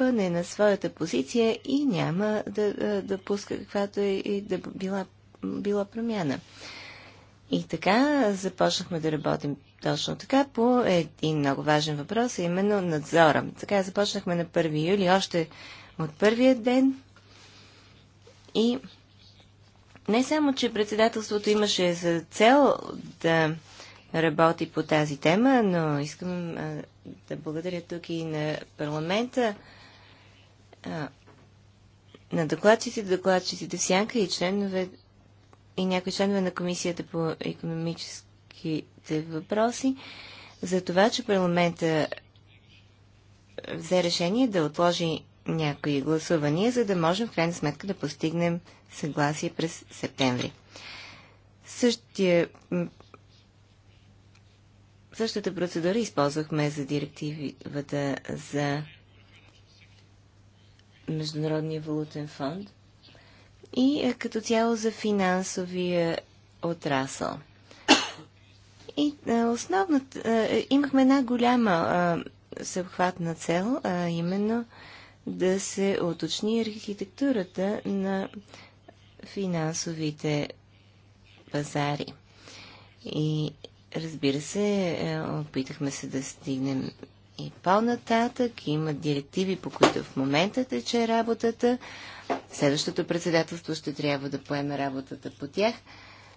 изпълне на своята позиция и няма да, да, да пуска каквато е и е, да била, била промяна. И така започнахме да работим точно така по един много важен въпрос, а именно надзора. Така започнахме на 1 юли, още от първия ден. И не само, че председателството имаше за цел да работи по тази тема, но искам а, да благодаря тук и на парламента, а, на докладчиците, докладчиците в сянка и членове и някои членове на Комисията по економическите въпроси за това, че парламента взе решение да отложи някои гласувания, за да можем в крайна сметка да постигнем съгласие през септември. Същия, същата процедура използвахме за директивата за Международния валутен фонд и е, като цяло за финансовия отрасъл. И е, основната, е, имахме една голяма съвхватна цел, а именно да се уточни архитектурата на финансовите пазари. И разбира се, опитахме се да стигнем и по-нататък. Има директиви, по които в момента тече работата. Следващото председателство ще трябва да поеме работата по тях.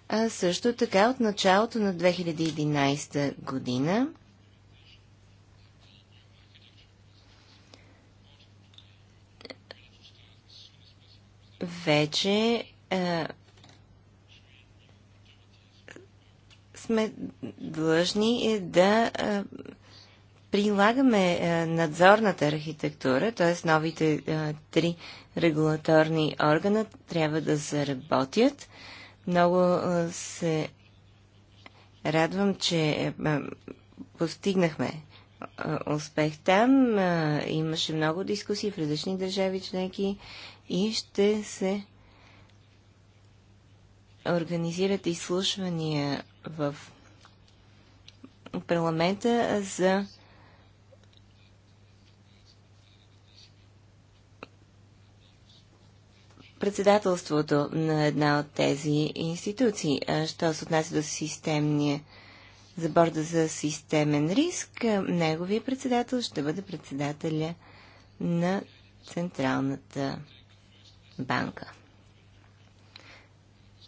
А също така от началото на 2011 година вече а, сме длъжни е, да а, прилагаме е, надзорната архитектура, т.е. новите е, три регулаторни органа трябва да заработят. Много е, се радвам, че постигнахме успех там. Имаше много дискусии в различни държави членки и ще се организират изслушвания в парламента за председателството на една от тези институции. А що се отнася до системния за борда за системен риск, неговия председател ще бъде председателя на Централната банка.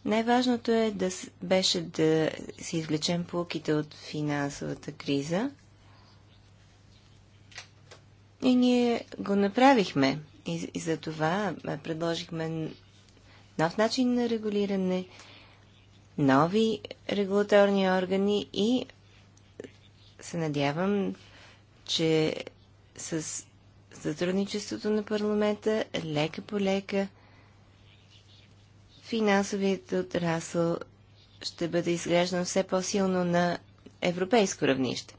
Най-важното е да беше да си извлечем полките от финансовата криза. И ние го направихме. И, и за това предложихме нов начин на регулиране, нови регулаторни органи и се надявам, че с сътрудничеството на парламента лека по лека финансовият отрасъл ще бъде изграждан все по-силно на европейско равнище.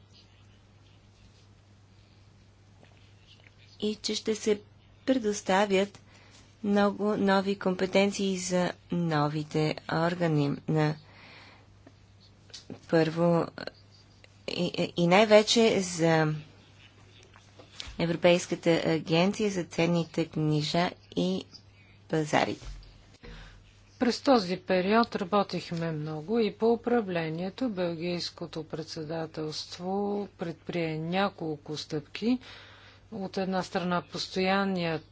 И че ще се предоставят много нови компетенции за новите органи на първо и, и най-вече за Европейската агенция за ценните книжа и пазарите. През този период работихме много и по управлението Белгийското председателство предприе няколко стъпки, от една страна постоянният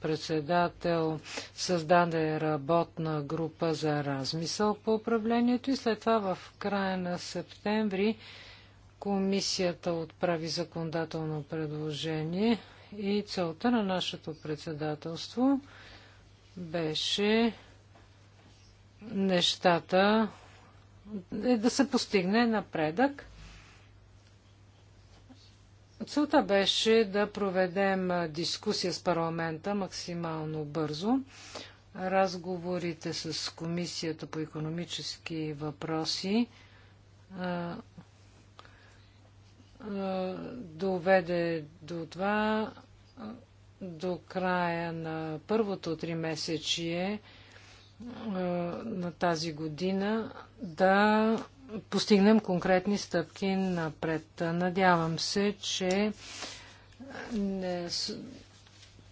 председател създаде работна група за размисъл по управлението и след това в края на септември комисията отправи законодателно предложение и целта на нашето председателство беше нещата е да се постигне напредък Целта беше да проведем дискусия с парламента максимално бързо. Разговорите с Комисията по економически въпроси доведе до това до края на първото три месечие на тази година да постигнем конкретни стъпки напред. Надявам се, че не,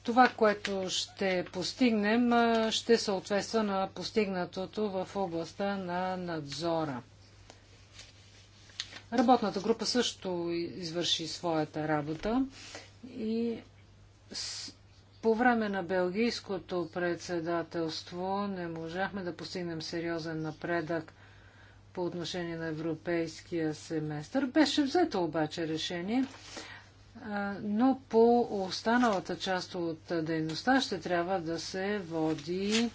това, което ще постигнем, ще съответства на постигнатото в областта на надзора. Работната група също извърши своята работа и по време на белгийското председателство не можахме да постигнем сериозен напредък – по отношение на европейския семестър. Беше взето обаче решение, но по останалата част от дейността ще трябва да се води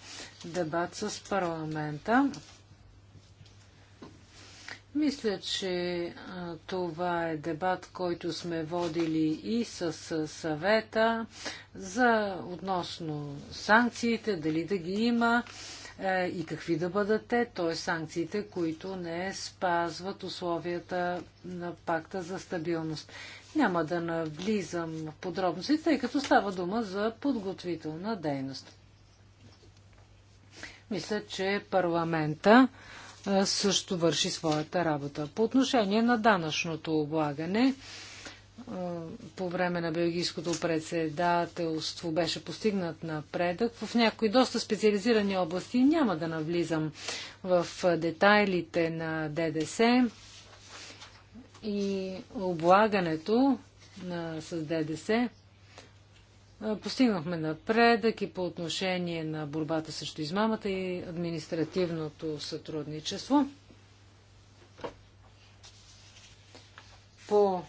дебат с парламента. Мисля, че това е дебат, който сме водили и с съвета за относно санкциите, дали да ги има е, и какви да бъдат те, т.е. санкциите, които не спазват условията на пакта за стабилност. Няма да навлизам в подробности, тъй като става дума за подготвителна дейност. Мисля, че парламента е, също върши своята работа. По отношение на данъчното облагане, по време на Белгийското председателство беше постигнат напредък в някои доста специализирани области. Няма да навлизам в детайлите на ДДС и облагането на, с ДДС. Постигнахме напредък и по отношение на борбата срещу измамата и административното сътрудничество. По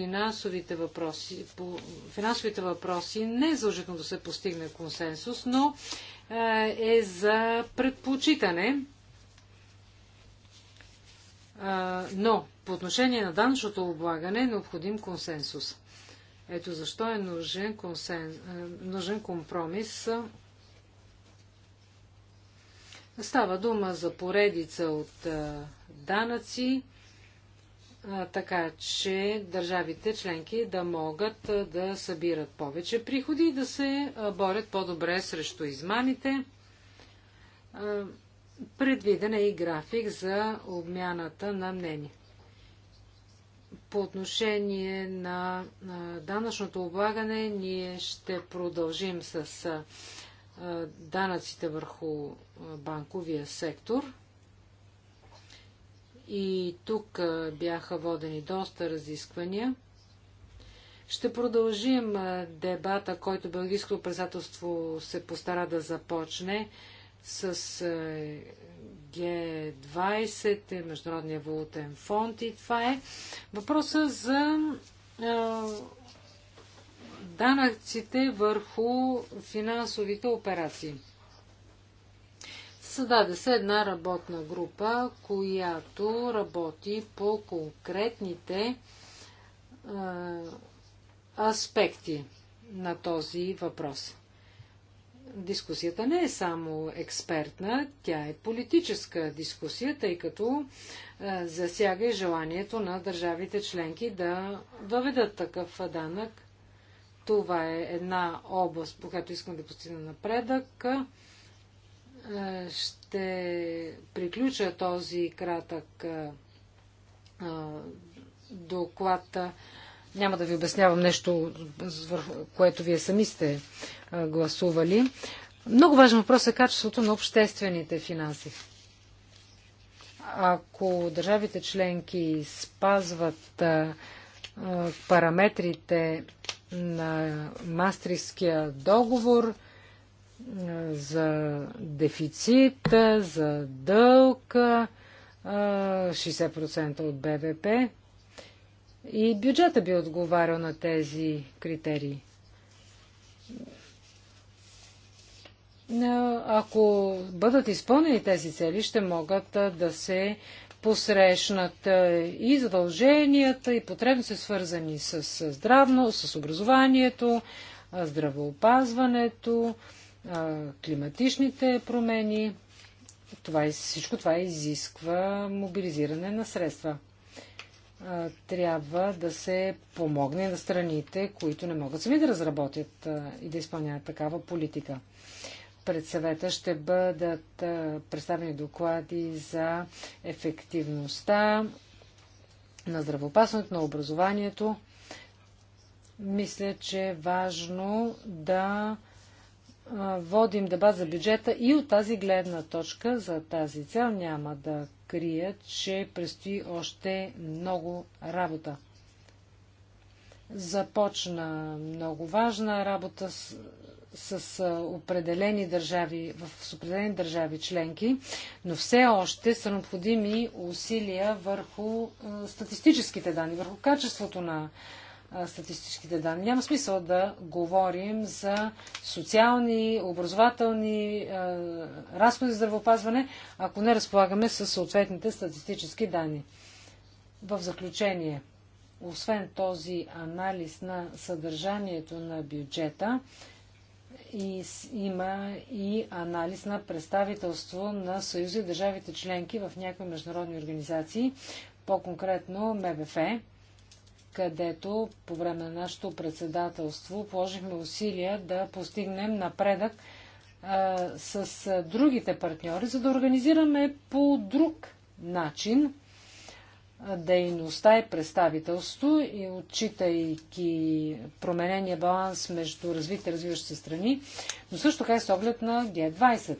финансовите въпроси, по финансовите въпроси не е задължително да се постигне консенсус, но е, е за предпочитане. Е, но по отношение на данъчното облагане е необходим консенсус. Ето защо е нужен, консен... Е, нужен компромис. Става дума за поредица от данъци, така че държавите членки да могат да събират повече приходи и да се борят по-добре срещу измамите. Предвиден е и график за обмяната на мнение. По отношение на данъчното облагане, ние ще продължим с данъците върху банковия сектор – и тук бяха водени доста разисквания. Ще продължим дебата, който Белгийското председателство се постара да започне с Г20, е Международния валутен фонд и това е въпроса за данъците върху финансовите операции. Създаде се една работна група, която работи по конкретните аспекти на този въпрос. Дискусията не е само експертна, тя е политическа дискусия, тъй като а, засяга и желанието на държавите членки да въведат такъв данък. Това е една област, по която искам да постигна напредък. Е, ще приключа този кратък е, е, доклад. Няма да ви обяснявам нещо, което вие сами сте гласували. Много важен въпрос е качеството на обществените финанси. Ако държавите членки спазват параметрите на Мастриския договор, за дефицита, за дълга, 60% от БВП. И бюджета би отговарял на тези критерии. Ако бъдат изпълнени тези цели, ще могат да се посрещнат и задълженията, и потребности, свързани с здравно, с образованието, здравеопазването, климатичните промени. Това, всичко това изисква мобилизиране на средства. Трябва да се помогне на страните, които не могат сами да разработят и да изпълняват такава политика. Пред съвета ще бъдат представени доклади за ефективността на здравеопазването, на образованието. Мисля, че е важно да водим дебат за бюджета и от тази гледна точка за тази цел няма да крия, че предстои още много работа. Започна много важна работа с, с определени държави, в, с определени държави членки, но все още са необходими усилия върху статистическите данни, върху качеството на статистическите данни. Няма смисъл да говорим за социални, образователни разходи за здравеопазване, ако не разполагаме с съответните статистически данни. В заключение, освен този анализ на съдържанието на бюджета, и има и анализ на представителство на Съюза и държавите членки в някои международни организации, по-конкретно МВФ където по време на нашето председателство положихме усилия да постигнем напредък а, с другите партньори, за да организираме по друг начин дейността и представителство и отчитайки променения баланс между развитите и развиващите страни, но също така и с оглед на Г20.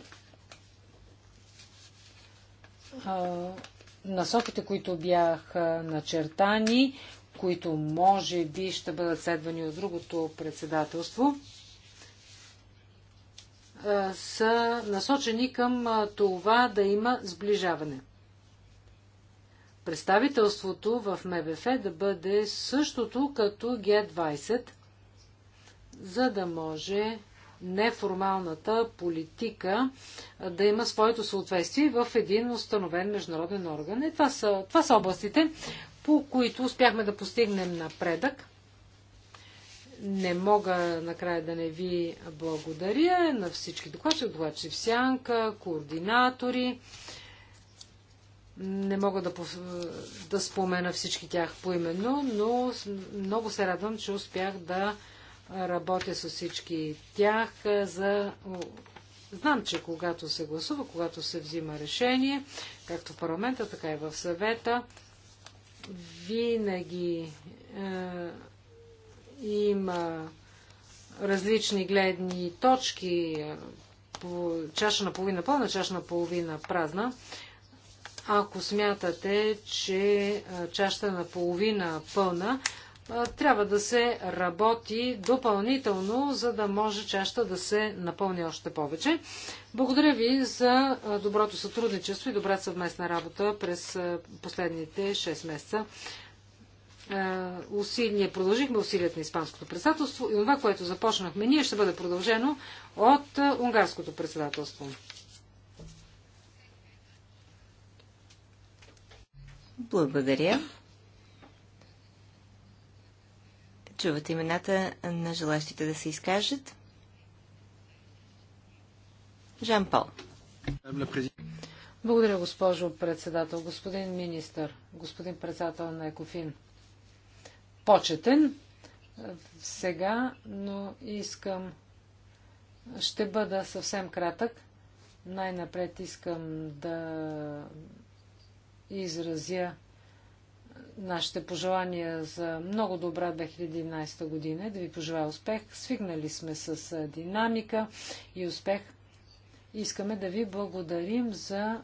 Насоките, които бяха начертани, които може би ще бъдат следвани от другото председателство, са насочени към това да има сближаване. Представителството в МВФ да бъде същото като Г20, за да може неформалната политика да има своето съответствие в един установен международен орган. И е, това са, това са областите, по които успяхме да постигнем напредък. Не мога накрая да не ви благодаря на всички докладчи, докладчи в сянка, координатори. Не мога да, да спомена всички тях поименно, но много се радвам, че успях да работя с всички тях е, за Знам, че когато се гласува, когато се взима решение, както в парламента, така и в съвета, винаги е, има различни гледни точки, е, чаша на половина пълна, чаша на половина празна. Ако смятате, че е, чашата на половина пълна трябва да се работи допълнително, за да може чашата да се напълни още повече. Благодаря ви за доброто сътрудничество и добра съвместна работа през последните 6 месеца. Ние продължихме усилията на Испанското председателство и това, което започнахме ние, ще бъде продължено от Унгарското председателство. Благодаря. чувате имената на желащите да се изкажат. Жан Пол. Благодаря, госпожо председател. Господин министър, господин председател на Екофин. Почетен сега, но искам. Ще бъда съвсем кратък. Най-напред искам да изразя нашите пожелания за много добра 2011 година, е да ви пожелая успех. Свигнали сме с динамика и успех. Искаме да ви благодарим за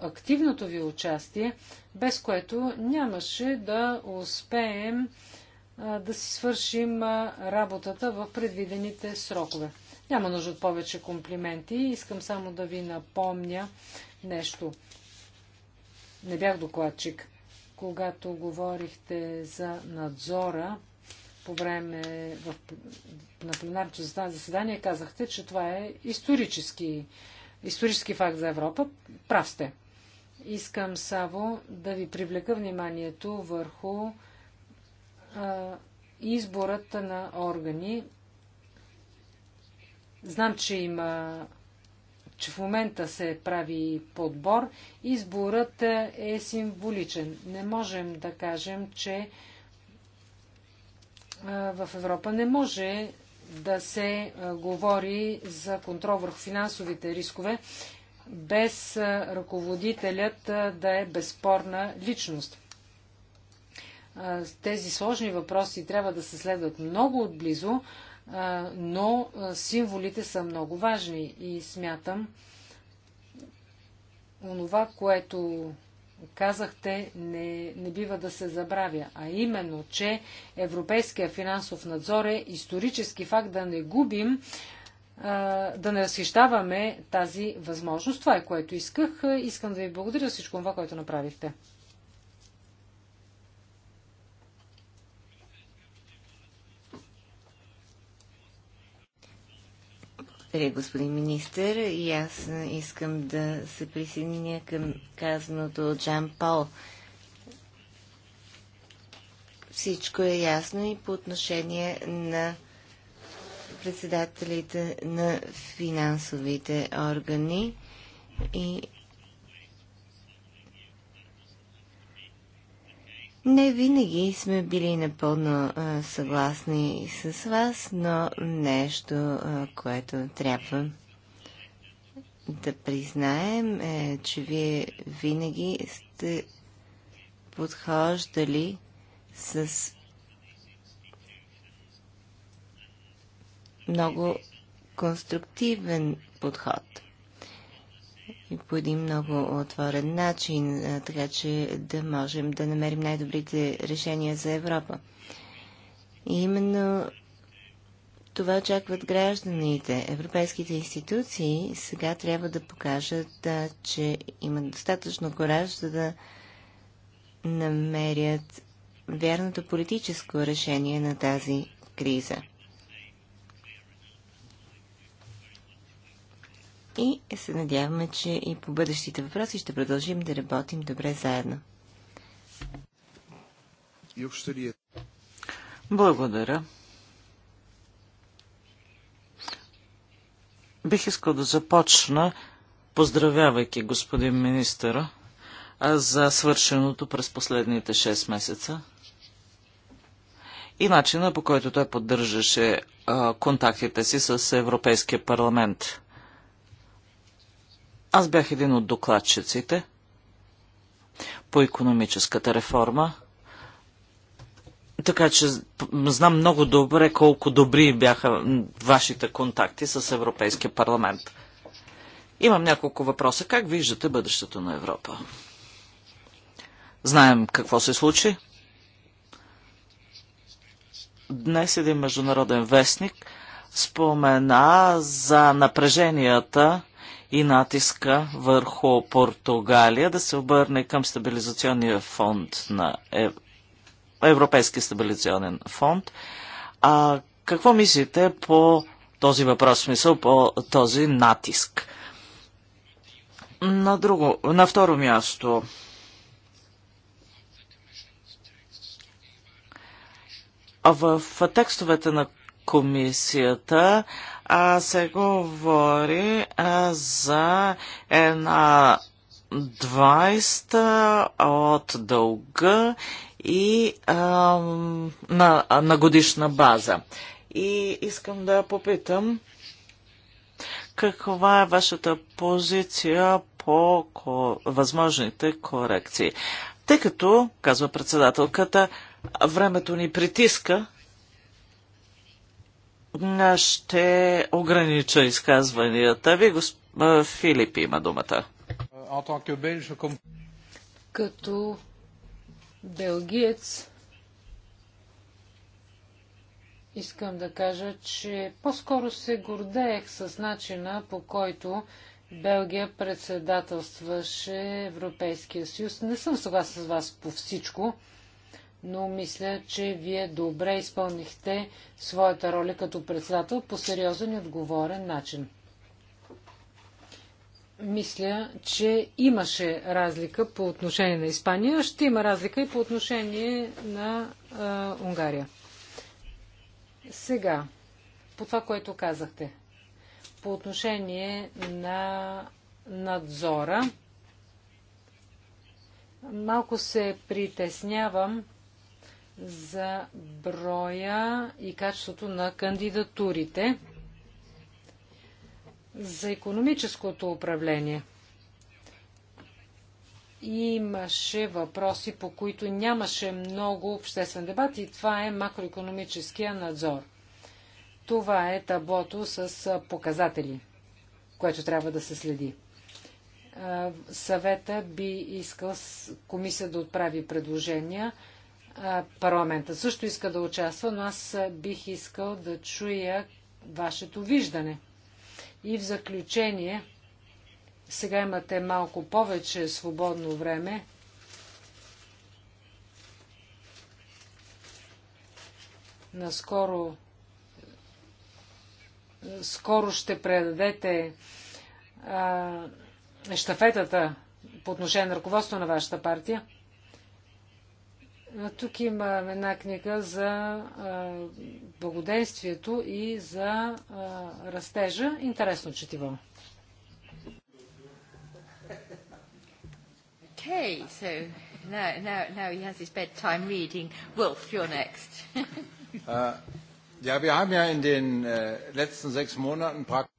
активното ви участие, без което нямаше да успеем да си свършим работата в предвидените срокове. Няма нужда от повече комплименти. Искам само да ви напомня нещо. Не бях докладчик когато говорихте за надзора по време в, на пленарното заседание, казахте, че това е исторически, исторически факт за Европа. Прав сте. Искам само да ви привлека вниманието върху а, избората на органи. Знам, че има че в момента се прави подбор, изборът е символичен. Не можем да кажем, че в Европа не може да се говори за контрол върху финансовите рискове, без ръководителят да е безспорна личност. Тези сложни въпроси трябва да се следват много отблизо, но символите са много важни и смятам, онова, което казахте, не, не бива да се забравя, а именно, че Европейския финансов надзор е исторически факт да не губим, да не разхищаваме тази възможност. Това е което исках. Искам да ви благодаря всичко това, което направихте. Благодаря, господин министър. И аз искам да се присъединя към казаното от Жан Пол. Всичко е ясно и по отношение на председателите на финансовите органи и Не винаги сме били напълно а, съгласни с вас, но нещо, а, което трябва да признаем е, че вие винаги сте подхождали с много конструктивен подход по един много отворен начин, така че да можем да намерим най-добрите решения за Европа. И именно това очакват гражданите. Европейските институции сега трябва да покажат, да, че имат достатъчно кораж, за да намерят вярното политическо решение на тази криза. и се надяваме, че и по бъдещите въпроси ще продължим да работим добре заедно. Благодаря. Бих искал да започна, поздравявайки господин министъра за свършеното през последните 6 месеца и начина по който той поддържаше контактите си с Европейския парламент. Аз бях един от докладчиците по економическата реформа, така че знам много добре колко добри бяха вашите контакти с Европейския парламент. Имам няколко въпроса. Как виждате бъдещето на Европа? Знаем какво се случи. Днес един международен вестник спомена за напреженията и натиска върху Португалия да се обърне към стабилизационния фонд на е, Европейския стабилизационен фонд. А какво мислите по този въпрос, смисъл по този натиск? На, друго, на второ място, в текстовете на комисията а, се говори а, за една 20 от дълга и а, на, на годишна база. И искам да попитам каква е вашата позиция по ко... възможните корекции. Тъй като, казва председателката, времето ни притиска, ще огранича изказванията ви. Госп... Филип има думата. Като белгиец искам да кажа, че по-скоро се гордеех с начина по който Белгия председателстваше Европейския съюз. Не съм съгласен с вас по всичко но мисля, че вие добре изпълнихте своята роля като председател по сериозен и отговорен начин. Мисля, че имаше разлика по отношение на Испания, ще има разлика и по отношение на а, Унгария. Сега, по това, което казахте, по отношение на надзора, малко се притеснявам, за броя и качеството на кандидатурите за економическото управление. Имаше въпроси, по които нямаше много обществен дебат и това е макроекономическия надзор. Това е таблото с показатели, което трябва да се следи съвета би искал комисия да отправи предложения парламента също иска да участва, но аз бих искал да чуя вашето виждане. И в заключение, сега имате малко повече свободно време. Наскоро скоро ще предадете а, щафетата по отношение на ръководство на вашата партия. Тук има една книга за благоденствието и за растежа. Интересно четивам. Okay, so now, now, now he has his bedtime reading. Wolf, you're next. ja, wir haben ja in den äh, letzten sechs Monaten praktisch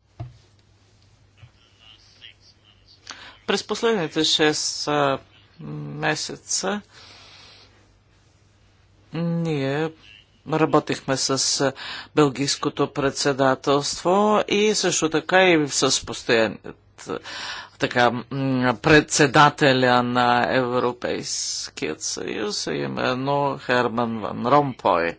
През последните 6 месеца ние работихме с Белгийското председателство и също така и с постоянният така, председателя на Европейският съюз, именно Херман Ван Ромпой.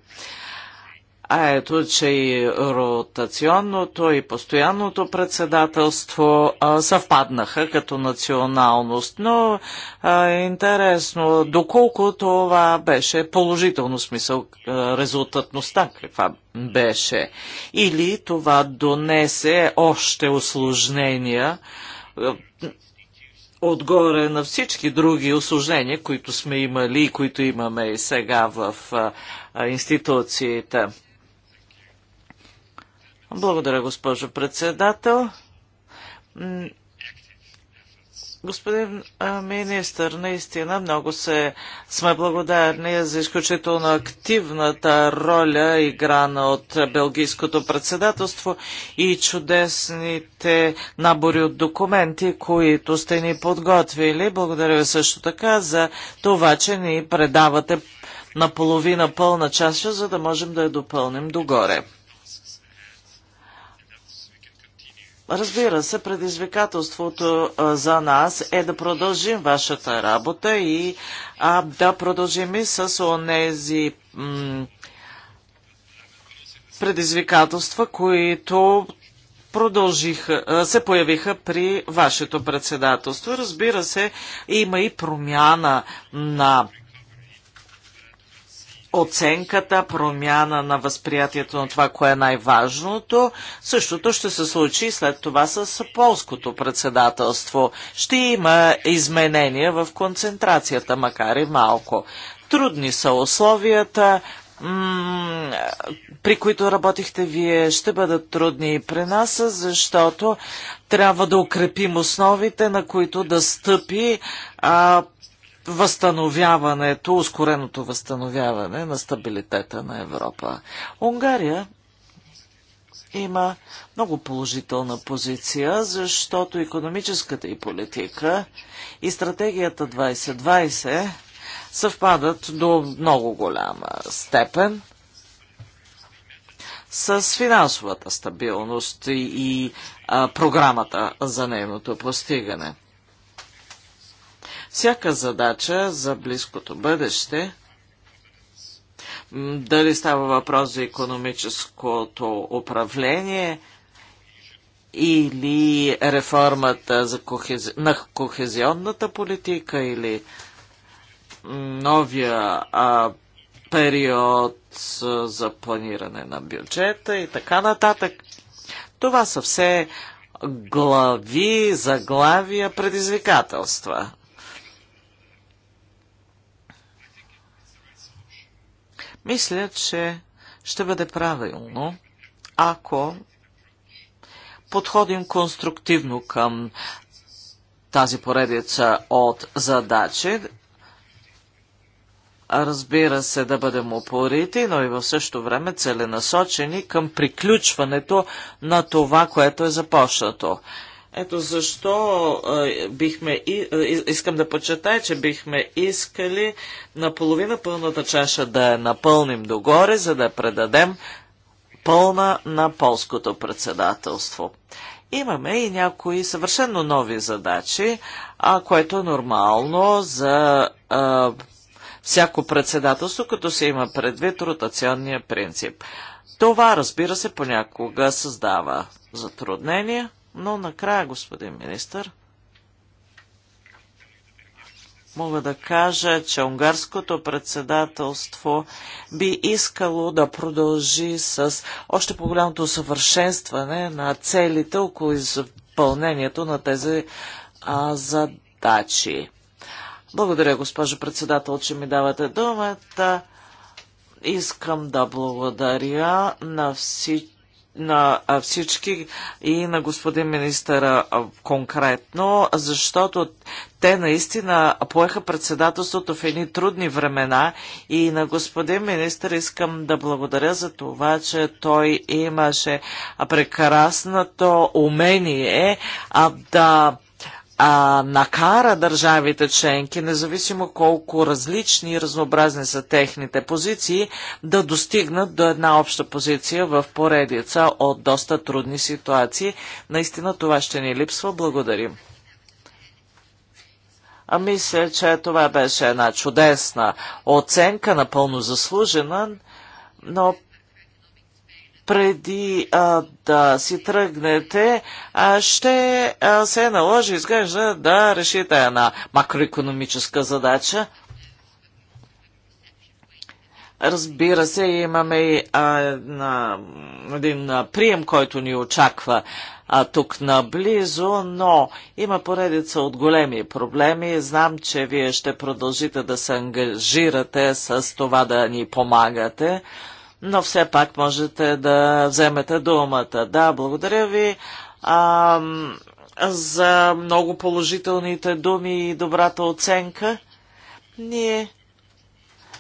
А ето, че и ротационното и постоянното председателство а, съвпаднаха като националност. Но а, интересно, доколко това беше положително смисъл, а, резултатността каква беше? Или това донесе още осложнения отгоре на всички други осложнения, които сме имали и които имаме и сега в а, институциите. Благодаря, госпожо председател. Господин министр, наистина много се сме благодарни за изключително активната роля, играна от Белгийското председателство и чудесните набори от документи, които сте ни подготвили. Благодаря ви също така за това, че ни предавате наполовина пълна чаша, за да можем да я допълним догоре. Разбира се, предизвикателството за нас е да продължим вашата работа и а, да продължим и с онези предизвикателства, които продължиха, се появиха при вашето председателство. Разбира се, има и промяна на оценката, промяна на възприятието на това, кое е най-важното. Същото ще се случи след това с полското председателство. Ще има изменения в концентрацията, макар и малко. Трудни са условията, при които работихте вие, ще бъдат трудни и при нас, защото трябва да укрепим основите, на които да стъпи а, възстановяването, ускореното възстановяване на стабилитета на Европа. Унгария има много положителна позиция, защото економическата и политика и стратегията 2020 съвпадат до много голяма степен с финансовата стабилност и, и а, програмата за нейното постигане. Всяка задача за близкото бъдеще, дали става въпрос за економическото управление или реформата за кохези... на кохезионната политика или новия а, период за планиране на бюджета и така нататък. Това са все глави, заглавия, предизвикателства. Мисля, че ще бъде правилно, ако подходим конструктивно към тази поредица от задачи. Разбира се, да бъдем опорити, но и в същото време целенасочени към приключването на това, което е започнато. Ето защо бихме и, искам да подчертая, че бихме искали наполовина пълната чаша да я напълним догоре, за да предадем пълна на полското председателство. Имаме и някои съвършенно нови задачи, а което е нормално за а, всяко председателство, като се има предвид ротационния принцип. Това, разбира се, понякога създава затруднения но накрая, господин министр, мога да кажа, че унгарското председателство би искало да продължи с още по-голямото усъвършенстване на целите около изпълнението на тези а, задачи. Благодаря, госпожо председател, че ми давате думата. Искам да благодаря на всички на всички и на господин министъра конкретно, защото те наистина поеха председателството в едни трудни времена и на господин министър искам да благодаря за това, че той имаше прекрасното умение да а, накара държавите членки, независимо колко различни и разнообразни са техните позиции, да достигнат до една обща позиция в поредица от доста трудни ситуации. Наистина това ще ни липсва. Благодарим. А мисля, че това беше една чудесна оценка, напълно заслужена, но преди а, да си тръгнете, а ще а, се наложи, изглежда, да решите една макроекономическа задача. Разбира се, имаме а, на, един а, прием, който ни очаква а, тук наблизо, но има поредица от големи проблеми. Знам, че вие ще продължите да се ангажирате с това да ни помагате но все пак можете да вземете думата. Да, благодаря ви а, за много положителните думи и добрата оценка. Ние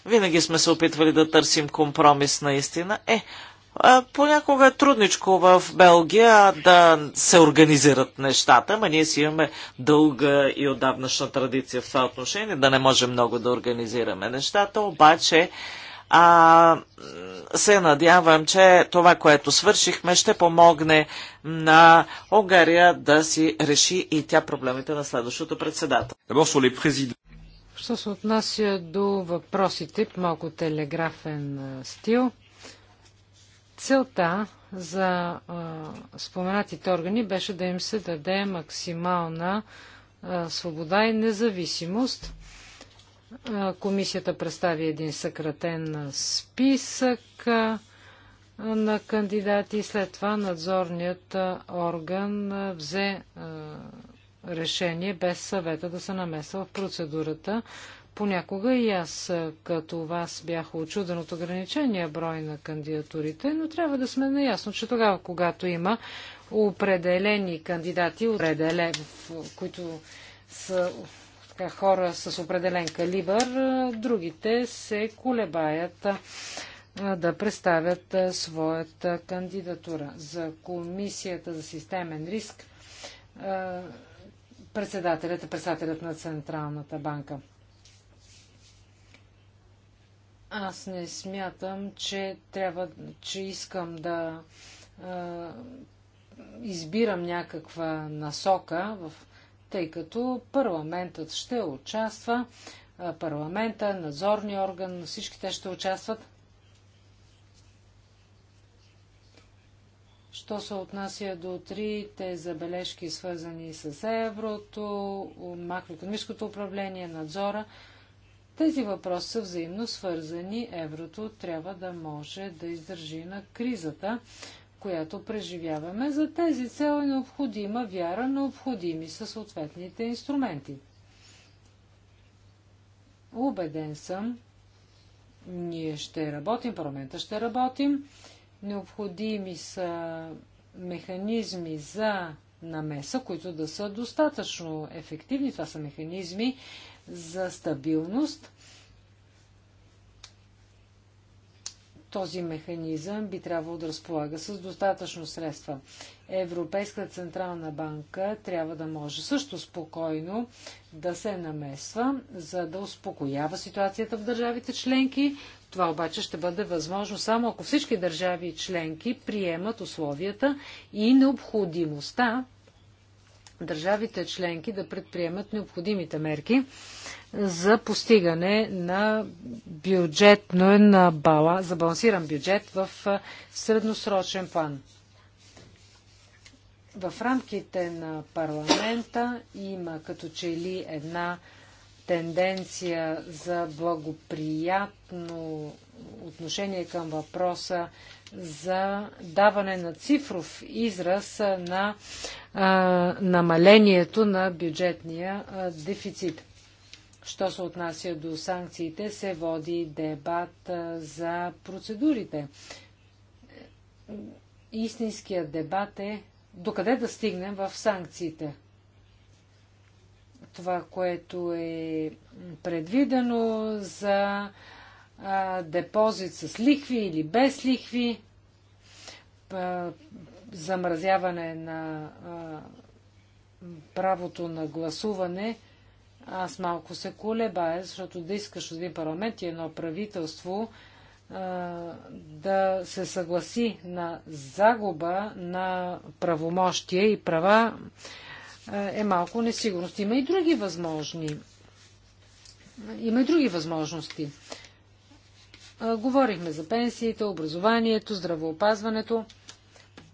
винаги сме се опитвали да търсим компромис наистина. Е, понякога е трудничко в Белгия да се организират нещата, ма ние си имаме дълга и отдавнашна традиция в това отношение, да не можем много да организираме нещата, обаче а, се надявам, че това, което свършихме, ще помогне на Унгария да си реши и тя проблемите на следващото председател. Що се отнася до въпросите, малко телеграфен стил, целта за а, споменатите органи беше да им се даде максимална а, свобода и независимост – Комисията представи един съкратен списък на кандидати. След това надзорният орган взе решение без съвета да се намесва в процедурата. Понякога и аз като вас бях очуден от ограничения брой на кандидатурите, но трябва да сме наясно, че тогава, когато има определени кандидати, определен, които са така, хора с определен калибър, другите се колебаят да представят своята кандидатура. За Комисията за системен риск председателят е председателят на Централната банка. Аз не смятам, че трябва, че искам да избирам някаква насока в тъй като парламентът ще участва, парламента, надзорния орган, всички те ще участват. Що се отнася до трите забележки, свързани с еврото, макроекономическото управление, надзора, тези въпроси са взаимно свързани. Еврото трябва да може да издържи на кризата, която преживяваме. За тези цел е необходима вяра, необходими са съответните инструменти. Убеден съм, ние ще работим, парламента ще работим, необходими са механизми за намеса, които да са достатъчно ефективни. Това са механизми за стабилност – Този механизъм би трябвало да разполага с достатъчно средства. Европейската централна банка трябва да може също спокойно да се намесва, за да успокоява ситуацията в държавите членки. Това обаче ще бъде възможно само ако всички държави членки приемат условията и необходимостта държавите членки да предприемат необходимите мерки за постигане на бюджетно на бала, за балансиран бюджет в средносрочен план. В рамките на парламента има като че ли една тенденция за благоприятно отношение към въпроса за даване на цифров израз на а, намалението на бюджетния а, дефицит. Що се отнася до санкциите, се води дебат а, за процедурите. Истинският дебат е докъде да стигнем в санкциите това, което е предвидено за депозит с лихви или без лихви, замразяване на правото на гласуване, аз малко се колебая, защото да искаш от един парламент и едно правителство да се съгласи на загуба на правомощие и права е малко несигурност. Има и други възможни. Има и други възможности. Говорихме за пенсиите, образованието, здравеопазването.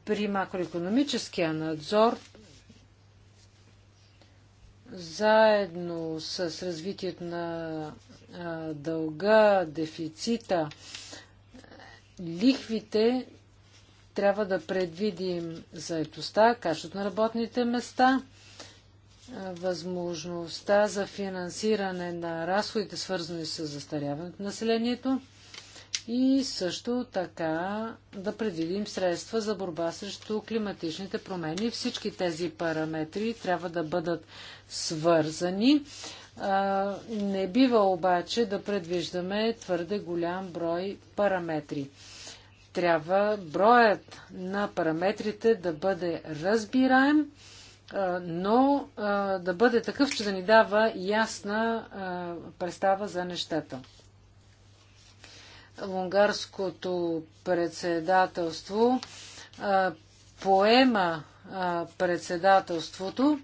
При макроекономическия надзор заедно с развитието на дълга, дефицита, лихвите, трябва да предвидим заетостта, качеството на работните места, възможността за финансиране на разходите, свързани с застаряването на населението и също така да предвидим средства за борба срещу климатичните промени. Всички тези параметри трябва да бъдат свързани. не бива обаче да предвиждаме твърде голям брой параметри. Трябва броят на параметрите да бъде разбираем, но да бъде такъв, че да ни дава ясна представа за нещата унгарското председателство а, поема а, председателството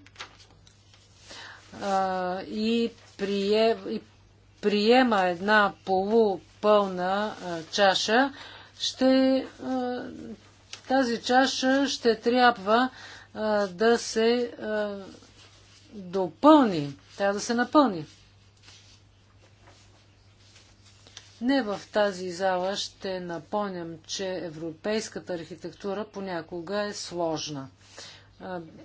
а, и, прие, и приема една полупълна чаша, ще, тази чаша ще трябва да се допълни, трябва да се напълни. Не в тази зала ще напомням, че европейската архитектура понякога е сложна.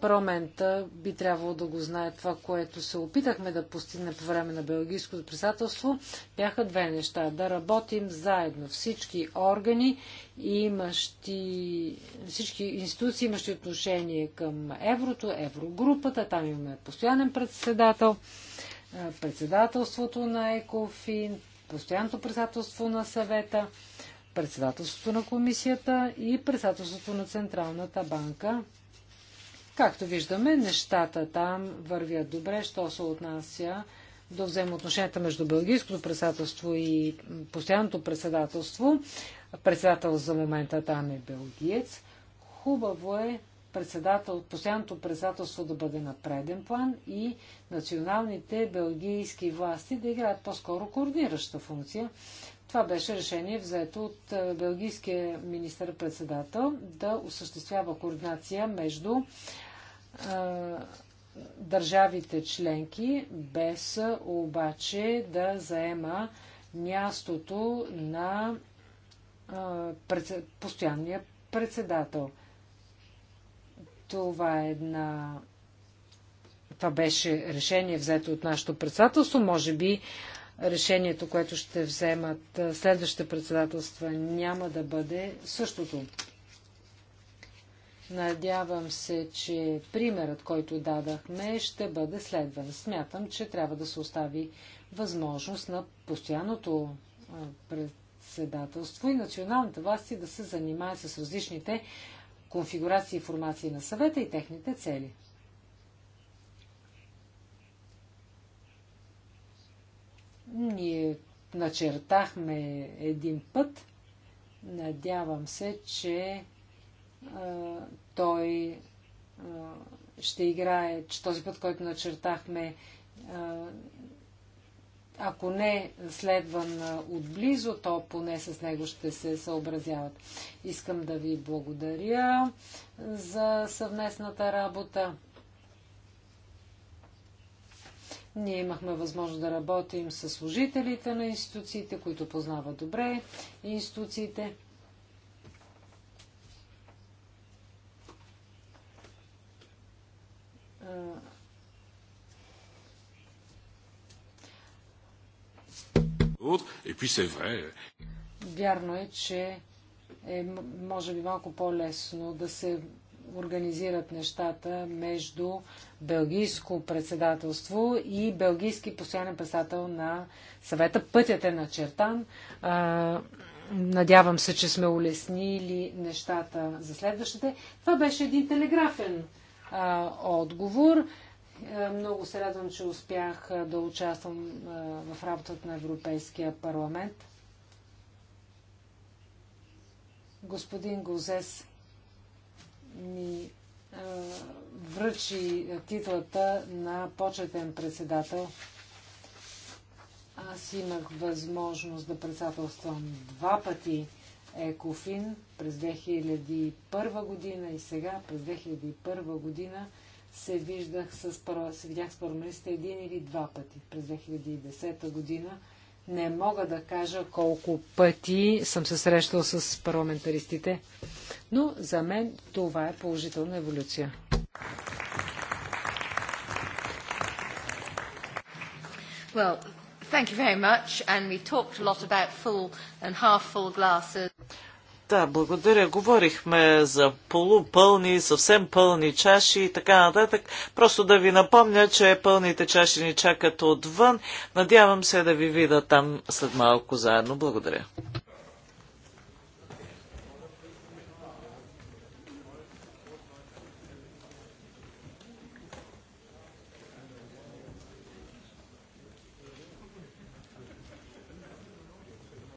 Парламента би трябвало да го знае това, което се опитахме да постигне по време на Белгийското председателство. Бяха две неща. Да работим заедно всички органи, имащи, всички институции, имащи отношение към еврото, еврогрупата, там имаме постоянен председател, председателството на ЕКОФИН, постоянното председателство на съвета, председателството на комисията и председателството на Централната банка. Както виждаме, нещата там вървят добре, що се отнася до взаимоотношенията между Белгийското председателство и постоянното председателство. Председател за момента там е белгиец. Хубаво е председател, постоянното председателство да бъде на преден план и националните белгийски власти да играят по-скоро координираща функция. Това беше решение взето от е, белгийския министър-председател да осъществява координация между е, държавите членки, без обаче да заема мястото на е, постоянния председател. Това е една. Това беше решение взето от нашето председателство. Може би решението, което ще вземат следващите председателства, няма да бъде същото. Надявам се, че примерът, който дадахме, ще бъде следван. Смятам, че трябва да се остави възможност на постоянното председателство и националните власти да се занимаят с различните конфигурация и формации на съвета и техните цели. Ние начертахме един път. Надявам се, че а, той а, ще играе, че този път, който начертахме, а, ако не следван отблизо, то поне с него ще се съобразяват. Искам да ви благодаря за съвместната работа. Ние имахме възможност да работим с служителите на институциите, които познават добре институциите. Uh autres. Et puis c'est vrai. Вярно е, че е може би малко по-лесно да се организират нещата между Белгийско председателство и Белгийски постоянен председател на съвета. Пътят е начертан. Надявам се, че сме улеснили нещата за следващите. Това беше един телеграфен а, отговор. Е, много се радвам, че успях е, да участвам е, в работата на Европейския парламент. Господин Гозес ми връчи титлата на почетен председател. Аз имах възможност да председателствам два пъти Екофин през 2001 година и сега през 2001 година се, виждах с, се видях с парламентите един или два пъти през 2010 година. Не мога да кажа колко пъти съм се срещал с парламентаристите, но за мен това е положителна еволюция. Well, thank you very much, and we talked a lot about full and half full glasses. Да, благодаря. Говорихме за полупълни, съвсем пълни чаши и така нататък. Просто да ви напомня, че пълните чаши ни чакат отвън. Надявам се да ви видя там след малко заедно. Благодаря.